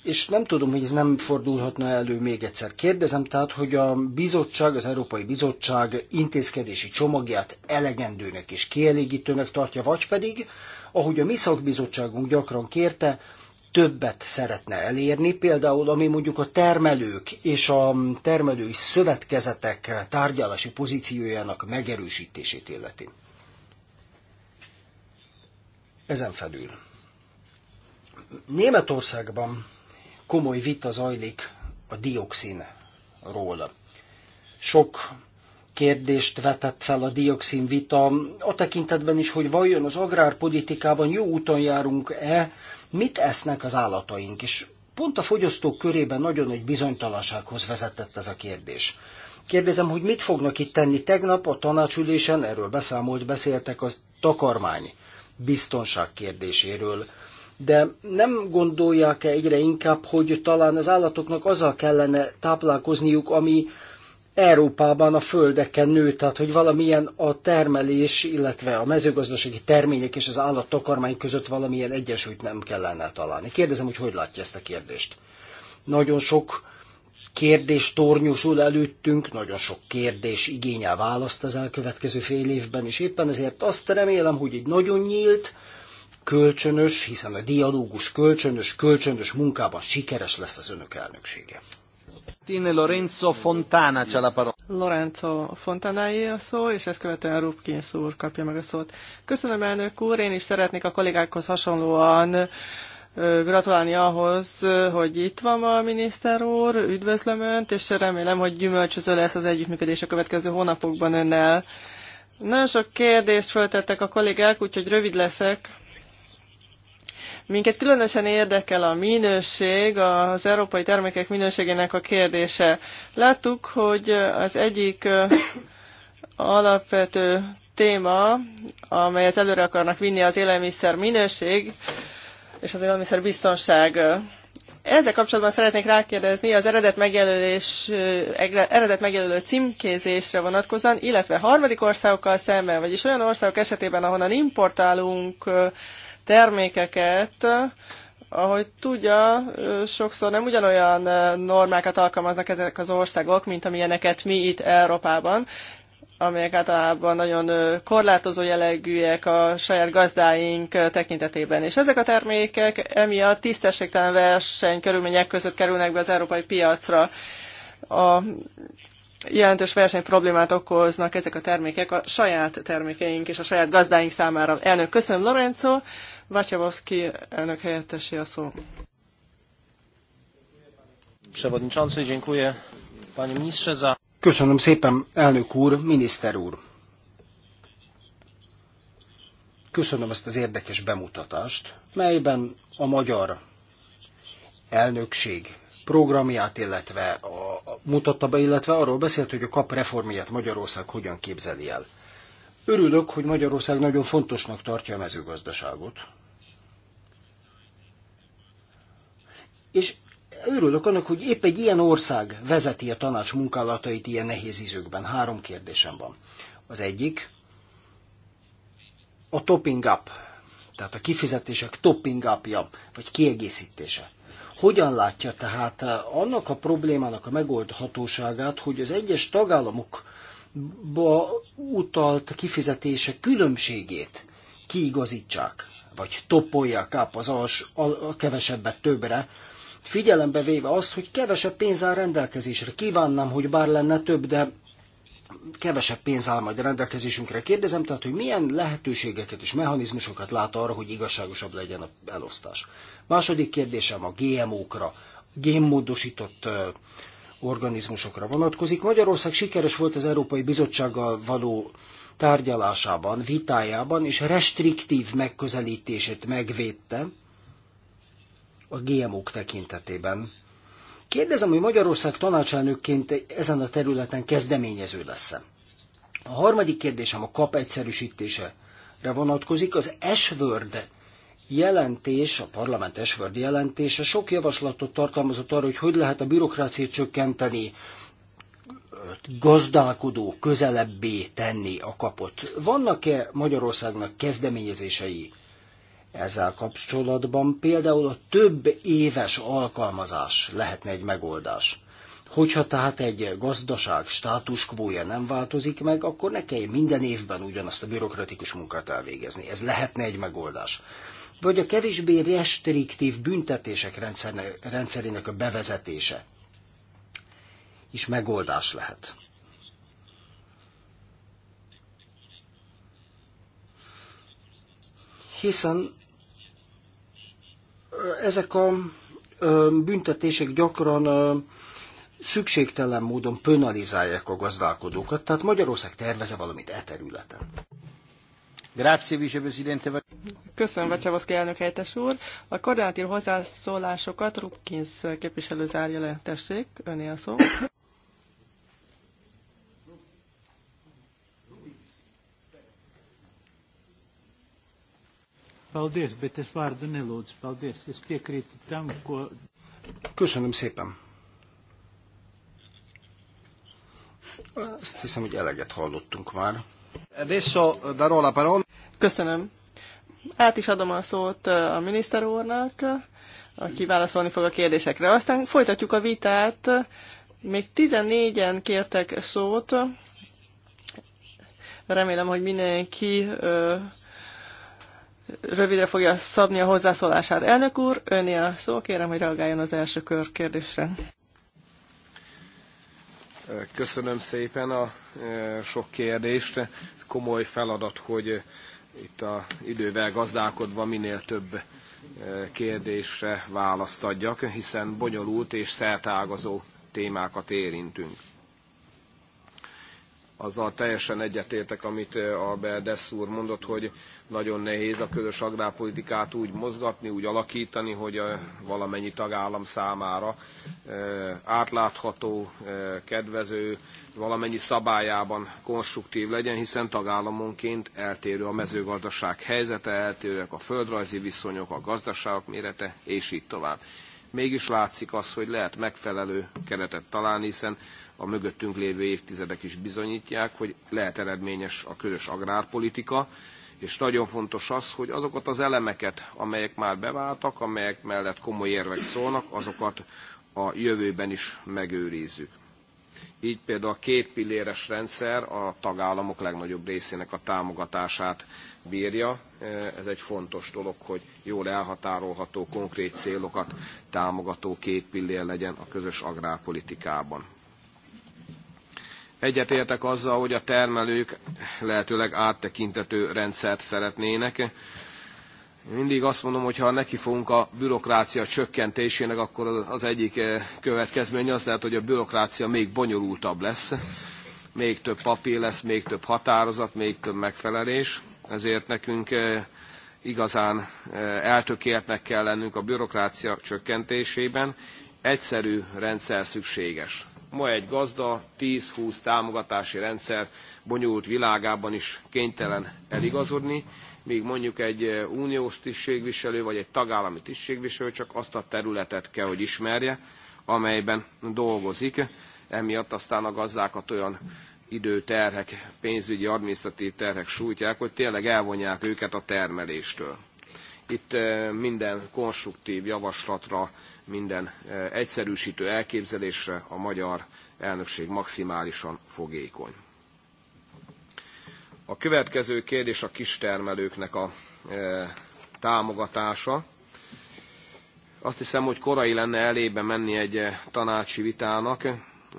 és nem tudom, hogy ez nem fordulhatna elő még egyszer. Kérdezem tehát, hogy a bizottság, az Európai Bizottság intézkedési csomagját elegendőnek és kielégítőnek tartja, vagy pedig, ahogy a mi szakbizottságunk gyakran kérte, többet szeretne elérni, például ami mondjuk a termelők és a termelői szövetkezetek tárgyalási pozíciójának megerősítését illeti. Ezen felül. Németországban komoly vita zajlik a dioxinról. Sok kérdést vetett fel a dioxin vita, a tekintetben is, hogy vajon az agrárpolitikában jó úton járunk-e, mit esznek az állataink, és pont a fogyasztók körében nagyon nagy bizonytalansághoz vezetett ez a kérdés. Kérdezem, hogy mit fognak itt tenni tegnap a tanácsülésen, erről beszámolt, beszéltek a takarmány biztonság kérdéséről de nem gondolják-e egyre inkább, hogy talán az állatoknak azzal kellene táplálkozniuk, ami Európában a földeken nő, tehát hogy valamilyen a termelés, illetve a mezőgazdasági termények és az állattakarmány között valamilyen egyensúlyt nem kellene találni. Kérdezem, hogy hogy látja ezt a kérdést? Nagyon sok kérdés tornyosul előttünk, nagyon sok kérdés igényel választ az elkövetkező fél évben, és éppen ezért azt remélem, hogy egy nagyon nyílt, kölcsönös, hiszen a dialógus kölcsönös, kölcsönös munkában sikeres lesz az önök elnöksége. Tine Lorenzo Fontana csalaparó. Lorenzo Fontanáé a szó, és ezt követően Rupkins úr kapja meg a szót. Köszönöm, elnök úr, én is szeretnék a kollégákhoz hasonlóan gratulálni ahhoz, hogy itt van ma a miniszter úr, üdvözlöm Önt, és remélem, hogy gyümölcsöző lesz az együttműködés a következő hónapokban Önnel. Nagyon sok kérdést föltettek a kollégák, úgyhogy rövid leszek. Minket különösen érdekel a minőség, az európai termékek minőségének a kérdése. Láttuk, hogy az egyik alapvető téma, amelyet előre akarnak vinni az élelmiszer minőség és az élelmiszer biztonság. Ezzel kapcsolatban szeretnék rákérdezni az eredet megjelölés, eredet megjelölő címkézésre vonatkozóan, illetve harmadik országokkal szemben, vagyis olyan országok esetében, ahonnan importálunk termékeket, ahogy tudja, sokszor nem ugyanolyan normákat alkalmaznak ezek az országok, mint amilyeneket mi itt Európában, amelyek általában nagyon korlátozó jellegűek a saját gazdáink tekintetében. És ezek a termékek emiatt tisztességtelen körülmények között kerülnek be az európai piacra. A jelentős versenyproblémát okoznak ezek a termékek a saját termékeink és a saját gazdáink számára. Elnök, köszönöm Lorenzo. Vacsavovszki elnök helyettesé a szó. Przewodniczący, dziękuję panie ministrze za... Köszönöm szépen, elnök úr, miniszter úr. Köszönöm ezt az érdekes bemutatást, melyben a magyar elnökség programját, illetve a, mutatta be, illetve arról beszélt, hogy a kap reformját Magyarország hogyan képzeli el. Örülök, hogy Magyarország nagyon fontosnak tartja a mezőgazdaságot. És örülök annak, hogy épp egy ilyen ország vezeti a tanács munkálatait ilyen nehéz időkben Három kérdésem van. Az egyik, a topping up, tehát a kifizetések topping upja, vagy kiegészítése. Hogyan látja tehát annak a problémának a megoldhatóságát, hogy az egyes tagállamok utalt kifizetése különbségét kiigazítsák, vagy topolják át az als, a, a kevesebbet többre, figyelembe véve azt, hogy kevesebb pénz áll rendelkezésre. Kívánnám, hogy bár lenne több, de kevesebb pénz áll majd rendelkezésünkre. Kérdezem tehát, hogy milyen lehetőségeket és mechanizmusokat lát arra, hogy igazságosabb legyen a elosztás. Második kérdésem a GMO-kra, génmódosított organizmusokra vonatkozik. Magyarország sikeres volt az Európai Bizottsággal való tárgyalásában, vitájában, és restriktív megközelítését megvédte a GMO-k tekintetében. Kérdezem, hogy Magyarország tanácselnökként ezen a területen kezdeményező lesz-e? A harmadik kérdésem a kap egyszerűsítése vonatkozik. Az s jelentés, a parlament Esford jelentése sok javaslatot tartalmazott arra, hogy hogy lehet a bürokráciát csökkenteni, gazdálkodó közelebbé tenni a kapot. Vannak-e Magyarországnak kezdeményezései ezzel kapcsolatban? Például a több éves alkalmazás lehetne egy megoldás. Hogyha tehát egy gazdaság státuskvója nem változik meg, akkor ne kelljen minden évben ugyanazt a bürokratikus munkát elvégezni. Ez lehetne egy megoldás vagy a kevésbé restriktív büntetések rendszerének a bevezetése is megoldás lehet. Hiszen ezek a büntetések gyakran szükségtelen módon penalizálják a gazdálkodókat, tehát Magyarország terveze valamit e területen. Grazie, vicepresidente. Köszönöm, Vacsavoszki elnök helyettes úr. A koordinátív hozzászólásokat Rubkins képviselő zárja le. Tessék, öné a szó. Köszönöm szépen. Azt hiszem, hogy eleget hallottunk már. Köszönöm. Át is adom a szót a miniszter úrnak, aki válaszolni fog a kérdésekre. Aztán folytatjuk a vitát. Még 14-en kértek szót. Remélem, hogy mindenki rövidre fogja szabni a hozzászólását. Elnök úr, önni a szó, kérem, hogy reagáljon az első kör kérdésre. Köszönöm szépen a e, sok kérdést. Komoly feladat, hogy e, itt a idővel gazdálkodva minél több e, kérdésre választ adjak, hiszen bonyolult és szertágazó témákat érintünk azzal teljesen egyetértek, amit eh, Albert Dess úr mondott, hogy nagyon nehéz a közös agrárpolitikát úgy mozgatni, úgy alakítani, hogy eh, valamennyi tagállam számára eh, átlátható, kedvező, valamennyi szabályában konstruktív legyen, hiszen tagállamonként eltérő a mezőgazdaság helyzete, eltérőek a földrajzi viszonyok, a gazdaságok mérete, és így tovább. Mégis látszik az, hogy lehet megfelelő keretet találni, hiszen a mögöttünk lévő évtizedek is bizonyítják, hogy lehet eredményes a közös agrárpolitika, és nagyon fontos az, hogy azokat az elemeket, amelyek már beváltak, amelyek mellett komoly érvek szólnak, azokat a jövőben is megőrizzük. Így például a két pilléres rendszer a tagállamok legnagyobb részének a támogatását bírja. Ez egy fontos dolog, hogy jól elhatárolható, konkrét célokat támogató két pillér legyen a közös agrárpolitikában. Egyetértek azzal, hogy a termelők lehetőleg áttekintető rendszert szeretnének. Mindig azt mondom, hogy ha neki fogunk a bürokrácia csökkentésének, akkor az egyik eh, következmény az lehet, hogy a bürokrácia még bonyolultabb lesz. Még több papír lesz, még több határozat, még több megfelelés. Ezért nekünk eh, igazán eh, eltökéltnek kell lennünk a bürokrácia csökkentésében. Egyszerű rendszer szükséges ma egy gazda 10-20 támogatási rendszer bonyolult világában is kénytelen eligazodni, míg mondjuk egy eh, uniós tisztségviselő vagy egy tagállami tisztségviselő csak azt a területet kell, hogy ismerje, amelyben dolgozik. Emiatt aztán a gazdákat olyan időterhek, pénzügyi, adminisztratív terhek sújtják, hogy tényleg elvonják őket a termeléstől. Itt eh, minden konstruktív javaslatra minden e, egyszerűsítő elképzelésre a magyar elnökség maximálisan fogékony. A következő kérdés a kistermelőknek a e, támogatása. Azt hiszem, hogy korai lenne elébe menni egy e, tanácsi vitának,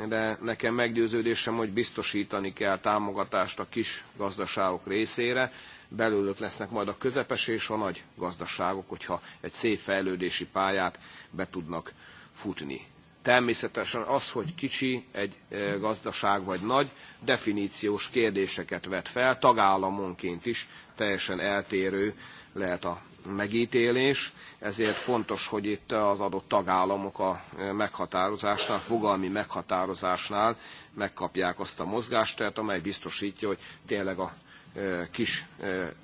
de nekem meggyőződésem, hogy biztosítani kell támogatást a kis gazdaságok részére, belőlük lesznek majd a közepes és a nagy gazdaságok, hogyha egy szép fejlődési pályát be tudnak futni. Természetesen az, hogy kicsi egy e, gazdaság vagy nagy, definíciós kérdéseket vet fel, tagállamonként is teljesen eltérő lehet a megítélés, ezért fontos, hogy itt az adott tagállamok a e, meghatározásnál, fogalmi meghatározásnál megkapják azt a mozgástert, amely biztosítja, hogy tényleg a kis,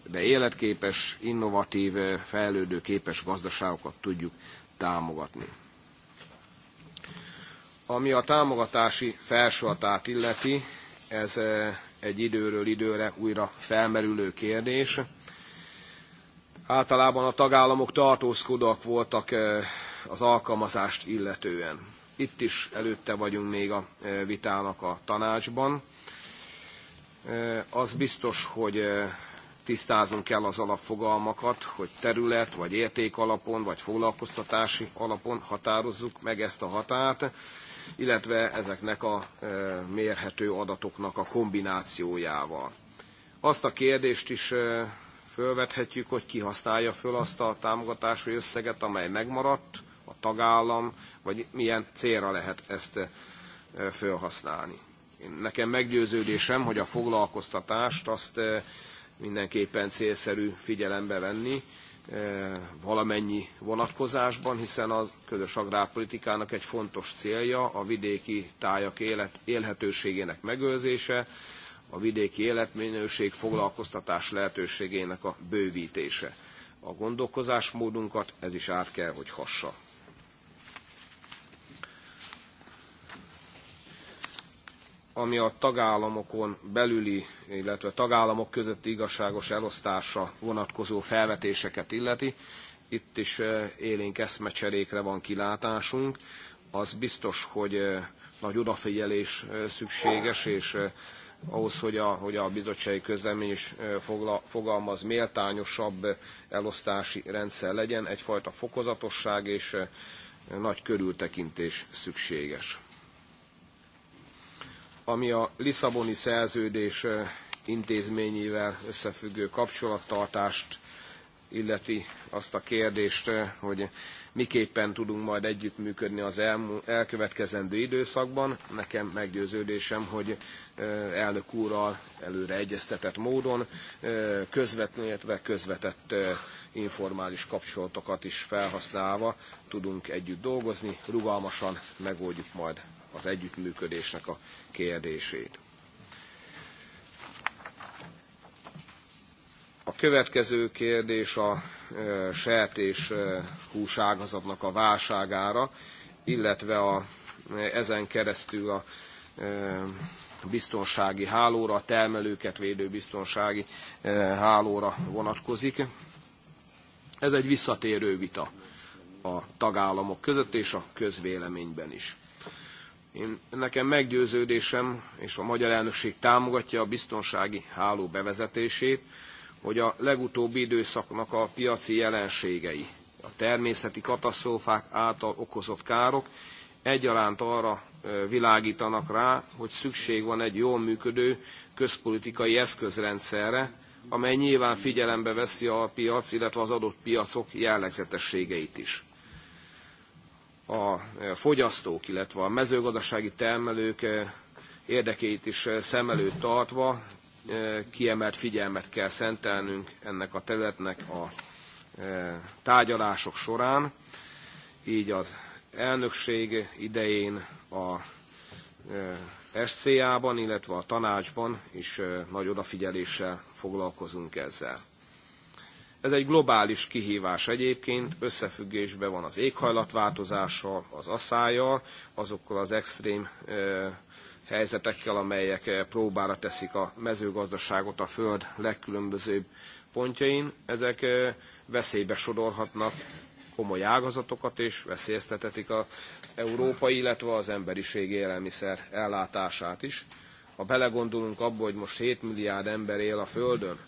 de életképes, innovatív, fejlődő képes gazdaságokat tudjuk támogatni. Ami a támogatási felsőhatát illeti, ez egy időről időre újra felmerülő kérdés. Általában a tagállamok tartózkodók voltak az alkalmazást illetően. Itt is előtte vagyunk még a vitának a tanácsban az biztos, hogy tisztázunk kell az alapfogalmakat, hogy terület, vagy érték alapon, vagy foglalkoztatási alapon határozzuk meg ezt a határt, illetve ezeknek a mérhető adatoknak a kombinációjával. Azt a kérdést is fölvethetjük, hogy ki használja föl azt a támogatási összeget, amely megmaradt, a tagállam, vagy milyen célra lehet ezt felhasználni nekem meggyőződésem, hogy a foglalkoztatást azt eh, mindenképpen célszerű figyelembe venni eh, valamennyi vonatkozásban, hiszen a közös agrárpolitikának egy fontos célja a vidéki tájak élet, élhetőségének megőrzése, a vidéki életminőség foglalkoztatás lehetőségének a bővítése. A gondolkozásmódunkat ez is át kell, hogy hassa. ami a tagállamokon belüli, illetve tagállamok közötti igazságos elosztásra vonatkozó felvetéseket illeti. Itt is eh, élénk eszmecserékre van kilátásunk. Az biztos, hogy eh, nagy odafigyelés eh, szükséges, és ahhoz, hogy a, hogy a bizottsági közlemény is fogalmaz, méltányosabb elosztási rendszer legyen, egyfajta fokozatosság és nagy körültekintés szükséges ami a Lisszaboni szerződés intézményével összefüggő kapcsolattartást illeti azt a kérdést, hogy miképpen tudunk majd együttműködni az elkövetkezendő időszakban. Nekem meggyőződésem, hogy elnök úrral előre egyeztetett módon közvetlenül, közvetett informális kapcsolatokat is felhasználva tudunk együtt dolgozni, rugalmasan megoldjuk majd az együttműködésnek a kérdését. A következő kérdés a sertés húságazatnak a válságára, illetve a, ezen keresztül a biztonsági hálóra, a termelőket védő biztonsági hálóra vonatkozik. Ez egy visszatérő vita a tagállamok között és a közvéleményben is. Én, nekem meggyőződésem, és a magyar elnökség támogatja a biztonsági háló bevezetését, hogy a legutóbbi időszaknak a piaci jelenségei, a természeti katasztrófák által okozott károk egyaránt arra világítanak rá, hogy szükség van egy jól működő közpolitikai eszközrendszerre, amely nyilván figyelembe veszi a piac, illetve az adott piacok jellegzetességeit is a fogyasztók, illetve a mezőgazdasági termelők eh, érdekeit is eh, szem előtt tartva eh, kiemelt figyelmet kell szentelnünk ennek a területnek a tárgyalások során. Így az elnökség idején a SCA-ban, illetve a tanácsban is nagy odafigyeléssel foglalkozunk ezzel. Ez egy globális kihívás egyébként, összefüggésben van az éghajlatváltozással, az asszájjal, azokkal az extrém helyzetekkel, amelyek próbára teszik a mezőgazdaságot a föld legkülönbözőbb pontjain. Ezek veszélybe sodorhatnak komoly ágazatokat, és veszélyeztetetik az európai, illetve az emberiség élelmiszer ellátását is. Ha belegondolunk abba, hogy most 7 milliárd ember él a Földön,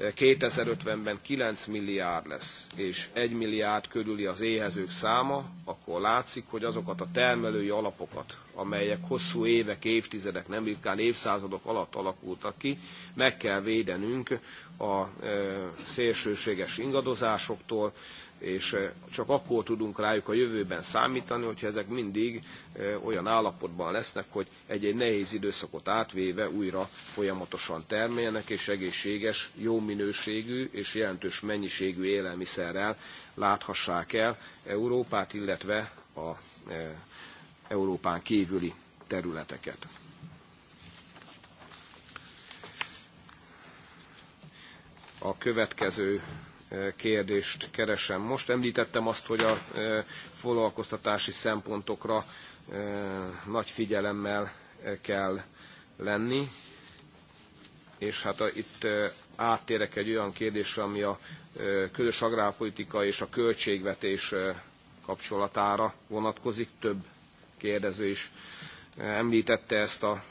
2050-ben 9 milliárd lesz, és 1 milliárd körüli az éhezők száma, akkor látszik, hogy azokat a termelői alapokat, amelyek hosszú évek, évtizedek, nem ritkán évszázadok alatt alakultak ki, meg kell védenünk a szélsőséges ingadozásoktól, és eh, csak akkor tudunk rájuk a jövőben számítani, hogyha ezek mindig eh, olyan állapotban lesznek, hogy egy-egy nehéz időszakot átvéve újra folyamatosan termeljenek, és egészséges, jó minőségű és jelentős mennyiségű élelmiszerrel láthassák el Európát, illetve a eh, Európán kívüli területeket. A következő kérdést keresem most. Említettem azt, hogy a foglalkoztatási szempontokra nagy figyelemmel kell lenni, és hát a, itt áttérek egy olyan kérdésre, ami a közös agrárpolitika és a költségvetés kapcsolatára vonatkozik. Több kérdező is említette ezt a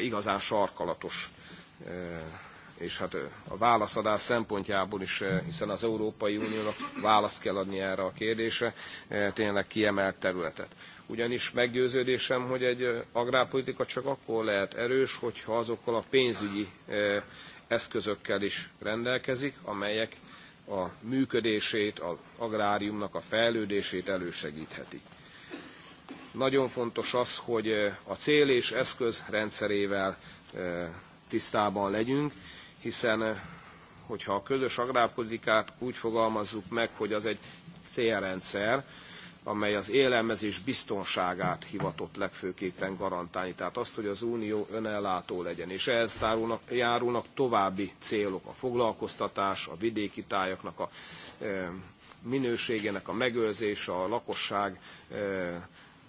igazán sarkalatos és hát a válaszadás szempontjából is, hiszen az Európai Uniónak választ kell adni erre a kérdésre, tényleg kiemelt területet. Ugyanis meggyőződésem, hogy egy agrárpolitika csak akkor lehet erős, hogyha azokkal a pénzügyi eszközökkel is rendelkezik, amelyek a működését, az agráriumnak a fejlődését elősegítheti. Nagyon fontos az, hogy a cél és eszköz rendszerével tisztában legyünk, hiszen eh, hogyha a közös agrárpolitikát úgy fogalmazzuk meg, hogy az egy célrendszer, amely az élelmezés biztonságát hivatott legfőképpen garantálni. Tehát azt, hogy az Unió önellátó legyen. És ehhez tárulnak, járulnak további célok, a foglalkoztatás, a vidéki tájaknak a eh, minőségének a megőrzése, a lakosság eh,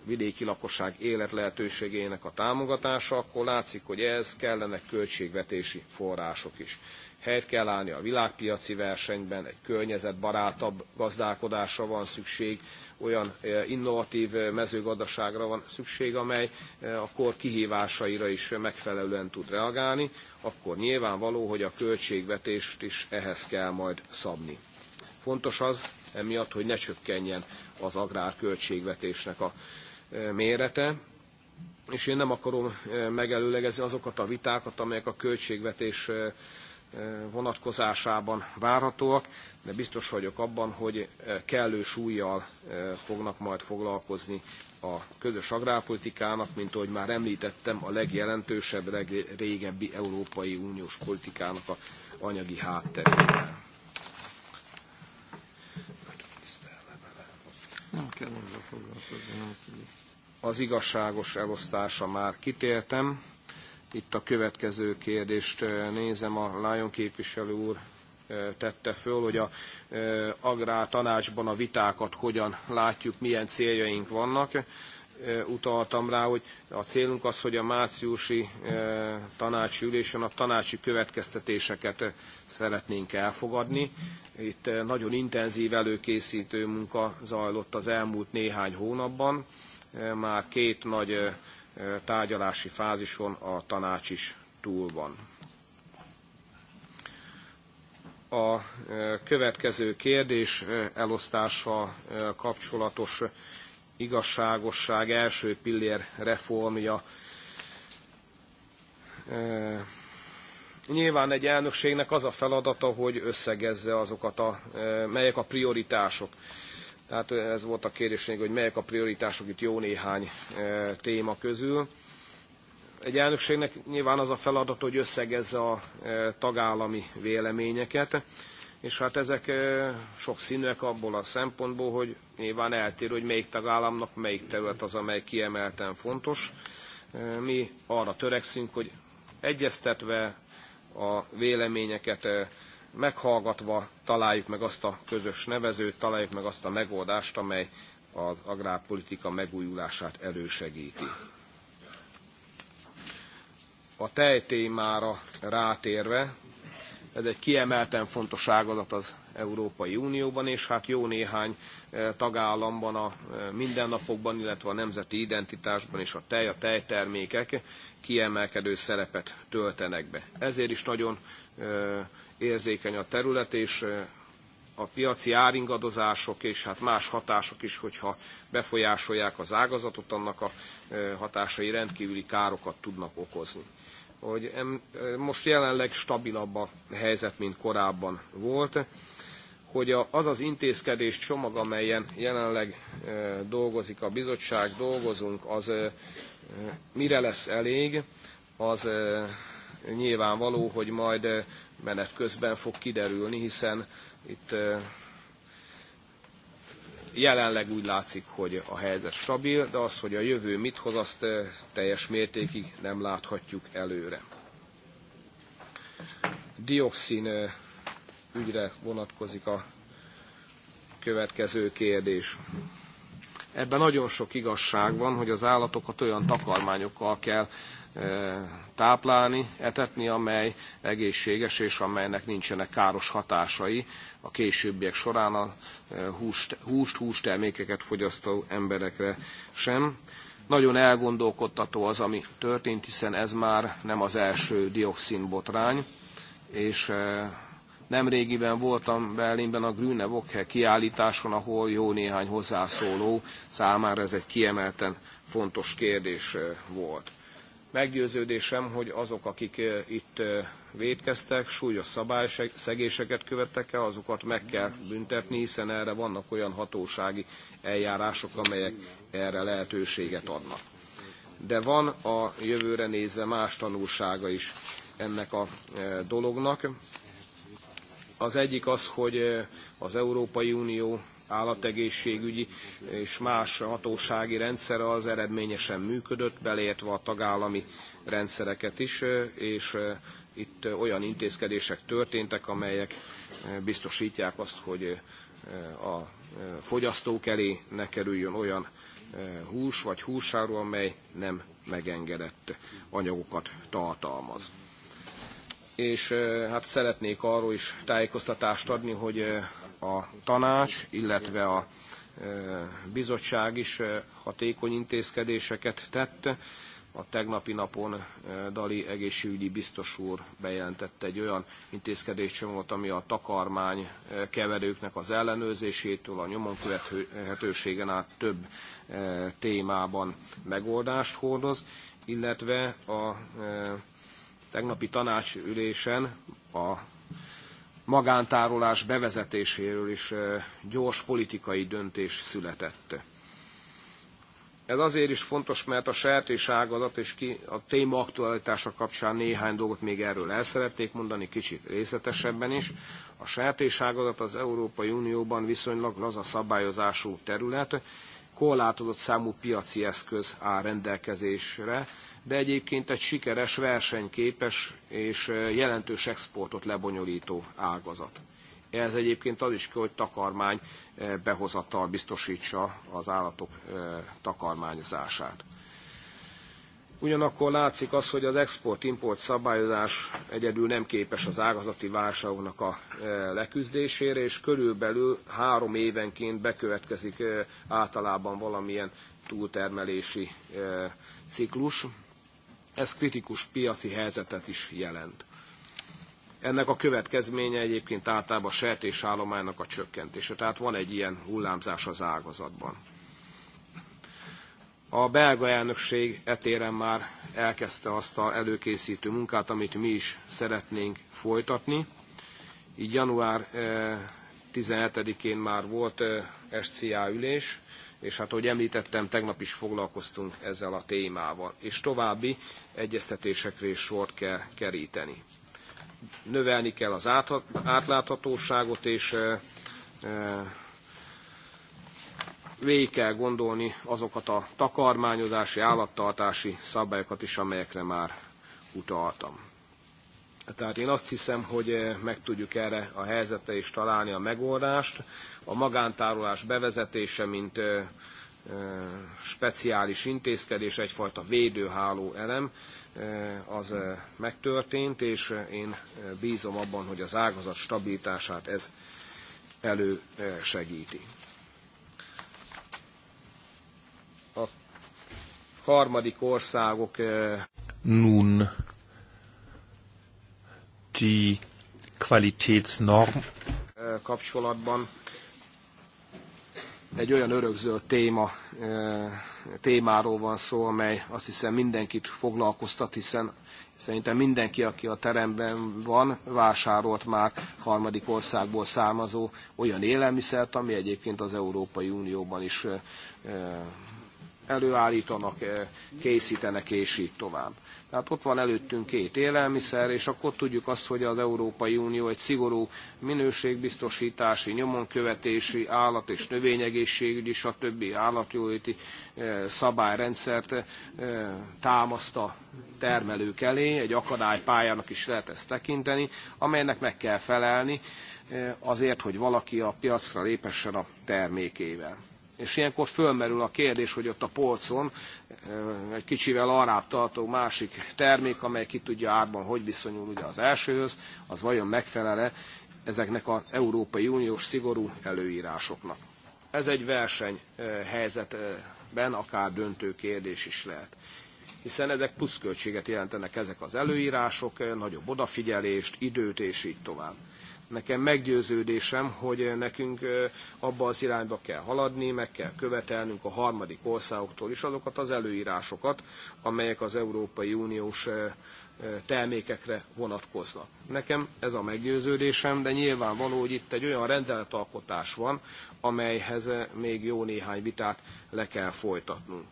vidéki lakosság életlehetőségének a támogatása, akkor látszik, hogy ehhez kellenek költségvetési források is. Helyt kell állni a világpiaci versenyben, egy környezetbarátabb gazdálkodásra van szükség, olyan e, innovatív e, mezőgazdaságra van szükség, amely e, akkor kihívásaira is megfelelően tud reagálni, akkor nyilvánvaló, hogy a költségvetést is ehhez kell majd szabni. Fontos az, emiatt, hogy ne csökkenjen az agrárköltségvetésnek a mérete, és én nem akarom megelőlegezni azokat a vitákat, amelyek a költségvetés vonatkozásában várhatóak, de biztos vagyok abban, hogy kellő súlyjal fognak majd foglalkozni a közös agrárpolitikának, mint ahogy már említettem, a legjelentősebb, legrégebbi Európai Uniós politikának a anyagi hátterével. Az igazságos elosztása már kitértem. Itt a következő kérdést nézem, a Lion képviselő úr tette föl, hogy a agrár tanácsban a vitákat hogyan látjuk, milyen céljaink vannak utaltam rá, hogy a célunk az, hogy a márciusi tanácsi ülésen a tanácsi következtetéseket szeretnénk elfogadni. Itt nagyon intenzív előkészítő munka zajlott az elmúlt néhány hónapban. Már két nagy tárgyalási fázison a tanács is túl van. A következő kérdés elosztással kapcsolatos igazságosság első pillér reformja. Nyilván egy elnökségnek az a feladata, hogy összegezze azokat, a, melyek a prioritások. Tehát ez volt a kérdésünk, hogy melyek a prioritások itt jó néhány téma közül. Egy elnökségnek nyilván az a feladat, hogy összegezze a tagállami véleményeket és hát ezek sok színűek abból a szempontból, hogy nyilván eltér, hogy melyik tagállamnak melyik terület az, amely kiemelten fontos. Mi arra törekszünk, hogy egyeztetve a véleményeket meghallgatva találjuk meg azt a közös nevezőt, találjuk meg azt a megoldást, amely az agrárpolitika megújulását elősegíti. A tej témára rátérve, ez egy kiemelten fontos ágazat az Európai Unióban, és hát jó néhány e, tagállamban a e, mindennapokban, illetve a nemzeti identitásban is a tej, a tejtermékek kiemelkedő szerepet töltenek be. Ezért is nagyon e, érzékeny a terület, és a piaci áringadozások és hát más hatások is, hogyha befolyásolják az ágazatot, annak a hatásai rendkívüli károkat tudnak okozni hogy most jelenleg stabilabb a helyzet, mint korábban volt, hogy az az intézkedés csomag, amelyen jelenleg dolgozik a bizottság, dolgozunk, az mire lesz elég, az nyilvánvaló, hogy majd menet közben fog kiderülni, hiszen itt jelenleg úgy látszik, hogy a helyzet stabil, de az, hogy a jövő mit hoz, azt teljes mértékig nem láthatjuk előre. Dioxin ügyre vonatkozik a következő kérdés. Ebben nagyon sok igazság van, hogy az állatokat olyan takarmányokkal kell táplálni, etetni, amely egészséges és amelynek nincsenek káros hatásai a későbbiek során a húst, húst, hústermékeket fogyasztó emberekre sem. Nagyon elgondolkodtató az, ami történt, hiszen ez már nem az első botrány, és Nemrégiben voltam Berlinben a Grüne Wokhe kiállításon, ahol jó néhány hozzászóló számára ez egy kiemelten fontos kérdés volt. Meggyőződésem, hogy azok, akik itt védkeztek, súlyos szabályszegéseket követtek el, azokat meg kell büntetni, hiszen erre vannak olyan hatósági eljárások, amelyek erre lehetőséget adnak. De van a jövőre nézve más tanulsága is ennek a dolognak. Az egyik az, hogy az Európai Unió állategészségügyi és más hatósági rendszer az eredményesen működött, beleértve a tagállami rendszereket is, és itt olyan intézkedések történtek, amelyek biztosítják azt, hogy a fogyasztók elé ne kerüljön olyan hús vagy húsáru, amely nem megengedett anyagokat tartalmaz. És hát szeretnék arról is tájékoztatást adni, hogy a tanács, illetve a e, bizottság is e, hatékony intézkedéseket tett. A tegnapi napon e, Dali egészségügyi biztos úr bejelentette egy olyan intézkedéscsomagot, ami a takarmány keverőknek az ellenőrzésétől, a nyomon követhetőségen át több témában megoldást hordoz, illetve a tegnapi tanácsülésen a magántárolás bevezetéséről is gyors politikai döntés született. Ez azért is fontos, mert a sertéságazat és ki a téma aktualitása kapcsán néhány dolgot még erről el szeretnék mondani, kicsit részletesebben is. A sertéságazat az Európai Unióban viszonylag laza szabályozású terület, korlátozott számú piaci eszköz áll rendelkezésre, de egyébként egy sikeres, versenyképes és jelentős exportot lebonyolító ágazat. Ez egyébként az is kell, hogy takarmány behozattal biztosítsa az állatok takarmányozását. Ugyanakkor látszik az, hogy az export-import szabályozás egyedül nem képes az ágazati válságoknak a leküzdésére, és körülbelül három évenként bekövetkezik általában valamilyen túltermelési ciklus, ez kritikus piaci helyzetet is jelent. Ennek a következménye egyébként általában a sertésállománynak a csökkentése, tehát van egy ilyen hullámzás az ágazatban. A belga elnökség etéren már elkezdte azt a előkészítő munkát, amit mi is szeretnénk folytatni. Így január 17-én eh, már volt eh, SCA ülés, és hát, ahogy említettem, tegnap is foglalkoztunk ezzel a témával, és további egyeztetésekre is sort kell keríteni. Növelni kell az átláthatóságot, és végig kell gondolni azokat a takarmányozási, állattartási szabályokat is, amelyekre már utaltam. Tehát én azt hiszem, hogy eh, meg tudjuk erre a helyzetre is találni a megoldást. A magántárolás bevezetése, mint eh, eh, speciális intézkedés, egyfajta védőháló elem, az megtörtént, és én bízom abban, hogy az ágazat stabilitását ez elősegíti. A harmadik országok... NUN die Qualitätsnorm kapcsolatban egy olyan örökző téma, témáról van szó, amely azt hiszem mindenkit foglalkoztat, hiszen szerintem mindenki, aki a teremben van, vásárolt már harmadik országból származó olyan élelmiszert, ami egyébként az Európai Unióban is előállítanak, készítenek, és így tovább. Tehát ott van előttünk két élelmiszer, és akkor tudjuk azt, hogy az Európai Unió egy szigorú minőségbiztosítási, nyomonkövetési, állat- és növényegészségügyi, stb. állatjóléti eh, szabályrendszert eh, támaszt a termelők elé, egy akadálypályának is lehet ezt tekinteni, amelynek meg kell felelni eh, azért, hogy valaki a piacra lépessen a termékével. És ilyenkor fölmerül a kérdés, hogy ott a polcon egy kicsivel arább tartó másik termék, amely ki tudja árban, hogy viszonyul ugye az elsőhöz, az vajon megfelele ezeknek az Európai Uniós szigorú előírásoknak. Ez egy versenyhelyzetben akár döntő kérdés is lehet hiszen ezek pluszköltséget jelentenek ezek az előírások, nagyobb odafigyelést, időt és így tovább. Nekem meggyőződésem, hogy eh, nekünk eh, abba az irányba kell haladni, meg kell követelnünk a harmadik országoktól is azokat az előírásokat, amelyek az Európai Uniós eh, termékekre vonatkoznak. Nekem ez a meggyőződésem, de nyilvánvaló, hogy itt egy olyan rendeletalkotás van, amelyhez még jó néhány vitát le kell folytatnunk.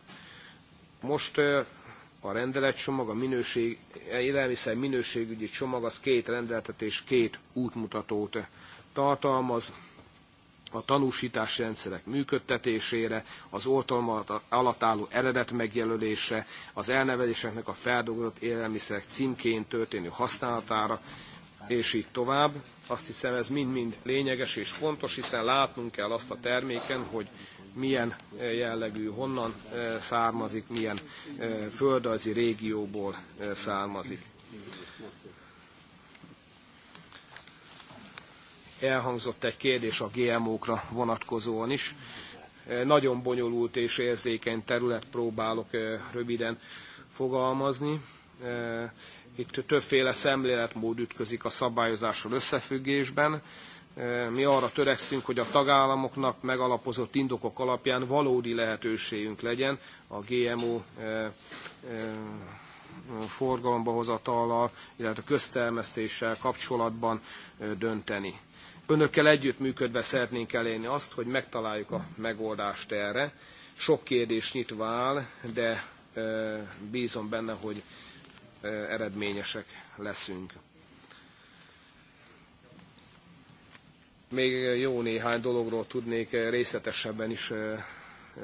Most a rendeletcsomag, a minőség, élelmiszer minőségügyi csomag az két rendeltetés, két útmutatót tartalmaz, a tanúsítás rendszerek működtetésére, az oltalma alatt álló eredet megjelölése, az elneveléseknek a feldolgozott élelmiszerek címként történő használatára, és így tovább. Azt hiszem ez mind-mind lényeges és fontos, hiszen látnunk kell azt a terméken, hogy milyen eh, jellegű, honnan eh, származik, milyen eh, földrajzi régióból származik. Elhangzott egy kérdés a GMO-kra vonatkozóan is. Nagyon bonyolult és érzékeny terület próbálok röviden fogalmazni. Itt többféle szemléletmód ütközik a szabályozással összefüggésben mi arra törekszünk, hogy a tagállamoknak megalapozott indokok alapján valódi lehetőségünk legyen a GMO forgalomba hozatallal, illetve köztelmesztéssel kapcsolatban dönteni. Önökkel együttműködve szeretnénk elérni azt, hogy megtaláljuk a megoldást erre. Sok kérdés nyitva áll, de bízom benne, hogy eredményesek leszünk. Még jó néhány dologról tudnék eh, részletesebben is eh,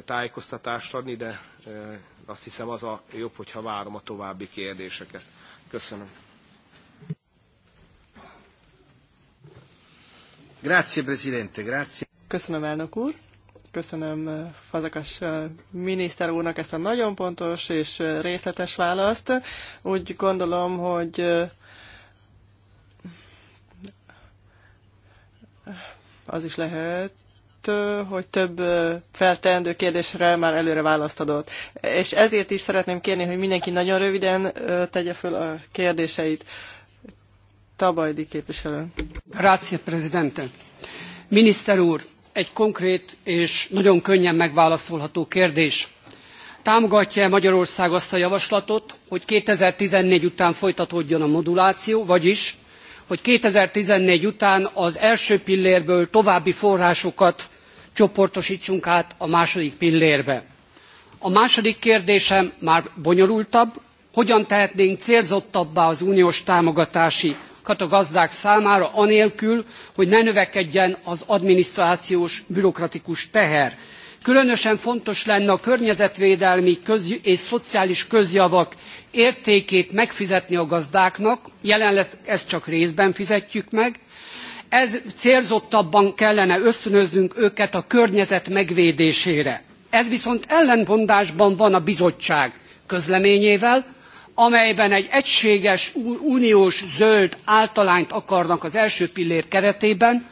tájékoztatást adni, de eh, azt hiszem az a jobb, hogyha várom a további kérdéseket. Köszönöm. Grazie, Presidente, grazie. Köszönöm, elnök úr. Köszönöm Fazakas miniszter úrnak ezt a nagyon pontos és részletes választ. Úgy gondolom, hogy az is lehet, hogy több feltendő kérdésre már előre választ adott. És ezért is szeretném kérni, hogy mindenki nagyon röviden tegye föl a kérdéseit. Tabajdi képviselő. Grazie, prezidente. Miniszter úr, egy konkrét és nagyon könnyen megválaszolható kérdés. Támogatja-e Magyarország azt a javaslatot, hogy 2014 után folytatódjon a moduláció, vagyis hogy two thousand and fourteen után az első pillérből további forrásokat csoportostsunk át a második pillérbe. a második kérdésem már bonyolultabb hogyan tehetnénk célzottabbá az uniós támogatási a gazdák számára anélkül hogy ne növekedjen az adminisztrációs bürokratikus teher. Különösen fontos lenne a környezetvédelmi és szociális közjavak értékét megfizetni a gazdáknak, jelenleg ezt csak részben fizetjük meg, ez célzottabban kellene ösztönöznünk őket a környezet megvédésére. Ez viszont ellentmondásban van a bizottság közleményével, amelyben egy egységes uniós zöld általányt akarnak az első pillér keretében,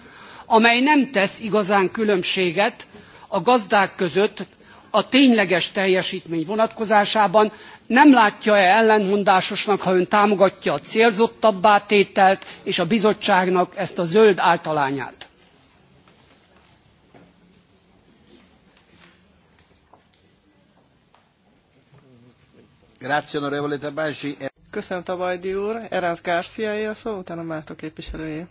amely nem tesz igazán különbséget a gazdák között a tényleges teljesítmény vonatkozásában nem látja-e ellentmondásosnak, ha ön támogatja a célzottabbá tételt és a bizottságnak ezt a zöld általányát? Grazie, onorevole Köszönöm, Tabajdi úr. Erász Garciáé a szó, utána Mátó képviselője.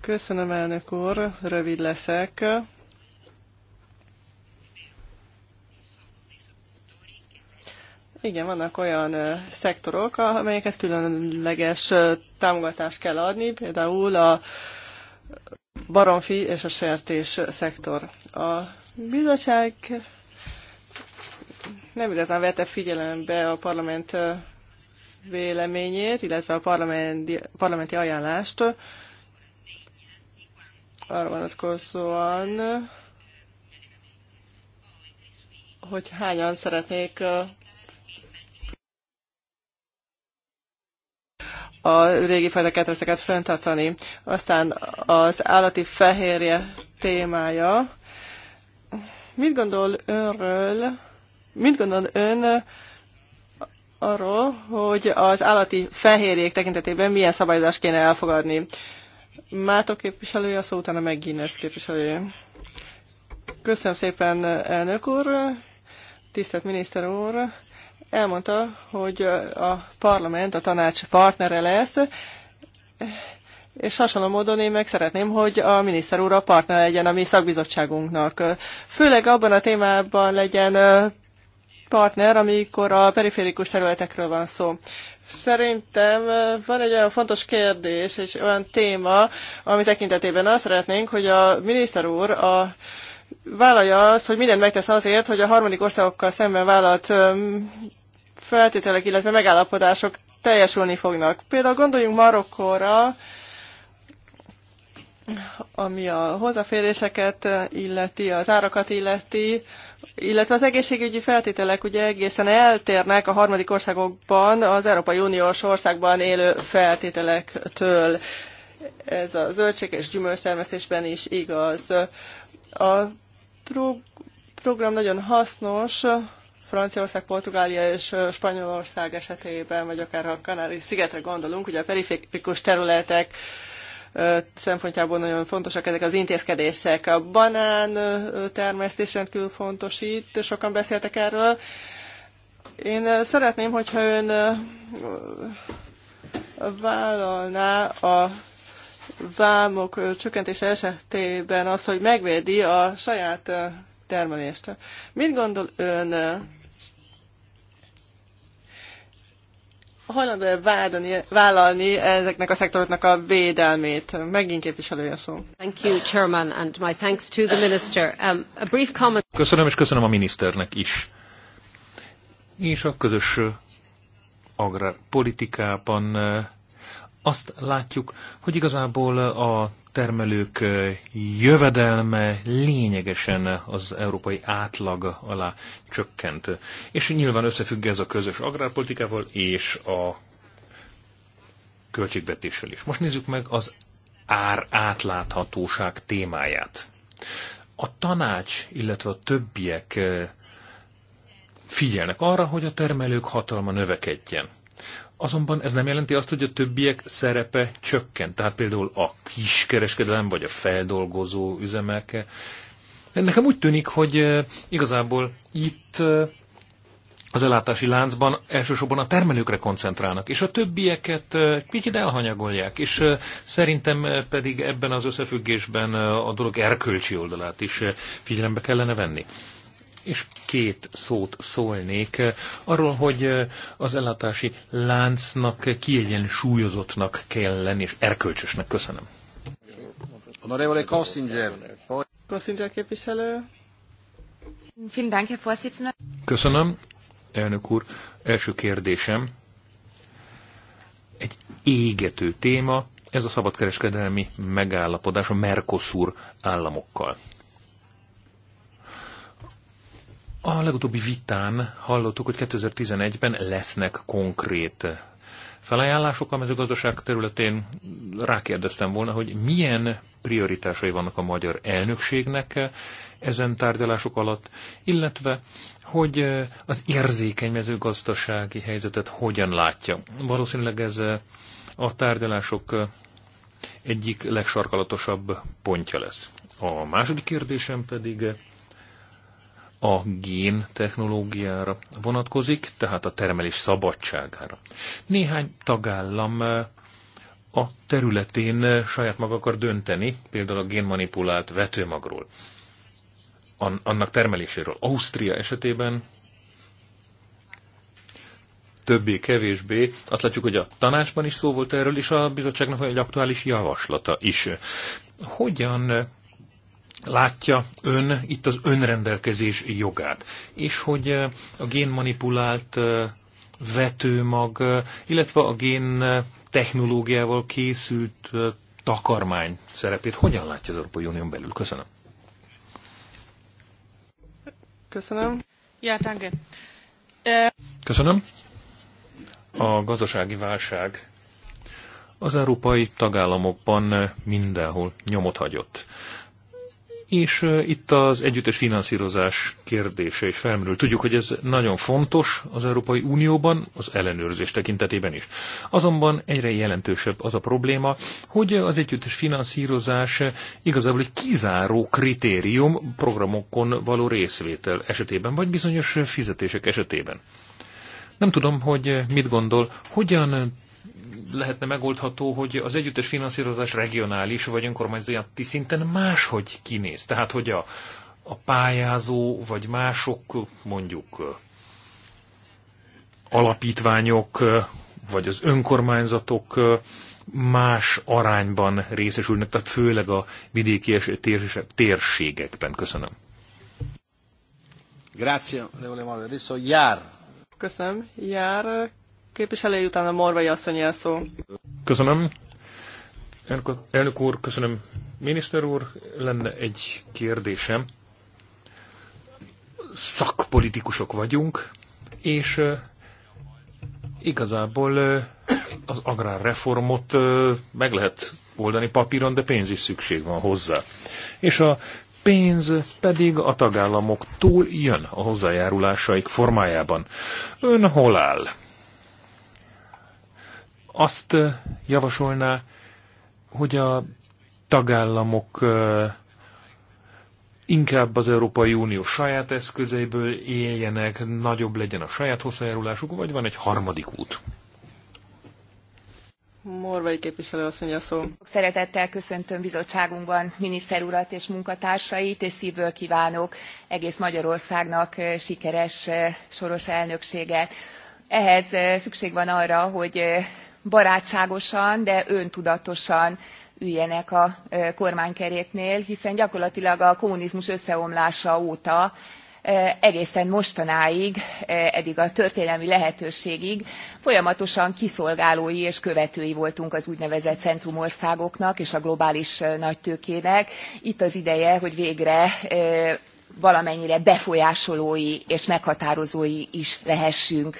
Köszönöm, elnök úr. Rövid leszek. Igen, vannak olyan szektorok, amelyeket különleges támogatást kell adni, például a baromfi és a sertés szektor. A bizottság nem igazán vette figyelembe a parlament véleményét, illetve a parlamenti, parlamenti ajánlást arra vonatkozóan, hogy hányan szeretnék a régi fajta ketreceket fenntartani. Aztán az állati fehérje témája. Mit gondol önről, mit gondol ön arról, hogy az állati fehérjék tekintetében milyen szabályozást kéne elfogadni? Mátó képviselője, a szó utána meg Guinness képviselője. Köszönöm szépen, elnök úr, tisztelt miniszter úr, elmondta, hogy a parlament a tanács partnere lesz, és hasonló módon én meg szeretném, hogy a miniszter úr a partner legyen a mi szakbizottságunknak. Főleg abban a témában legyen partner, amikor a periférikus területekről van szó. Szerintem van egy olyan fontos kérdés és olyan téma, ami tekintetében azt szeretnénk, hogy a miniszter úr a vállalja azt, hogy mindent megtesz azért, hogy a harmadik országokkal szemben vállalt feltételek, illetve megállapodások teljesülni fognak. Például gondoljunk Marokkóra, ami a hozzáféréseket illeti, az árakat illeti, illetve az egészségügyi feltételek ugye egészen eltérnek a harmadik országokban, az Európai Uniós országban élő feltételektől. Ez a zöldség és gyümölcstermesztésben is igaz. A pro- program nagyon hasznos Franciaország, Portugália és Spanyolország esetében, vagy akár a Kanári-szigetre gondolunk, ugye a periférikus területek szempontjából nagyon fontosak ezek az intézkedések. A banán termesztés rendkívül fontos itt, sokan beszéltek erről. Én szeretném, hogyha ön vállalná a vámok csökkentése esetében az, hogy megvédi a saját termelést. Mit gondol ön, hajlandó-e vállalni ezeknek a szektoroknak a védelmét? Megint képviselője szó. Thank you, Chairman, and my thanks to the Minister. Um, a brief comment... Köszönöm, és köszönöm a miniszternek is. És a közös agrárpolitikában azt látjuk, hogy igazából a termelők jövedelme lényegesen az európai átlag alá csökkent. És nyilván összefügg ez a közös agrárpolitikával és a költségvetéssel is. Most nézzük meg az ár átláthatóság témáját. A tanács, illetve a többiek eh, figyelnek arra, hogy a termelők hatalma növekedjen. Azonban ez nem jelenti azt, hogy a többiek szerepe csökken. Tehát például a kiskereskedelem, vagy a feldolgozó üzemelke. Nekem úgy tűnik, hogy igazából itt az ellátási láncban elsősorban a termelőkre koncentrálnak, és a többieket kicsit elhanyagolják, és szerintem pedig ebben az összefüggésben a dolog erkölcsi oldalát is figyelembe kellene venni és két szót szólnék eh, arról, hogy eh, az ellátási láncnak kiegyensúlyozottnak kell lenni, és erkölcsösnek. Köszönöm. Honorevole Kossinger. Kossinger képviselő. Köszönöm, elnök úr. Első kérdésem. Egy égető téma, ez a szabadkereskedelmi megállapodás a Mercosur államokkal. A legutóbbi vitán hallottuk, hogy 2011-ben lesznek konkrét felajánlások a mezőgazdaság területén. Rákérdeztem volna, hogy milyen prioritásai vannak a magyar elnökségnek ezen tárgyalások alatt, illetve hogy az érzékeny mezőgazdasági helyzetet hogyan látja. Valószínűleg ez a tárgyalások egyik legsarkalatosabb pontja lesz. A második kérdésem pedig a gén technológiára vonatkozik, tehát a termelés szabadságára. Néhány tagállam eh, a területén eh, saját maga akar dönteni, például a génmanipulált vetőmagról, annak termeléséről. Ausztria esetében többé-kevésbé. Azt látjuk, hogy a tanácsban is szó volt erről, és a bizottságnak egy aktuális javaslata is. Hogyan eh, látja ön itt az önrendelkezés jogát, és hogy eh, a génmanipulált eh, vetőmag, eh, illetve a gén technológiával készült takarmány szerepét hogyan látja az Európai Unión belül? Köszönöm. Köszönöm. Ja, danke. Köszönöm. A gazdasági válság az európai tagállamokban mindenhol nyomot hagyott. És itt az együttes finanszírozás kérdése is felmerül. Tudjuk, hogy ez nagyon fontos az Európai Unióban, az ellenőrzés tekintetében is. Azonban egyre jelentősebb az a probléma, hogy az együttes finanszírozás igazából egy kizáró kritérium programokon való részvétel esetében, vagy bizonyos fizetések esetében. Nem tudom, hogy mit gondol, hogyan lehetne megoldható, hogy az együttes finanszírozás regionális vagy önkormányzati szinten máshogy kinéz. Tehát, hogy a, a pályázó vagy mások mondjuk alapítványok vagy az önkormányzatok más arányban részesülnek, tehát főleg a vidéki és térségekben. Köszönöm. Grazie, Adesso jár. Köszönöm. Jár képviselő, utána Morvai asszony szó. Köszönöm. Elnök úr, köszönöm. Miniszter úr, lenne egy kérdésem. Szakpolitikusok vagyunk, és igazából az agrárreformot meg lehet oldani papíron, de pénz is szükség van hozzá. És a pénz pedig a tagállamoktól jön a hozzájárulásaik formájában. Ön hol áll? azt javasolná, hogy a tagállamok inkább az Európai Unió saját eszközeiből éljenek, nagyobb legyen a saját hozzájárulásuk, vagy van egy harmadik út? Morvai képviselő asszony mondja szó. Szeretettel köszöntöm bizottságunkban miniszter urat és munkatársait, és szívből kívánok egész Magyarországnak sikeres soros elnökséget. Ehhez szükség van arra, hogy barátságosan, de öntudatosan üljenek a kormánykeréknél, hiszen gyakorlatilag a kommunizmus összeomlása óta egészen mostanáig eddig a történelmi lehetőségig folyamatosan kiszolgálói és követői voltunk az úgynevezett centrumországoknak és a globális nagytőkének. itt az ideje hogy végre valamennyire befolyásolói és meghatározói is lehessünk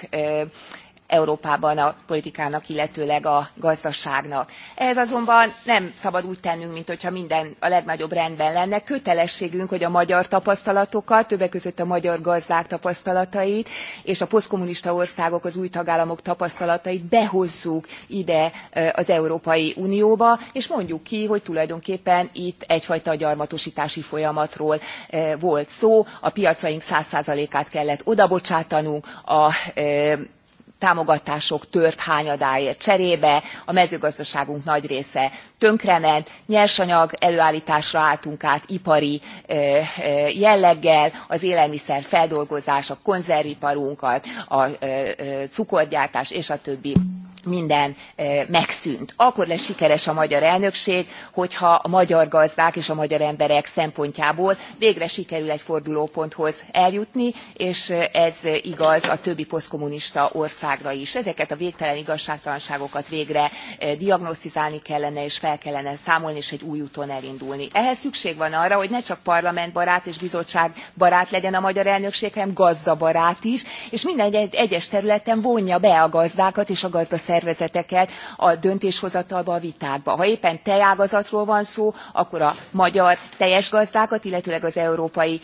Európában a politikának, illetőleg a gazdaságnak. Ehhez azonban nem szabad úgy tennünk, mintha minden a legnagyobb rendben lenne. Kötelességünk, hogy a magyar tapasztalatokat, többek között a magyar gazdák tapasztalatait és a posztkommunista országok, az új tagállamok tapasztalatait behozzuk ide az Európai Unióba, és mondjuk ki, hogy tulajdonképpen itt egyfajta gyarmatosítási folyamatról volt szó, a piacaink 100%-át kellett odabocsátanunk, a támogatások tört hányadáért cserébe a mezőgazdaságunk nagy része tönkrement nyersanyag előálltásra álltunk át ipari jelleggel az élelmiszer feldolgozás a konzerviparunkat a cukorgyártás és a többi minden megszűnt. akkor lesz sikeres a magyar elnökség hogyha a magyar gazdák és a magyar emberek szempontjából végre sikerül egy fordulóponthoz eljutni és ez igaz a többi posztkommunista országra is. ezeket a végtelen igazságtalanságokat végre diagnosztizálni kellene és fel kellene számolni és egy új úton elindulni. ehhez szükség van arra hogy ne csak parlamentbarát és bizottságbarát legyen a magyar elnökség hanem gazdabarát is és minden egyes területen vonja be a gazdákat és a gazdaszervezeteket szervezeteket a döntéshozatalba a vitákba. ha éppen tejágazatról van szó akkor a magyar teljes gazdákat illetőleg az európai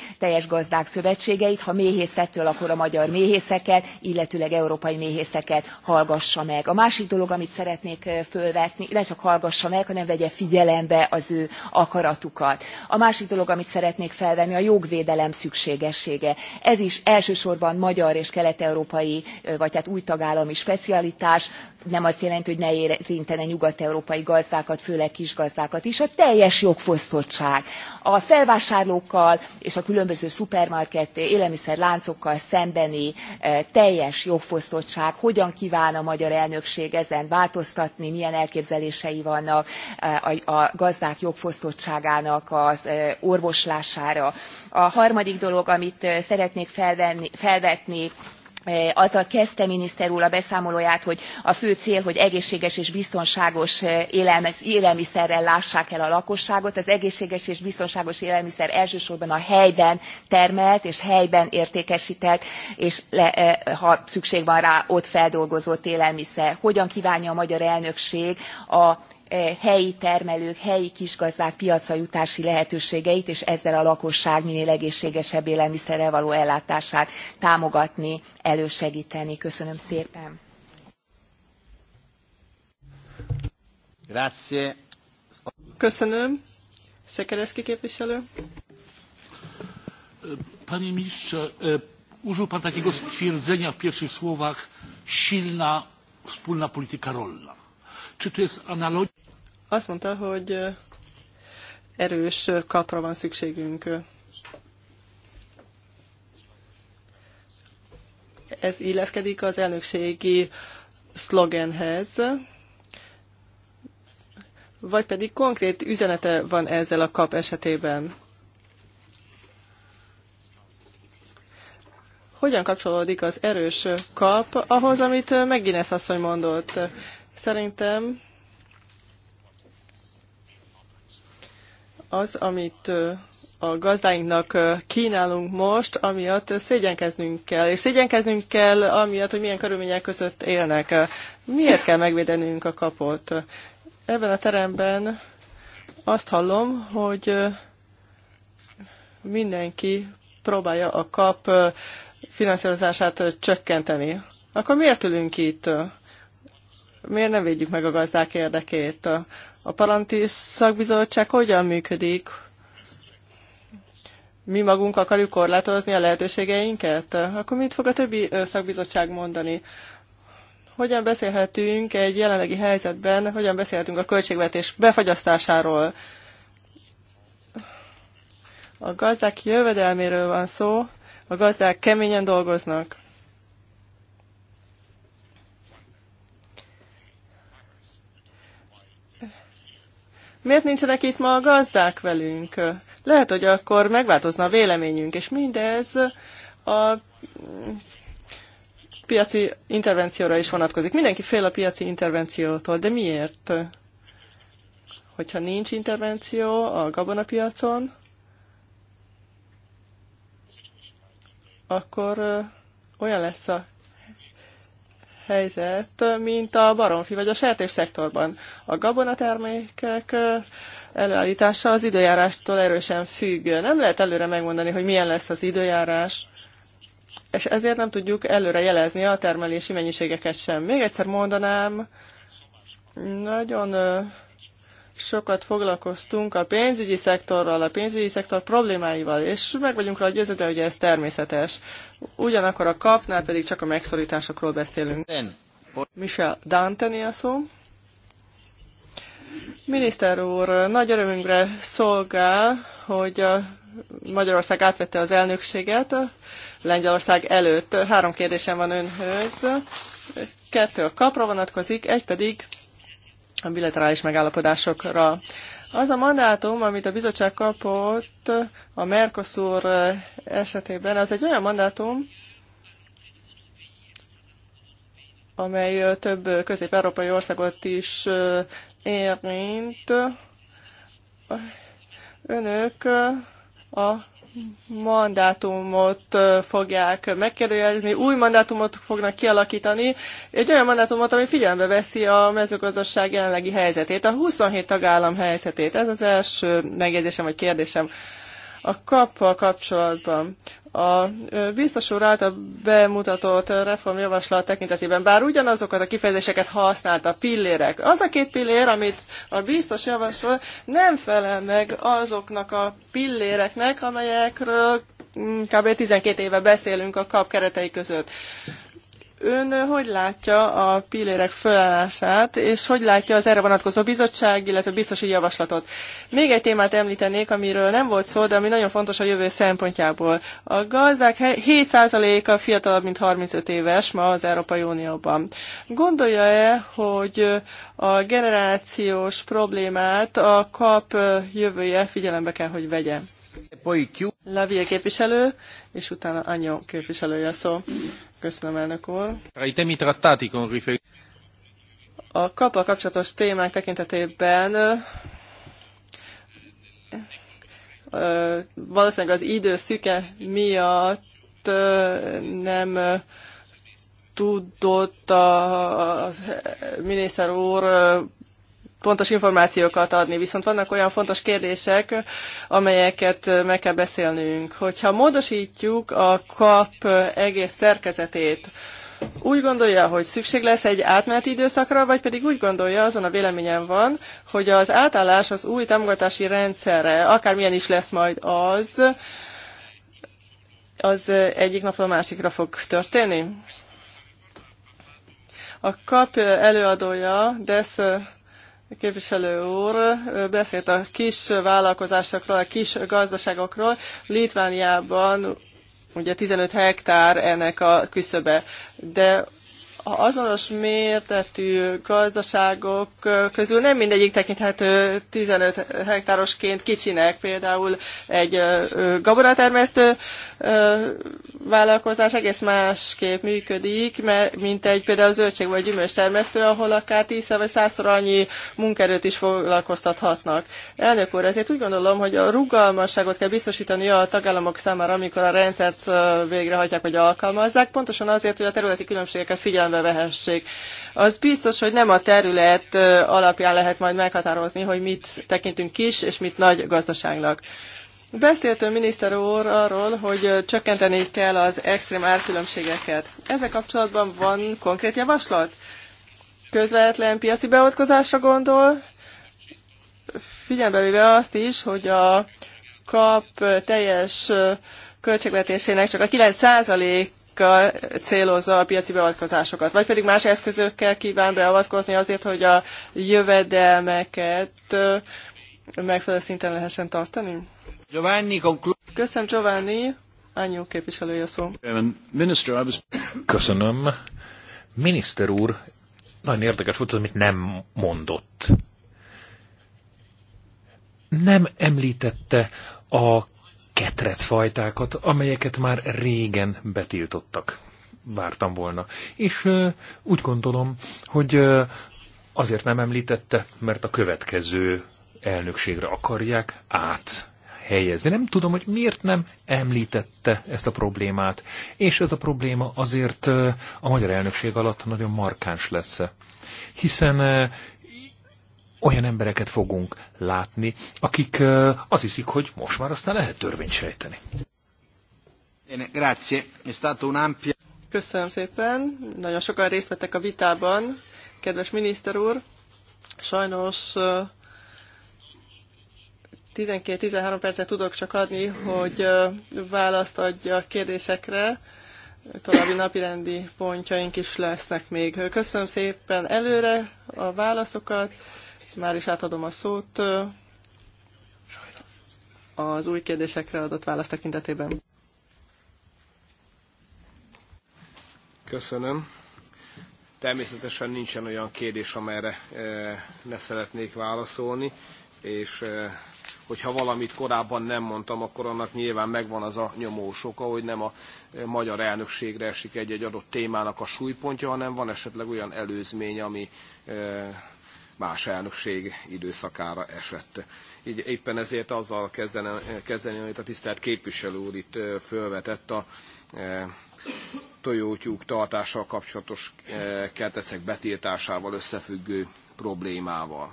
gazdák szövetségeit ha méhészettől akkor a magyar méhészeket illetőleg európai méhészeket hallgassa meg. a másik dolog amit szeretnék fölvetni ne csak hallgassa meg hanem vegye figyelembe az ő akaratukat. a másik dolog amit szeretnék felvenni a jogvédelem szükségessége. ez is elsősorban magyar és kelet európai vagy tehát új tagállami specialitás nem azt jelenti, hogy ne érintene nyugat-európai gazdákat, főleg kisgazdákat is, a teljes jogfosztottság. A felvásárlókkal és a különböző szupermarket élelmiszerláncokkal szembeni e, teljes jogfosztottság, hogyan kíván a magyar elnökség ezen változtatni, milyen elképzelései vannak e, a gazdák jogfosztottságának az e, orvoslására. A harmadik dolog, amit szeretnék felvenni, felvetni, E, azzal kezdte miniszter úr a beszámolóját hogy a fő cél hogy egészséges és biztonságos e, élelmiszerrel lássák el a lakosságot az egészséges és biztonságos élelmiszer elsősorban a helyben termelt és helyben értékestett és le, e, ha szükség van rá ott feldolgozott élelmiszer. hogyan kvánja a magyar elnökség a E, helyi termelők, helyi kisgazdák piacra jutási lehetőségeit, és ezzel a lakosság minél egészségesebb élelmiszerrel való ellátását támogatni, elősegíteni. Köszönöm szépen. Grazie. Köszönöm. Szekereszki képviselő. Panie ministrze, e, użył pan takiego stwierdzenia w pierwszych słowach silna wspólna polityka rolna. Czy to jest analogia? Azt mondta, hogy erős kapra van szükségünk. Ez illeszkedik az elnökségi szlogenhez, vagy pedig konkrét üzenete van ezzel a kap esetében? Hogyan kapcsolódik az erős kap ahhoz, amit Megines asszony mondott? Szerintem az, amit a gazdáinknak kínálunk most, amiatt szégyenkeznünk kell. És szégyenkeznünk kell amiatt, hogy milyen körülmények között élnek. Miért kell megvédenünk a kapot? Ebben a teremben azt hallom, hogy mindenki próbálja a kap finanszírozását csökkenteni. Akkor miért ülünk itt? Miért nem védjük meg a gazdák érdekét? A parlamenti szakbizottság hogyan működik? Mi magunk akarjuk korlátozni a lehetőségeinket? Akkor mit fog a többi szakbizottság mondani? Hogyan beszélhetünk egy jelenlegi helyzetben, hogyan beszélhetünk a költségvetés befagyasztásáról? A gazdák jövedelméről van szó, a gazdák keményen dolgoznak. Miért nincsenek itt ma a gazdák velünk? Lehet, hogy akkor megváltozna a véleményünk, és mindez a piaci intervencióra is vonatkozik. Mindenki fél a piaci intervenciótól, de miért? Hogyha nincs intervenció a gabonapiacon, akkor olyan lesz a helyzet, mint a baromfi vagy a sertés szektorban. A gabonatermékek előállítása az időjárástól erősen függ. Nem lehet előre megmondani, hogy milyen lesz az időjárás, és ezért nem tudjuk előre jelezni a termelési mennyiségeket sem. Még egyszer mondanám, nagyon sokat foglalkoztunk a pénzügyi szektorral, a pénzügyi szektor problémáival, és meg vagyunk rá győződve, hogy ez természetes. Ugyanakkor a kapnál pedig csak a megszorításokról beszélünk. Michel Danteni a szó. Miniszter úr, nagy örömünkre szolgál, hogy Magyarország átvette az elnökséget Lengyelország előtt. Három kérdésem van önhöz. Kettő a kapra vonatkozik, egy pedig a bilaterális megállapodásokra. Az a mandátum, amit a bizottság kapott a Mercosur esetében, az egy olyan mandátum, amely több közép-európai országot is érint. Önök a mandátumot fogják megkerülni új mandátumot fognak kialakítani, egy olyan mandátumot, ami figyelembe veszi a mezőgazdaság jelenlegi helyzetét, a 27 tagállam helyzetét. Ez az első megjegyzésem vagy kérdésem. A kappal kapcsolatban a biztos úr által bemutatott reformjavaslat tekintetében, bár ugyanazokat a kifejezéseket használta, pillérek, az a két pillér, amit a biztos javasol, nem felel meg azoknak a pilléreknek, amelyekről mm, kb. 12 éve beszélünk a kap keretei között. Ön hogy látja a pillérek fölállását, és hogy látja az erre vonatkozó bizottság, illetve biztosi javaslatot? Még egy témát említenék, amiről nem volt szó, de ami nagyon fontos a jövő szempontjából. A gazdák 7%-a fiatalabb, mint 35 éves ma az Európai Unióban. Gondolja-e, hogy a generációs problémát a kap jövője figyelembe kell, hogy vegye? Lavie képviselő, és utána Anyó képviselője szó. Köszönöm, elnök úr. A kapa kapcsolatos témák tekintetében valószínűleg az idő szüke miatt nem tudott a miniszter úr pontos információkat adni, viszont vannak olyan fontos kérdések, amelyeket meg kell beszélnünk. Hogyha módosítjuk a kap egész szerkezetét, úgy gondolja, hogy szükség lesz egy átmeneti időszakra, vagy pedig úgy gondolja, azon a véleményen van, hogy az átállás az új támogatási rendszerre, akármilyen is lesz majd az, az egyik napról a másikra fog történni? A kap előadója, Desz képviselő úr beszélt a kis vállalkozásokról, a kis gazdaságokról. Litvániában ugye 15 hektár ennek a küszöbe, de azonos mértetű gazdaságok közül nem mindegyik tekinthető 15 hektárosként kicsinek. Például egy gabonatermesztő vállalkozás egész másképp működik, mert, mint egy például a zöldség vagy gyümölcs termesztő, ahol akár 10 vagy százszor annyi munkerőt is foglalkoztathatnak. Elnök úr, ezért úgy gondolom, hogy a rugalmasságot kell biztosítani a tagállamok számára, amikor a rendszert végrehajtják vagy alkalmazzák, pontosan azért, hogy a területi különbségeket figyelembe vehessék. Az biztos, hogy nem a terület alapján lehet majd meghatározni, hogy mit tekintünk kis és mit nagy gazdaságnak. Beszéltünk miniszter úr arról, hogy csökkenteni kell az extrém árkülönbségeket. Ezzel kapcsolatban van konkrét javaslat? Közvetlen piaci beavatkozásra gondol, figyelembe véve azt is, hogy a kap teljes költségvetésének csak a 9%-a célozza a piaci beavatkozásokat, vagy pedig más eszközökkel kíván beavatkozni azért, hogy a jövedelmeket megfelelő szinten lehessen tartani? Giovanni, conclu- Köszönöm, Giovanni. Ányó képviselője szó. Köszönöm. Miniszter úr, nagyon érdekes volt, az, amit nem mondott. Nem említette a fajtákat, amelyeket már régen betiltottak. Vártam volna. És uh, úgy gondolom, hogy uh, azért nem említette, mert a következő elnökségre akarják át helyezni. Nem tudom, hogy miért nem említette ezt a problémát. És ez a probléma azért a magyar elnökség alatt nagyon markáns lesz. Hiszen olyan embereket fogunk látni, akik azt hiszik, hogy most már aztán lehet törvényt sejteni. Köszönöm szépen. Nagyon sokan részt vettek a vitában. Kedves miniszter úr, sajnos 12-13 percet tudok csak adni, hogy választ adja a kérdésekre. További napirendi pontjaink is lesznek még. Köszönöm szépen előre a válaszokat. Már is átadom a szót az új kérdésekre adott válasz tekintetében. Köszönöm. Természetesen nincsen olyan kérdés, amelyre ne szeretnék válaszolni, és hogyha valamit korábban nem mondtam, akkor annak nyilván megvan az a nyomós oka, hogy nem a e, magyar elnökségre esik egy-egy adott témának a súlypontja, hanem van esetleg olyan előzmény, ami e, más elnökség időszakára esett. Így éppen ezért azzal kezdeni, amit a tisztelt képviselő úr itt e, fölvetett a tojótyúk tartással kapcsolatos kertecek betiltásával összefüggő problémával.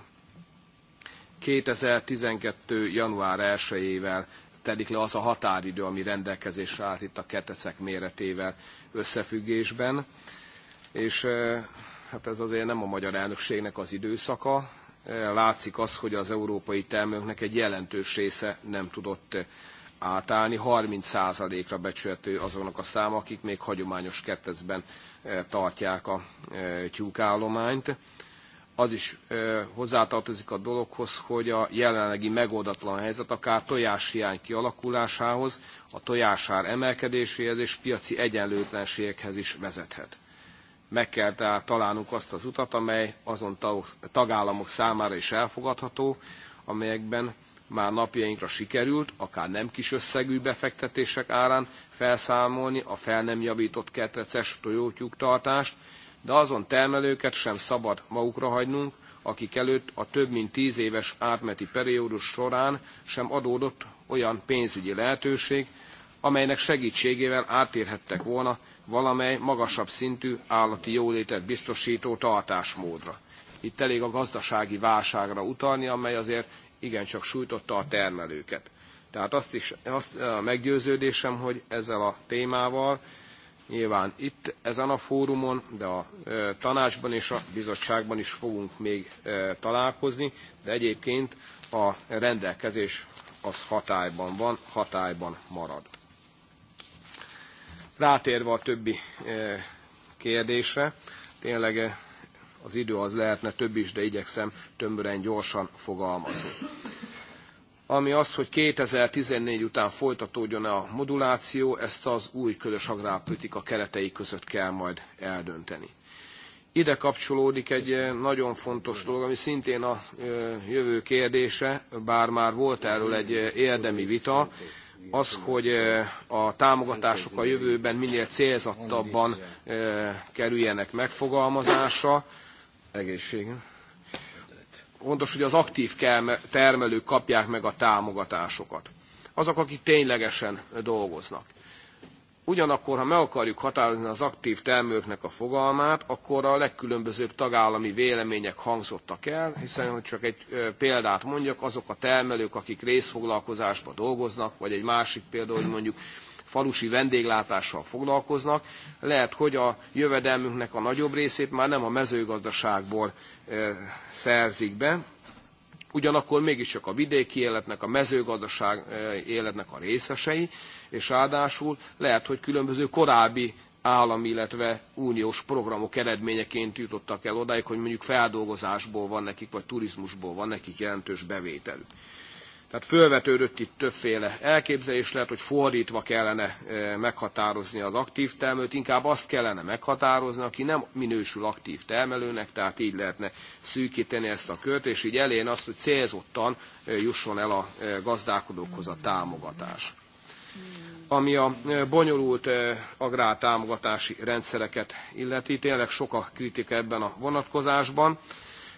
2012. január 1-ével telik le az a határidő, ami rendelkezésre állt itt a ketecek méretével összefüggésben. És hát ez azért nem a magyar elnökségnek az időszaka. Látszik az, hogy az európai termelőknek egy jelentős része nem tudott átállni. 30%-ra becsülhető azoknak a szám, akik még hagyományos ketecben tartják a tyúkállományt az is hozzátartozik a dologhoz, hogy a jelenlegi megoldatlan helyzet akár tojáshiány kialakulásához, a tojásár emelkedéséhez és piaci egyenlőtlenségekhez is vezethet. Meg kell tehát találnunk azt az utat, amely azon tagállamok számára is elfogadható, amelyekben már napjainkra sikerült, akár nem kis összegű befektetések árán felszámolni a fel nem javított ketreces tojótyúk tartást, de azon termelőket sem szabad magukra hagynunk, akik előtt a több mint tíz éves átmeti periódus során sem adódott olyan pénzügyi lehetőség, amelynek segítségével átérhettek volna valamely magasabb szintű állati jólétet biztosító tartásmódra. Itt elég a gazdasági válságra utalni, amely azért igencsak sújtotta a termelőket. Tehát azt is azt a meggyőződésem, hogy ezzel a témával Nyilván itt, ezen a fórumon, de a tanácsban és a bizottságban is fogunk még találkozni, de egyébként a rendelkezés az hatályban van, hatályban marad. Rátérve a többi kérdésre, tényleg az idő az lehetne több is, de igyekszem tömören gyorsan fogalmazni ami az, hogy 2014 után folytatódjon a moduláció, ezt az új közös agrárpolitika keretei között kell majd eldönteni. Ide kapcsolódik egy eh, nagyon fontos dolog, ami szintén a eh, jövő kérdése, bár már volt erről egy eh, érdemi vita, az, hogy a támogatások a jövőben minél célzattabban kerüljenek megfogalmazásra. Egészségem fontos, hogy az aktív termelők kapják meg a támogatásokat. Azok, akik ténylegesen dolgoznak. Ugyanakkor, ha meg akarjuk határozni az aktív termőknek a fogalmát, akkor a legkülönbözőbb tagállami vélemények hangzottak el, hiszen, hogy csak egy példát mondjak, azok a termelők, akik részfoglalkozásban dolgoznak, vagy egy másik példa, hogy mondjuk falusi vendéglátással foglalkoznak, lehet, hogy a jövedelmünknek a nagyobb részét már nem a mezőgazdaságból szerzik be, ugyanakkor mégiscsak a vidéki életnek, a mezőgazdaság életnek a részesei, és ráadásul lehet, hogy különböző korábbi állami, illetve uniós programok eredményeként jutottak el odáig, hogy mondjuk feldolgozásból van nekik, vagy turizmusból van nekik jelentős bevételük. Tehát fölvetődött itt többféle elképzelés, lehet, hogy fordítva kellene e, meghatározni az aktív termelőt, inkább azt kellene meghatározni, aki nem minősül aktív termelőnek, tehát így lehetne szűkíteni ezt a kört, és így elén azt, hogy célzottan e, jusson el a e, gazdálkodókhoz a támogatás. Ami a bonyolult agrártámogatási rendszereket illeti, tényleg sok a kritika ebben a vonatkozásban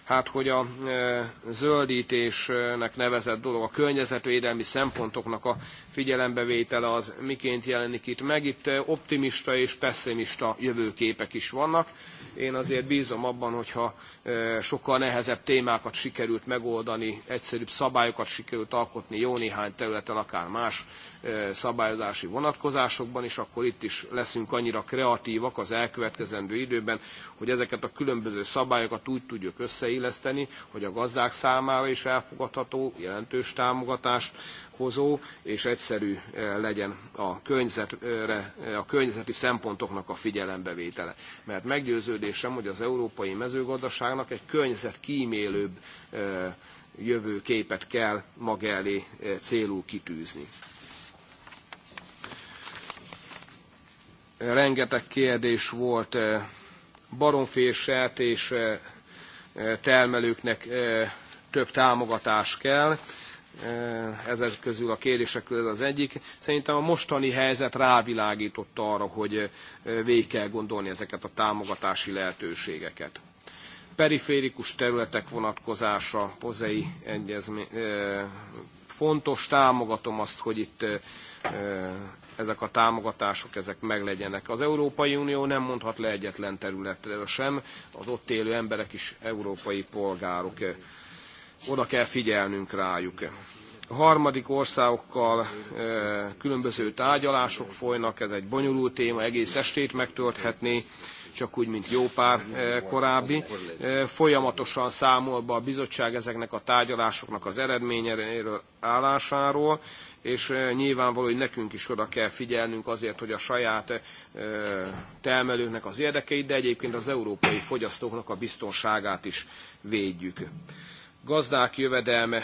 hát hogy a e, zöldítésnek nevezett dolog, a környezetvédelmi szempontoknak a figyelembevétele az miként jelenik itt meg. Itt eh, optimista és pessimista jövőképek is vannak. Én azért bízom abban, hogyha eh, sokkal nehezebb témákat sikerült megoldani, egyszerűbb szabályokat sikerült alkotni jó néhány területen, akár más eh, szabályozási vonatkozásokban, is, akkor itt is leszünk annyira kreatívak az elkövetkezendő időben, hogy ezeket a különböző szabályokat úgy tudjuk összeilleszteni, hogy a gazdák számára is elfogadható, jelentős támogatást hozó és egyszerű eh, legyen a, környezetre, eh, a környezeti szempontoknak a figyelembevétele. Mert meggyőződésem, hogy az európai mezőgazdaságnak egy környezet kímélőbb eh, jövőképet kell maga elé célú kitűzni. Rengeteg kérdés volt baromfésselt és termelőknek több támogatás kell. Eh, ezek közül a kérések közül az egyik. Szerintem a mostani helyzet rávilágította arra, hogy eh, végig kell gondolni ezeket a támogatási lehetőségeket. Periférikus területek vonatkozása, pozei egyezmény, eh, fontos, támogatom azt, hogy itt ezek a támogatások ezek meglegyenek. Az Európai Unió nem mondhat le egyetlen területről sem, az ott élő emberek is európai polgárok oda kell figyelnünk rájuk. A harmadik országokkal e, különböző tárgyalások folynak, ez egy bonyolult téma, egész estét megtölthetné, csak úgy, mint jó pár e, korábbi. E, folyamatosan számol be a bizottság ezeknek a tárgyalásoknak az eredményeiről, állásáról, és nyilvánvaló, hogy nekünk is oda kell figyelnünk azért, hogy a saját termelőknek az érdekeit, de egyébként az európai fogyasztóknak a biztonságát is védjük gazdák jövedelme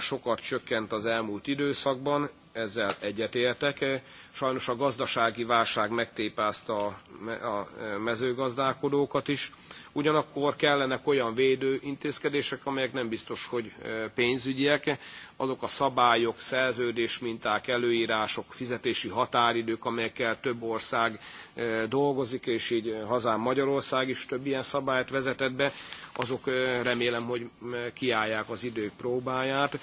sokat csökkent az elmúlt időszakban, ezzel egyetértek. Sajnos a gazdasági válság megtépázta a e, mezőgazdálkodókat is. Ugyanakkor kellenek olyan védő intézkedések, amelyek nem biztos, hogy e, pénzügyiek. Azok a szabályok, szerződés minták, előírások, fizetési határidők, amelyekkel több ország e, dolgozik, és így hazán Magyarország is több ilyen szabályt vezetett be, azok remélem, hogy kiállják az idők próbáját.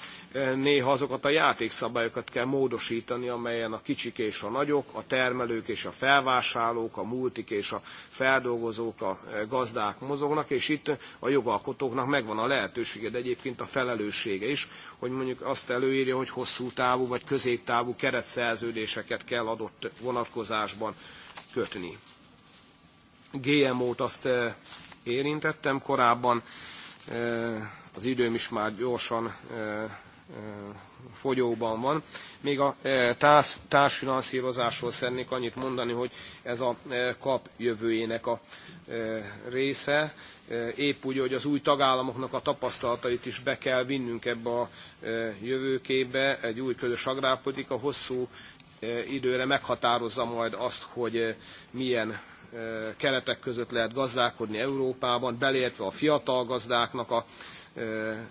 Néha azokat a játékszabályokat kell módosítani, amelyen a kicsik és a nagyok, a termelők és a felvásárlók, a multik és a feldolgozók, a e, gazdák mozognak, és itt a jogalkotóknak megvan a lehetősége, de egyébként a felelőssége is, hogy mondjuk azt előírja, hogy hosszú távú vagy középtávú keretszerződéseket kell adott vonatkozásban kötni. GMO-t azt e, érintettem korábban, e, az időm is már gyorsan fogyóban van. Még a e, társ, társfinanszírozásról szeretnék annyit mondani, hogy ez a e, kap jövőjének a e, része. Épp úgy, hogy az új tagállamoknak a tapasztalatait is be kell vinnünk ebbe a jövőkébe. Egy új közös agrárpolitika hosszú időre meghatározza majd azt, hogy milyen keretek között lehet gazdálkodni Európában, beleértve a fiatal gazdáknak a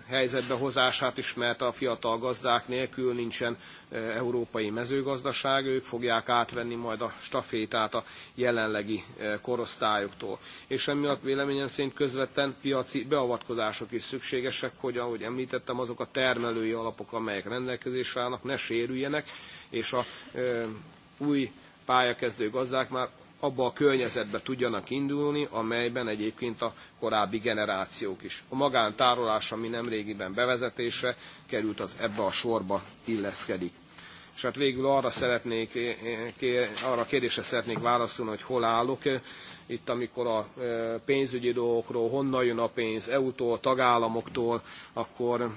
helyzetbe hozását is, mert a fiatal gazdák nélkül nincsen európai mezőgazdaság, ők fogják átvenni majd a stafétát a jelenlegi korosztályoktól. És emiatt véleményem szerint közvetlen piaci beavatkozások is szükségesek, hogy ahogy említettem, azok a termelői alapok, amelyek rendelkezésre állnak, ne sérüljenek, és a új pályakezdő gazdák már abba a környezetbe tudjanak indulni, amelyben egyébként a korábbi generációk is. A magántárolás, ami nemrégiben bevezetése került, az ebbe a sorba illeszkedik. És hát végül arra, szeretnék, eh, eh, arra a kérdésre szeretnék válaszolni, hogy hol állok. Itt, amikor a eh, pénzügyi dolgokról, honnan jön a pénz, EU-tól, tagállamoktól, akkor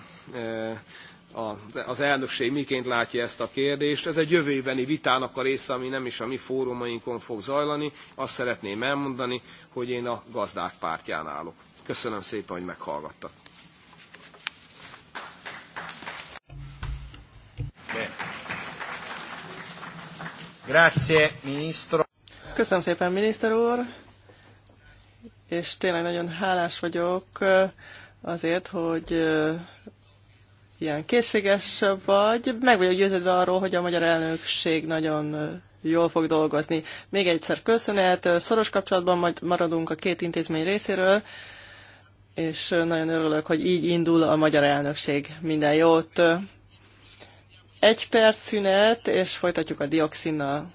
az elnökség miként látja ezt a kérdést. Ez egy jövőbeni vitának a része, ami nem is a mi fórumainkon fog zajlani. Azt szeretném elmondani, hogy én a gazdák pártján állok. Köszönöm szépen, hogy meghallgattak. Grazie, ministro. Köszönöm szépen, miniszter úr, és tényleg nagyon hálás vagyok azért, hogy ilyen készséges vagy. Meg vagyok győződve arról, hogy a magyar elnökség nagyon jól fog dolgozni. Még egyszer köszönet, szoros kapcsolatban majd maradunk a két intézmény részéről, és nagyon örülök, hogy így indul a magyar elnökség. Minden jót! Egy perc szünet, és folytatjuk a dioxinnal.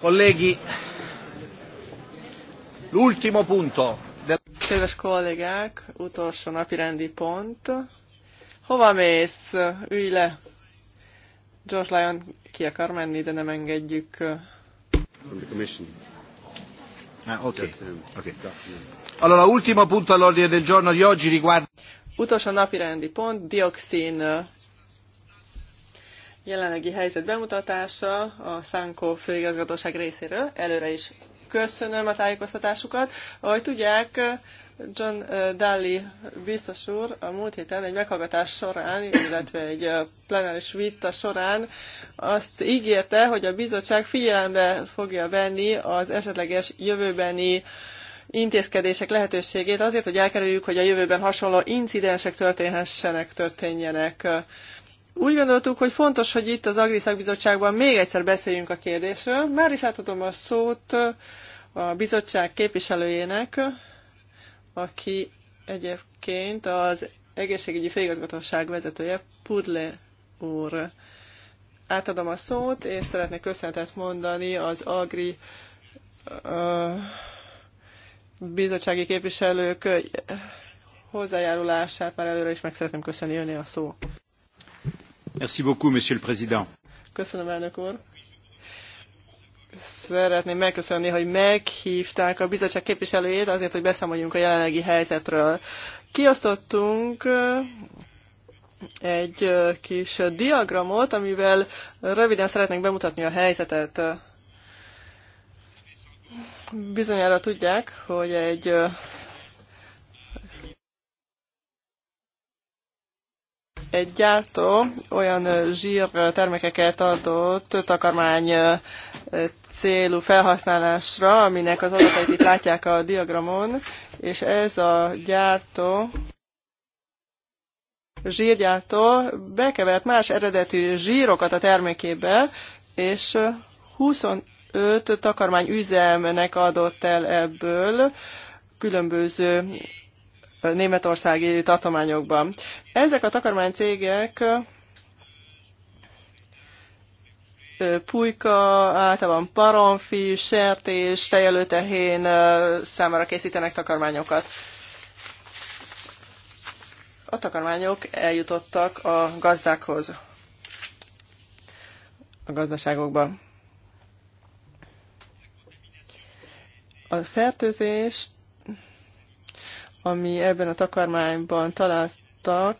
Colleghi, l'ultimo punto. Kedves kollégák, utolsó napirendi pont. Hova mész? Ülj le! George Lyon ki akar menni, de nem engedjük. From the commission. Ah, ok. Just, um, okay. Allora, ultimo punto all'ordine del giorno di oggi riguarda... Utolsó napirendi pont, dioxin jelenlegi helyzet bemutatása a Szánkó főigazgatóság részéről. Előre is köszönöm a tájékoztatásukat. Ahogy tudják, John eh, Daly biztos úr a múlt héten egy meghallgatás során, illetve egy eh, plenáris vita során azt ígérte, hogy a bizottság figyelembe fogja venni az esetleges jövőbeni intézkedések lehetőségét azért, hogy elkerüljük, hogy a jövőben hasonló incidensek történhessenek, történjenek. Úgy gondoltuk, hogy fontos, hogy itt az Agri Bizottságban még egyszer beszéljünk a kérdésről. Már is átadom a szót uh, a bizottság képviselőjének, aki egyébként az egészségügyi főigazgatóság vezetője, Pudle úr. Átadom a szót, és szeretnék köszönetet mondani az Agri uh, bizottsági képviselők hozzájárulását már előre is meg szeretném köszönni, jönni a szó. Köszönöm, elnök úr. Szeretném megköszönni, hogy meghívták a bizottság képviselőjét azért, hogy beszámoljunk a jelenlegi helyzetről. Kiosztottunk egy kis diagramot, amivel röviden szeretnék bemutatni a helyzetet. Bizonyára tudják, hogy egy Egy gyártó olyan zsír termékeket adott takarmány célú felhasználásra, aminek az adatait itt látják a diagramon, és ez a gyártó zsírgyártó bekevert más eredetű zsírokat a termékébe, és 25 takarmány üzemnek adott el ebből különböző németországi tartományokban. Ezek a takarmánycégek pulyka, általában paromfi, sertés, tejelőtehén számára készítenek takarmányokat. A takarmányok eljutottak a gazdákhoz, a gazdaságokba. A fertőzést ami ebben a takarmányban találtak,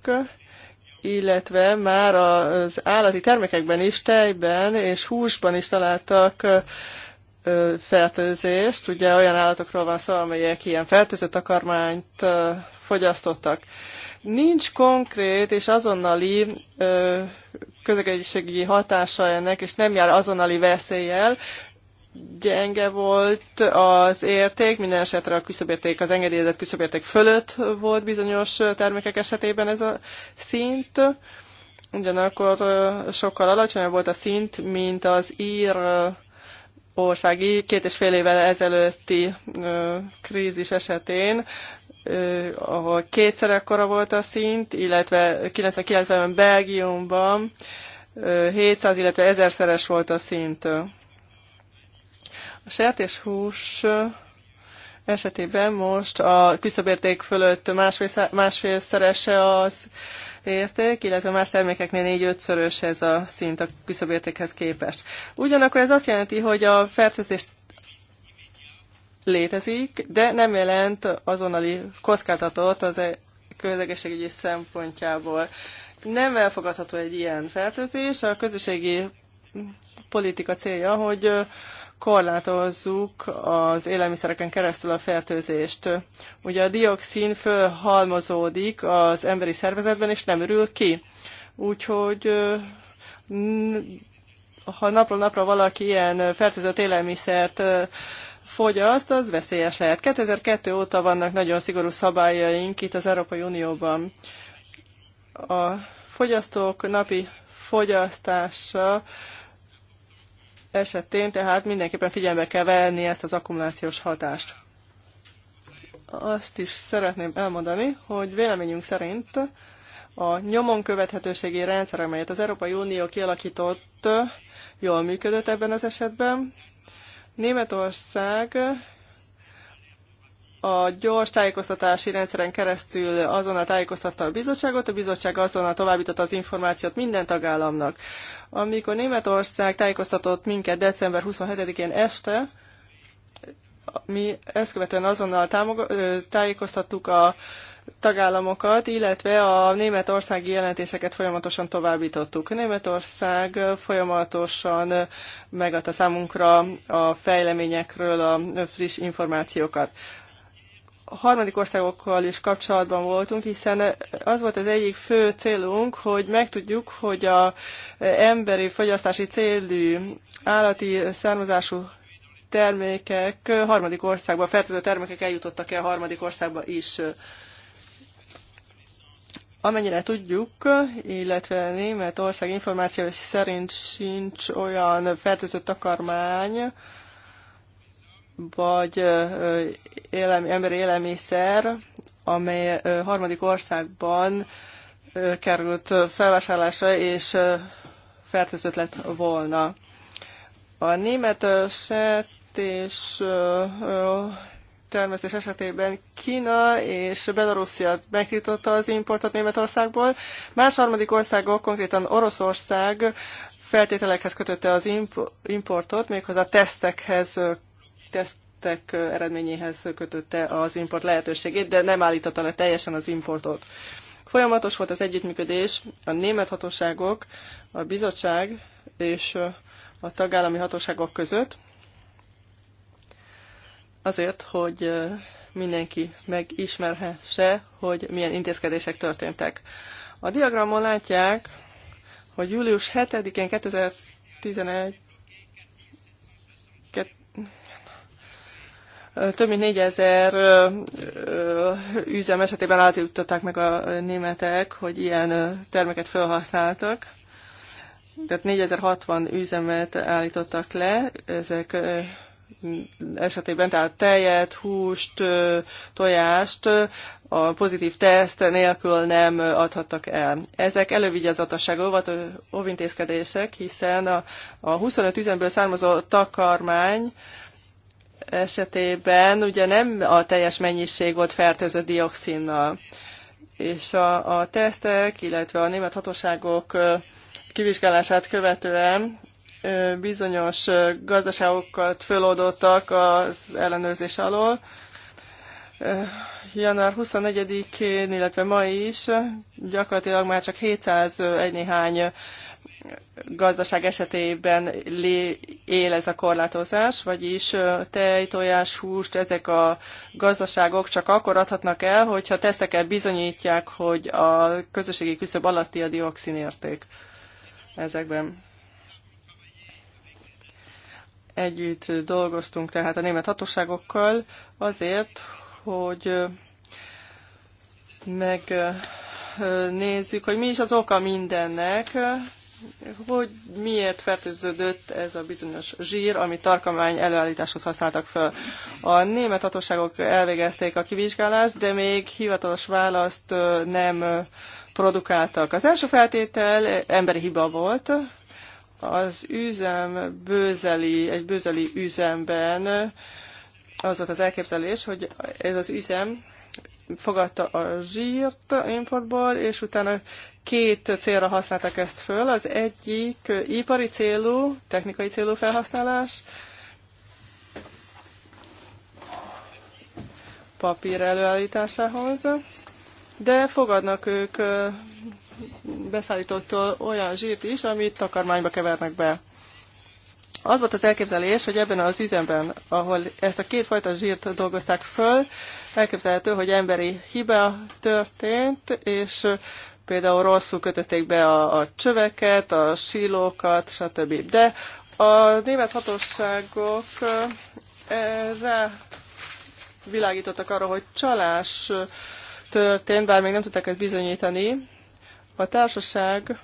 illetve már az állati termékekben is, tejben és húsban is találtak fertőzést. Ugye olyan állatokról van szó, amelyek ilyen fertőzött takarmányt fogyasztottak. Nincs konkrét és azonnali közegészségügyi hatása ennek, és nem jár azonnali veszéllyel, gyenge volt az érték, minden esetre a küszöbérték, az engedélyezett küszöbérték fölött volt bizonyos termékek esetében ez a szint. Ugyanakkor sokkal alacsonyabb volt a szint, mint az ír országi két és fél évvel ezelőtti krízis esetén, ahol kétszer ekkora volt a szint, illetve 99-ben Belgiumban 700, illetve 1000-szeres volt a szint. A sertéshús esetében most a küszöbérték fölött másfél, másfélszerese az érték, illetve más termékeknél négy-ötszörös ez a szint a küszöbértékhez képest. Ugyanakkor ez azt jelenti, hogy a fertőzés létezik, de nem jelent azonnali kockázatot az e- közegészségügyi szempontjából. Nem elfogadható egy ilyen fertőzés. A közösségi politika célja, hogy korlátozzuk az élelmiszereken keresztül a fertőzést. Ugye a dioxin fölhalmozódik az emberi szervezetben, és nem örül ki. Úgyhogy ha napról napra valaki ilyen fertőzött élelmiszert fogyaszt, az veszélyes lehet. 2002 óta vannak nagyon szigorú szabályaink itt az Európai Unióban. A fogyasztók napi fogyasztása esetén, tehát mindenképpen figyelme kell venni ezt az akkumulációs hatást. Azt is szeretném elmondani, hogy véleményünk szerint a nyomon követhetőségi rendszer, amelyet az Európai Unió kialakított, jól működött ebben az esetben. Németország a gyors tájékoztatási rendszeren keresztül azonnal tájékoztatta a bizottságot, a bizottság azonnal továbbította az információt minden tagállamnak. Amikor Németország tájékoztatott minket december 27-én este, mi ezt követően azonnal tájékoztattuk a tagállamokat, illetve a németországi jelentéseket folyamatosan továbbítottuk. Németország folyamatosan megadta számunkra a fejleményekről a friss információkat harmadik országokkal is kapcsolatban voltunk, hiszen az volt az egyik fő célunk, hogy megtudjuk, hogy a emberi fogyasztási célű állati származású termékek harmadik országba, fertőző termékek eljutottak-e a harmadik országba is. Amennyire tudjuk, illetve Németország információ szerint sincs olyan fertőzött takarmány, vagy élem, emberi élelmiszer, amely harmadik országban került felvásárlásra és fertőzött lett volna. A német sertés termesztés esetében Kína és Belarusia megtiltotta az importot Németországból. Más harmadik országok, konkrétan Oroszország feltételekhez kötötte az importot, méghozzá tesztekhez tesztek eredményéhez kötötte az import lehetőségét, de nem állította le teljesen az importot. Folyamatos volt az együttműködés, a német hatóságok, a bizottság és a tagállami hatóságok között, azért, hogy mindenki megismerhesse, hogy milyen intézkedések történtek. A diagramon látják, hogy július 7-én 2011 Több mint 4000 üzem esetében állították meg a németek, hogy ilyen terméket felhasználtak. Tehát 4060 üzemet állítottak le, ezek esetében, tehát tejet, húst, tojást a pozitív teszt nélkül nem adhattak el. Ezek elővigyázatosság óvintézkedések, hiszen a, a 25 üzemből származó takarmány esetében ugye nem a teljes mennyiség volt fertőzött dioxinnal. És a, a tesztek, illetve a német hatóságok kivizsgálását követően bizonyos gazdaságokat föloldottak az ellenőrzés alól. Január 24-én, illetve ma is gyakorlatilag már csak 701 egy néhány gazdaság esetében él ez a korlátozás, vagyis tej, tojás, húst, ezek a gazdaságok csak akkor adhatnak el, hogyha teszteket bizonyítják, hogy a közösségi küszöb alatti a dioxin érték ezekben. Együtt dolgoztunk tehát a német hatóságokkal azért, hogy meg nézzük, hogy mi is az oka mindennek, hogy miért fertőződött ez a bizonyos zsír, ami tarkamány előállításhoz használtak fel. A német hatóságok elvégezték a kivizsgálást, de még hivatalos választ nem produkáltak. Az első feltétel emberi hiba volt. Az üzem bőzeli, egy bőzeli üzemben az volt az elképzelés, hogy ez az üzem fogadta a zsírt importból, és utána két célra használták ezt föl. Az egyik ipari célú, technikai célú felhasználás, papír előállításához, de fogadnak ők beszállítottól olyan zsírt is, amit takarmányba kevernek be. Az volt az elképzelés, hogy ebben az üzemben, ahol ezt a két fajta zsírt dolgozták föl, elképzelhető, hogy emberi hiba történt, és például rosszul kötötték be a, a csöveket, a sílókat, stb. De a német hatóságok erre világítottak arra, hogy csalás történt, bár még nem tudták ezt bizonyítani. A társaság,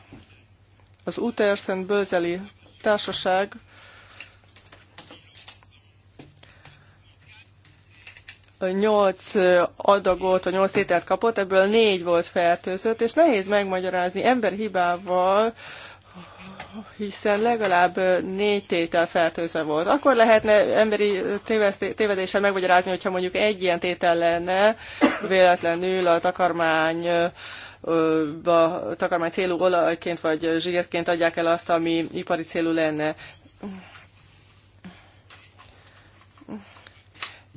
az Utersen bölzeli társaság nyolc adagot, vagy nyolc tételt kapott, ebből négy volt fertőzött, és nehéz megmagyarázni ember hibával, hiszen legalább négy tétel fertőzve volt. Akkor lehetne emberi tévedéssel megmagyarázni, hogyha mondjuk egy ilyen tétel lenne, véletlenül a takarmány a takarmány célú olajként vagy zsírként adják el azt, ami ipari célú lenne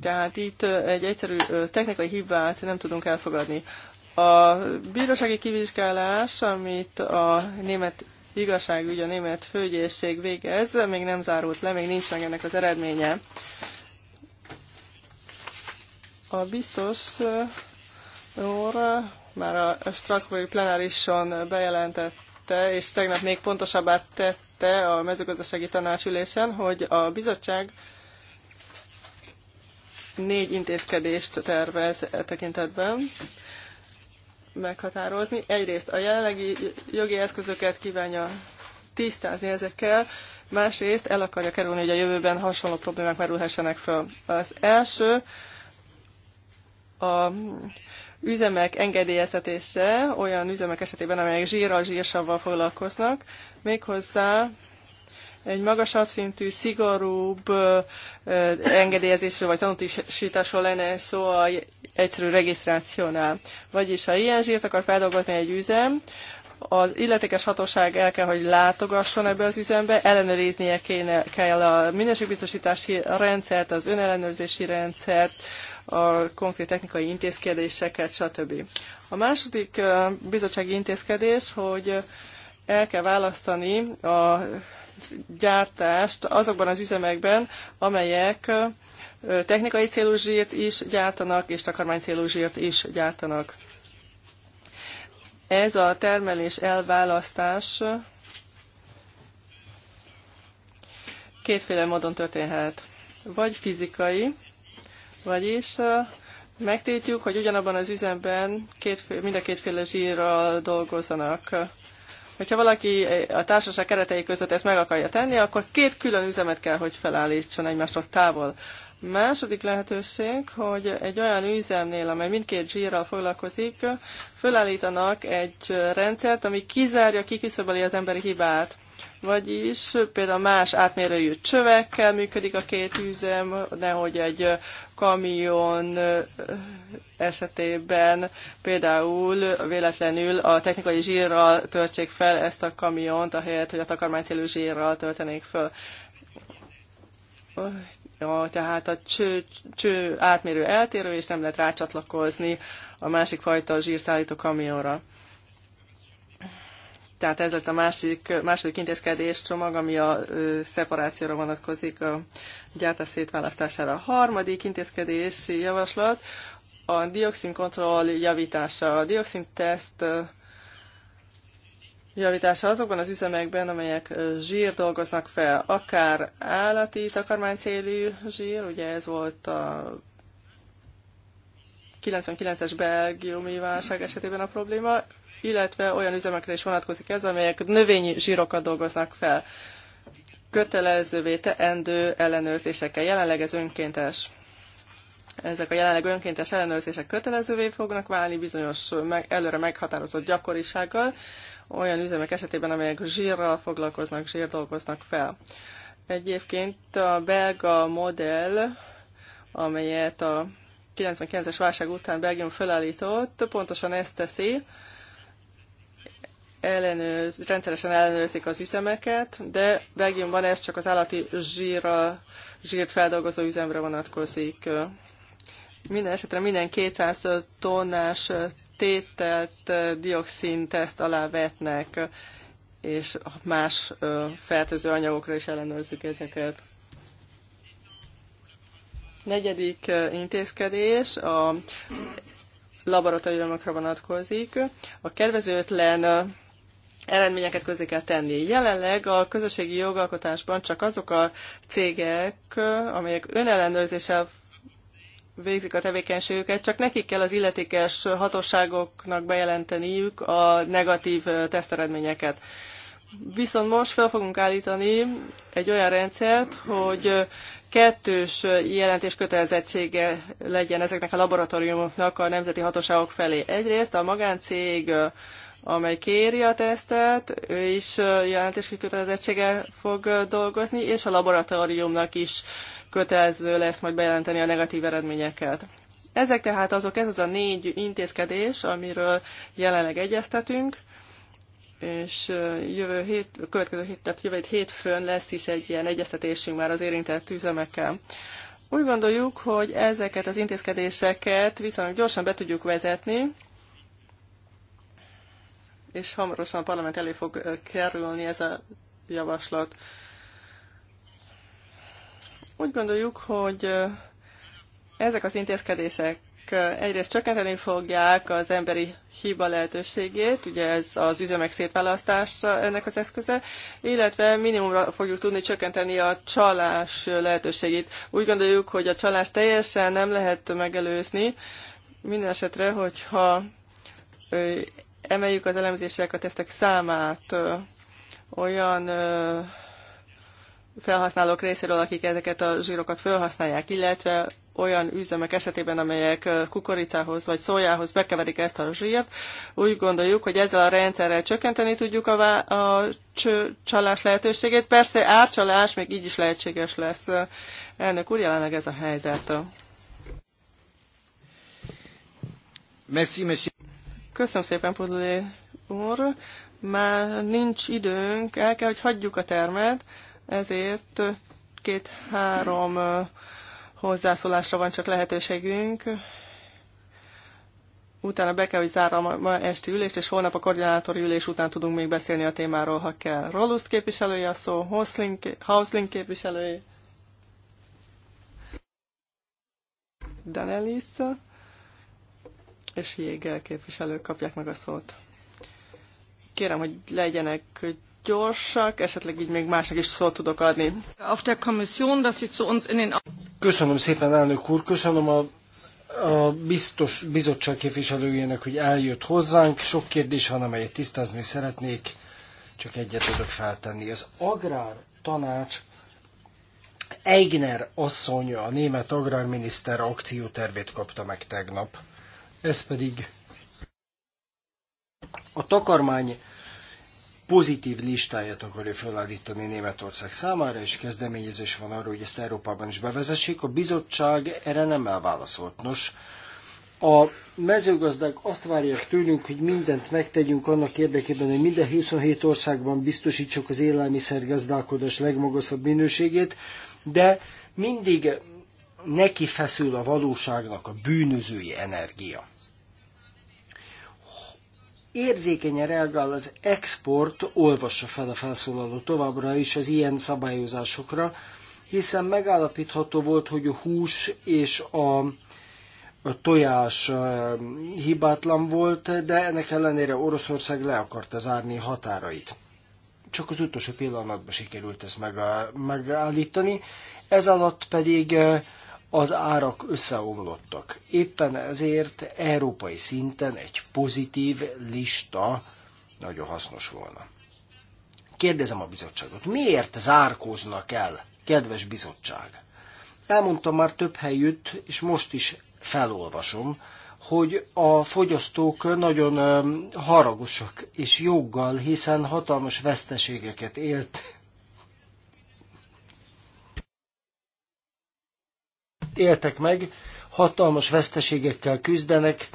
Tehát itt egy egyszerű technikai hibát nem tudunk elfogadni. A bírósági kivizsgálás, amit a német igazságügy, a német főgyészség végez, még nem zárult le, még nincs meg ennek az eredménye. A biztos úr már a Strasbourg plenárison bejelentette, és tegnap még pontosabbá tette a mezőgazdasági tanácsülésen, hogy a bizottság négy intézkedést tervez e tekintetben meghatározni. Egyrészt a jelenlegi jogi eszközöket kívánja tisztázni ezekkel, másrészt el akarja kerülni, hogy a jövőben hasonló problémák merülhessenek fel Az első a üzemek engedélyeztetése olyan üzemek esetében, amelyek zsírral, zsírsavval foglalkoznak, méghozzá egy magasabb szintű, szigorúbb engedélyezésről vagy tanútisításról lenne szó a egyszerű regisztrációnál. Vagyis ha ilyen zsírt akar feldolgozni egy üzem, az illetékes hatóság el kell, hogy látogasson ebbe az üzembe, ellenőriznie kéne, kell a minőségbiztosítási rendszert, az önellenőrzési rendszert, a konkrét technikai intézkedéseket, stb. A második bizottsági intézkedés, hogy el kell választani a gyártást azokban az üzemekben, amelyek technikai célú zsírt is gyártanak, és takarmány célú zsírt is gyártanak. Ez a termelés elválasztás kétféle módon történhet. Vagy fizikai, vagyis megtétjük, hogy ugyanabban az üzemben mind a kétféle zsírral dolgozzanak. Hogyha valaki eh, a társaság keretei között ezt meg akarja tenni, akkor két külön üzemet kell, hogy felállítson egymástól távol. Második lehetőség, hogy egy olyan üzemnél, amely mindkét zsírral foglalkozik, felállítanak egy rendszert, ami kizárja, kiküszöböli az emberi hibát. Vagyis például más átmérőjű csövekkel működik a két üzem, nehogy egy kamion eh, esetében például véletlenül a technikai zsírral töltsék fel ezt a kamiont, ahelyett, hogy a takarmány célú zsírral töltenék fel, Ja, tehát a cső, cső átmérő eltérő, és nem lehet rácsatlakozni a másik fajta zsírszállító kamionra. Tehát ez lett a másik, második intézkedés csomag, ami a ö, szeparációra vonatkozik, a gyártás szétválasztására. A harmadik intézkedési javaslat a kontroll javítása. A teszt javítása azokban az üzemekben, amelyek zsír dolgoznak fel, akár állati célű zsír, ugye ez volt a 99-es belgiumi válság esetében a probléma, illetve olyan üzemekre is vonatkozik ez, amelyek növényi zsírokat dolgoznak fel. Kötelezővé teendő ellenőrzésekkel. Jelenleg ez önkéntes. Ezek a jelenleg önkéntes ellenőrzések kötelezővé fognak válni bizonyos meg, előre meghatározott gyakorisággal, olyan üzemek esetében, amelyek zsírral foglalkoznak, zsír dolgoznak fel. Egyébként a belga modell, amelyet a 99-es válság után Belgium felállított, pontosan ezt teszi, ellenőz, rendszeresen ellenőrzik az üzemeket, de Belgiumban ez csak az állati zsírra, zsírt feldolgozó üzemre vonatkozik. Minden esetre minden 200 tonnás tételt dioxinteszt alá vetnek, és más fertőző anyagokra is ellenőrzik ezeket. Negyedik intézkedés a laboratóriumokra vonatkozik. A kedvezőtlen eredményeket közé kell tenni. Jelenleg a közösségi jogalkotásban csak azok a cégek, amelyek önellenőrzéssel végzik a tevékenységüket, csak nekik kell az illetékes hatóságoknak bejelenteniük a negatív teszteredményeket. Viszont most fel fogunk állítani egy olyan rendszert, hogy kettős jelentés kötelezettsége legyen ezeknek a laboratóriumoknak a nemzeti hatóságok felé. Egyrészt a magáncég amely kéri a tesztet, ő is jelentési kötelezettsége fog dolgozni, és a laboratóriumnak is kötelező lesz majd bejelenteni a negatív eredményeket. Ezek tehát azok, ez az a négy intézkedés, amiről jelenleg egyeztetünk, és jövő hét, következő hét, tehát jövő hétfőn lesz is egy ilyen egyeztetésünk már az érintett üzemekkel. Úgy gondoljuk, hogy ezeket az intézkedéseket viszonylag gyorsan be tudjuk vezetni, és hamarosan a parlament elé fog kerülni ez a javaslat. Úgy gondoljuk, hogy ezek az intézkedések egyrészt csökkenteni fogják az emberi hiba lehetőségét, ugye ez az üzemek szétválasztása ennek az eszköze, illetve minimumra fogjuk tudni csökkenteni a csalás lehetőségét. Úgy gondoljuk, hogy a csalást teljesen nem lehet megelőzni, minden esetre, hogyha emeljük az elemzések, a tesztek számát olyan felhasználók részéről, akik ezeket a zsírokat felhasználják, illetve olyan üzemek esetében, amelyek kukoricához vagy szójához bekeverik ezt a zsírt, úgy gondoljuk, hogy ezzel a rendszerrel csökkenteni tudjuk a, vá- a csalás lehetőségét. Persze árcsalás még így is lehetséges lesz. Elnök úr, jelenleg ez a helyzet. Merci, merci. Köszönöm szépen, Pudlé úr. Már nincs időnk, el kell, hogy hagyjuk a termet, ezért két-három hozzászólásra van csak lehetőségünk. Utána be kell, hogy zárra a ma esti ülést, és holnap a koordinátori ülés után tudunk még beszélni a témáról, ha kell. Roluszt képviselője a szó, Hauslink képviselője. Danelis és Jégel képviselők kapják meg a szót. Kérem, hogy legyenek gyorsak, esetleg így még másnak is szót tudok adni. Köszönöm szépen, elnök úr, köszönöm a, a biztos bizottság képviselőjének, hogy eljött hozzánk. Sok kérdés van, amelyet tisztázni szeretnék, csak egyet tudok feltenni. Az agrár tanács Eigner asszonya a német agrárminiszter akciótervét kapta meg tegnap. Ez pedig a takarmány pozitív listáját akarja felállítani Németország számára, és kezdeményezés van arra, hogy ezt Európában is bevezessék. A bizottság erre nem elválaszolt. Nos, a mezőgazdák azt várják tőlünk, hogy mindent megtegyünk annak érdekében, hogy minden 27 országban biztosítsuk az élelmiszergazdálkodás legmagasabb minőségét, de mindig neki feszül a valóságnak a bűnözői energia. Érzékenyen reagál az export, olvassa fel a felszólaló továbbra is az ilyen szabályozásokra, hiszen megállapítható volt, hogy a hús és a, a tojás hibátlan volt, de ennek ellenére Oroszország le akarta zárni határait. Csak az utolsó pillanatban sikerült ezt megállítani, ez alatt pedig az árak összeomlottak. Éppen ezért európai szinten egy pozitív lista nagyon hasznos volna. Kérdezem a bizottságot, miért zárkóznak el, kedves bizottság? Elmondtam már több helyütt, és most is felolvasom, hogy a fogyasztók nagyon haragosak és joggal, hiszen hatalmas veszteségeket élt éltek meg, hatalmas veszteségekkel küzdenek,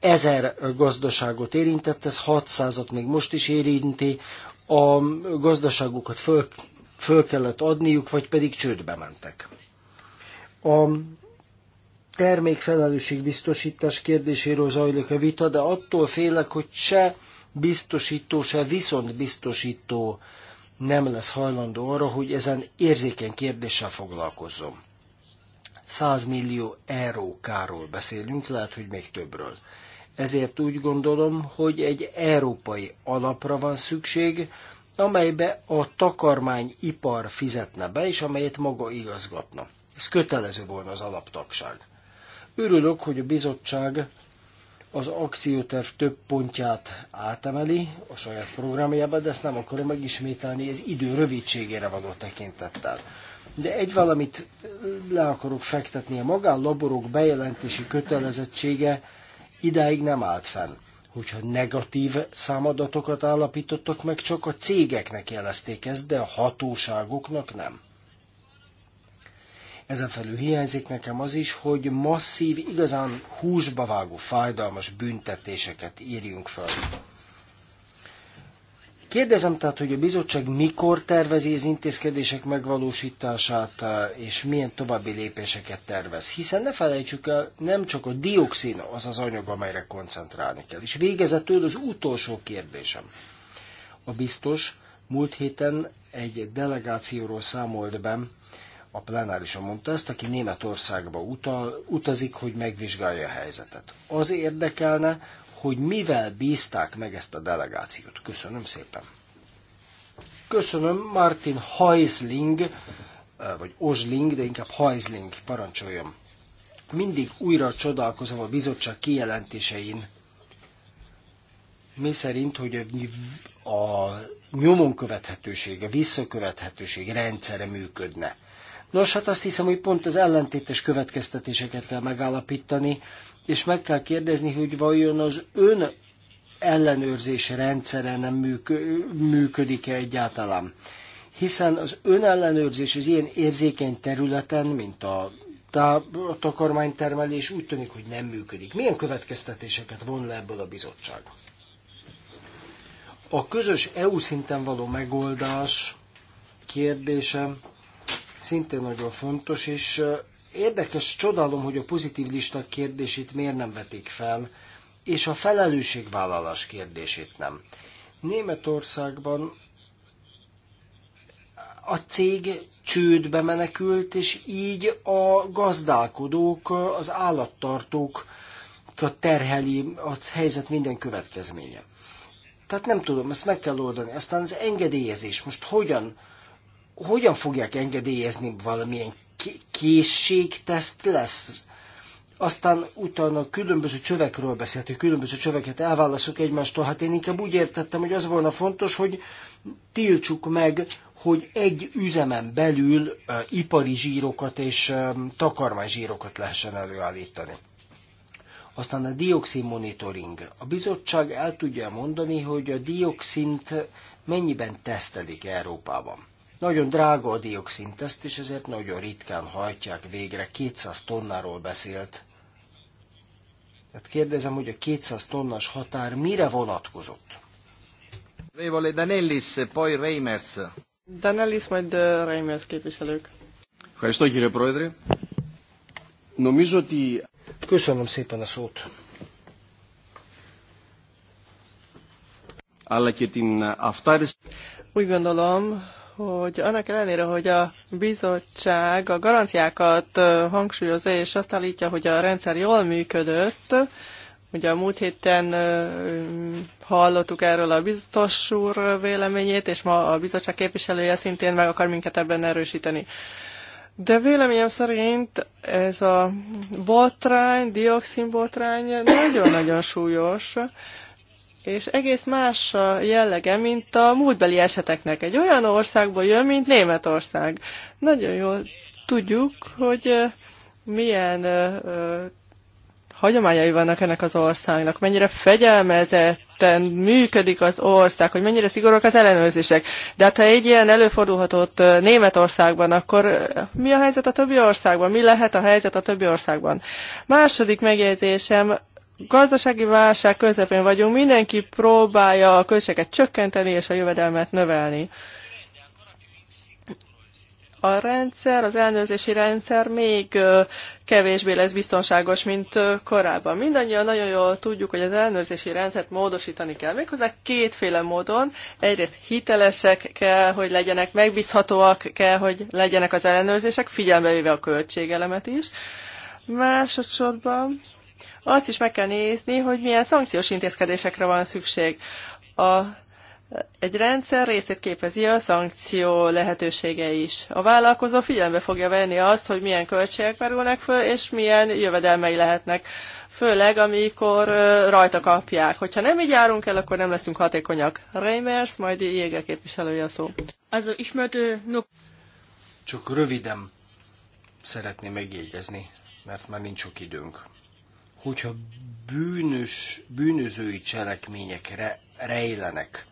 ezer gazdaságot érintett, ez 600-at még most is érinti, a gazdaságukat föl, föl kellett adniuk, vagy pedig csődbe mentek. A biztosítás kérdéséről zajlik a vita, de attól félek, hogy se biztosító, se viszont biztosító nem lesz hajlandó arra, hogy ezen érzékeny kérdéssel foglalkozzon. 100 millió euró káról beszélünk, lehet, hogy még többről. Ezért úgy gondolom, hogy egy európai alapra van szükség, amelybe a takarmányipar fizetne be, és amelyet maga igazgatna. Ez kötelező volna az alaptagság. Örülök, hogy a bizottság az akcióterv több pontját átemeli a saját programjába, de ezt nem akarom megismételni, ez idő rövidségére való tekintettel de egy valamit le akarok fektetni, a magánlaborok bejelentési kötelezettsége idáig nem állt fenn. Hogyha negatív számadatokat állapítottak meg, csak a cégeknek jelezték ezt, de a hatóságoknak nem. Ezen felül hiányzik nekem az is, hogy masszív, igazán húsba vágó, fájdalmas büntetéseket írjunk fel. Kérdezem tehát, hogy a bizottság mikor tervezi az intézkedések megvalósítását, eh, és milyen további lépéseket tervez. Hiszen ne felejtsük el, nem csak a dioxin az az anyag, amelyre koncentrálni kell. És végezetül az utolsó kérdésem. A biztos múlt héten egy delegációról számolt be, a plenárison mondta ezt, aki Németországba utal, utazik, hogy megvizsgálja a helyzetet. Az érdekelne, hogy mivel bízták meg ezt a delegációt. Köszönöm szépen. Köszönöm Martin Heisling, eh, vagy Ozling, de inkább Heisling, parancsoljon. Mindig újra csodálkozom a bizottság kijelentésein, mi szerint, hogy a nyomon követhetőség, a visszakövethetőség rendszere működne. Nos, hát azt hiszem, hogy pont az ellentétes következtetéseket kell megállapítani és meg kell kérdezni, hogy vajon az ön ellenőrzés rendszere nem működik-e egyáltalán. Hiszen az önellenőrzés az ilyen érzékeny területen, mint a a takarmánytermelés úgy tűnik, hogy nem működik. Milyen következtetéseket von le ebből a bizottság? A közös EU szinten való megoldás kérdése szintén nagyon fontos, és Érdekes, csodálom, hogy a pozitív lista kérdését miért nem vetik fel, és a felelősségvállalás kérdését nem. Németországban a cég csődbe menekült, és így a gazdálkodók, az állattartók terheli a helyzet minden következménye. Tehát nem tudom, ezt meg kell oldani. Aztán az engedélyezés, most hogyan, hogyan fogják engedélyezni valamilyen készségteszt lesz. Aztán utána különböző csövekről beszéltünk, különböző csöveket elválaszok egymástól. Hát én inkább úgy értettem, hogy az volna fontos, hogy tiltsuk meg, hogy egy üzemen belül uh, ipari zsírokat és um, zsírokat lehessen előállítani. Aztán a dioxin monitoring. A bizottság el tudja mondani, hogy a dioxint mennyiben tesztelik Európában. Nagyon drága a dioxinteszt, és ezért nagyon ritkán hajtják végre. 200 tonnáról beszélt. Tehát kérdezem, hogy a 200 tonnas határ mire vonatkozott? Révole Danellis, poi Reimers. Danellis, majd Reimers képviselők. Ευχαριστώ κύριε Πρόεδρε. Νομίζω ότι... Köszönöm szépen a szót. Alla kétin aftáris? Úgy gondolom, hogy annak ellenére, hogy a bizottság a garanciákat hangsúlyozza, és azt állítja, hogy a rendszer jól működött, ugye a múlt héten hallottuk erről a biztos úr véleményét, és ma a bizottság képviselője szintén meg akar minket ebben erősíteni. De véleményem szerint ez a botrány, dioxin botrány nagyon-nagyon súlyos, és egész más a jellege, mint a múltbeli eseteknek. Egy olyan országból jön, mint Németország. Nagyon jól tudjuk, hogy milyen hagyományai vannak ennek az országnak, mennyire fegyelmezetten működik az ország, hogy mennyire szigorúak az ellenőrzések. De hát ha egy ilyen előfordulhatott Németországban, akkor mi a helyzet a többi országban? Mi lehet a helyzet a többi országban? Második megjegyzésem, gazdasági válság közepén vagyunk, mindenki próbálja a költségeket csökkenteni és a jövedelmet növelni. A rendszer, az ellenőrzési rendszer még kevésbé lesz biztonságos, mint korábban. Mindannyian nagyon jól tudjuk, hogy az ellenőrzési rendszert módosítani kell. Méghozzá kétféle módon. Egyrészt hitelesek kell, hogy legyenek, megbízhatóak kell, hogy legyenek az ellenőrzések, figyelmevéve a költségelemet is. Másodszorban azt is meg kell nézni, hogy milyen szankciós intézkedésekre van szükség. A, egy rendszer részét képezi a szankció lehetősége is. A vállalkozó figyelembe fogja venni azt, hogy milyen költségek merülnek föl, és milyen jövedelmei lehetnek főleg amikor rajta kapják. Hogyha nem így járunk el, akkor nem leszünk hatékonyak. Reimers, majd Jéger képviselője a szó. Also, ich möchte Csak röviden szeretném megjegyezni, mert már nincs sok időnk hogyha bűnös, bűnözői cselekményekre rejlenek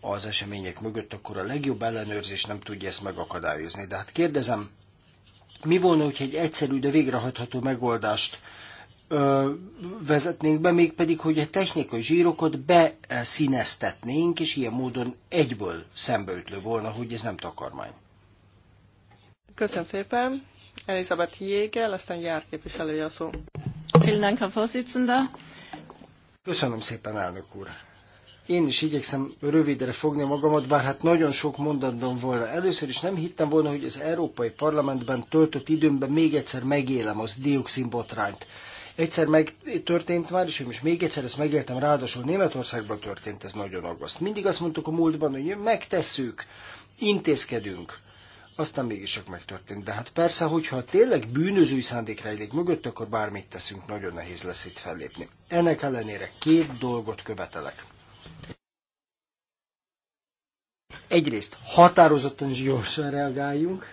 az események mögött, akkor a legjobb ellenőrzés nem tudja ezt megakadályozni. De hát kérdezem, mi volna, hogyha egy egyszerű, de végrehajtható megoldást ö, vezetnénk be, mégpedig, hogy a technikai zsírokat beszíneztetnénk, és ilyen módon egyből szembeütlő volna, hogy ez nem takarmány. Köszönöm szépen. Elisabeth Jégel, aztán jár a szó. Köszönöm szépen, elnök úr. Én is igyekszem rövidre fogni magamat, bár hát nagyon sok mondatom volna. Először is nem hittem volna, hogy az Európai Parlamentben töltött időmben még egyszer megélem az dioxinbotrányt. Egyszer megtörtént már, és most még egyszer ezt megéltem, ráadásul Németországban történt, ez nagyon aggaszt. Mindig azt mondtuk a múltban, hogy megtesszük, intézkedünk aztán mégis csak megtörtént. De hát persze, hogyha tényleg bűnözői szándék rejlik mögött, akkor bármit teszünk, nagyon nehéz lesz itt fellépni. Ennek ellenére két dolgot követelek. Egyrészt határozottan gyorsan reagáljunk,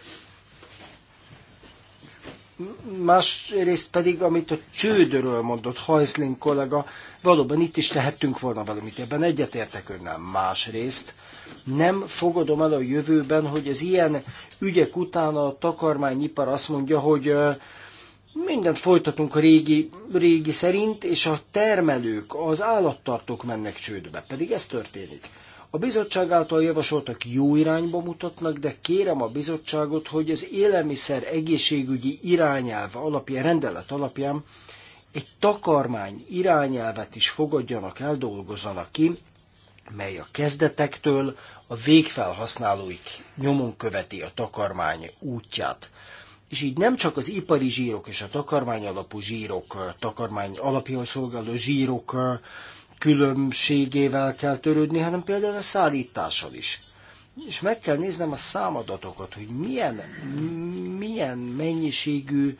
másrészt pedig, amit a csődöről mondott Hajszlin kollega, valóban itt is tehettünk volna valamit, ebben egyetértek önnel. Másrészt nem fogadom el a jövőben, hogy az ilyen ügyek után a takarmányipar azt mondja, hogy mindent folytatunk a régi, régi szerint, és a termelők, az állattartók mennek csődbe. Pedig ez történik. A bizottság által javasoltak jó irányba mutatnak, de kérem a bizottságot, hogy az élelmiszer egészségügyi irányelv alapján, rendelet alapján egy takarmány irányelvet is fogadjanak el, dolgozzanak ki, mely a kezdetektől a végfelhasználóik nyomon követi a takarmány útját. És így nem csak az ipari zsírok és a takarmány alapú zsírok, takarmány alapjól szolgáló zsírok különbségével kell törődni, hanem például a szállítással is. És meg kell néznem a számadatokat, hogy milyen, milyen mennyiségű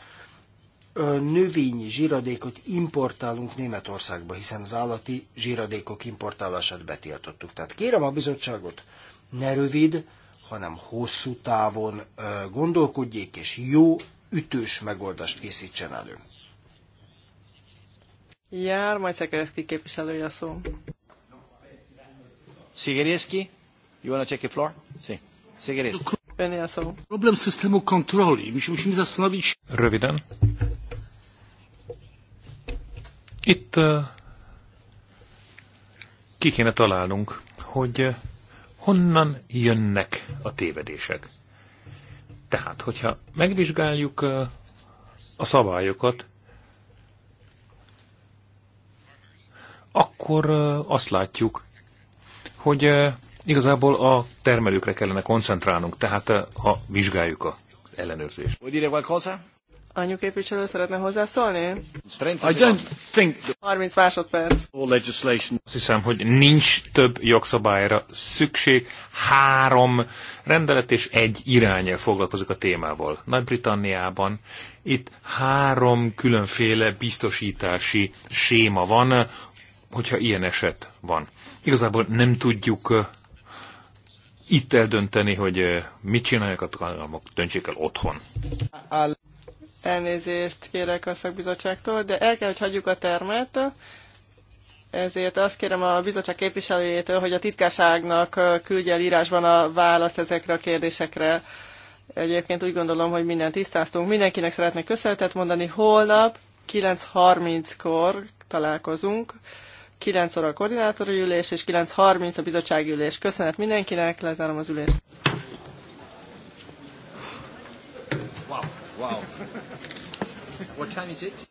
növényi zsíradékot importálunk Németországba, hiszen az állati zsíradékok importálását betiltottuk. Tehát kérem a bizottságot, ne rövid, hanem hosszú távon gondolkodjék, és jó, ütős megoldást készítsen elő. Jár, majd Szekereszki képviselője a szó. Szigereszki? You want to check the floor? Sí. Szekereszki. Önél a szó. Problem systemu kontroli. Mi się Röviden. Itt ki kéne találnunk, hogy honnan jönnek a tévedések. Tehát, hogyha megvizsgáljuk a szabályokat, akkor azt látjuk, hogy igazából a termelőkre kellene koncentrálnunk, tehát ha vizsgáljuk a ellenőrzést. Anyu szeretne hozzászólni? 30 másodperc. Azt hiszem, hogy nincs több jogszabályra szükség. Három rendelet és egy irányel foglalkozik a témával. Nagy-Britanniában itt három különféle biztosítási séma van, hogyha ilyen eset van. Igazából nem tudjuk uh, itt eldönteni, hogy uh, mit csinálják a tagállamok, döntsék el otthon elnézést kérek a szakbizottságtól, de el kell, hogy hagyjuk a termet, ezért azt kérem a bizottság képviselőjétől, hogy a titkárságnak küldje el írásban a választ ezekre a kérdésekre. Egyébként úgy gondolom, hogy mindent tisztáztunk. Mindenkinek szeretnék köszönetet mondani. Holnap 9.30-kor találkozunk. 9 óra a koordinátori ülés, és 9.30 a bizottsági ülés. Köszönet mindenkinek, lezárom az ülést. Wow, wow. What time is it?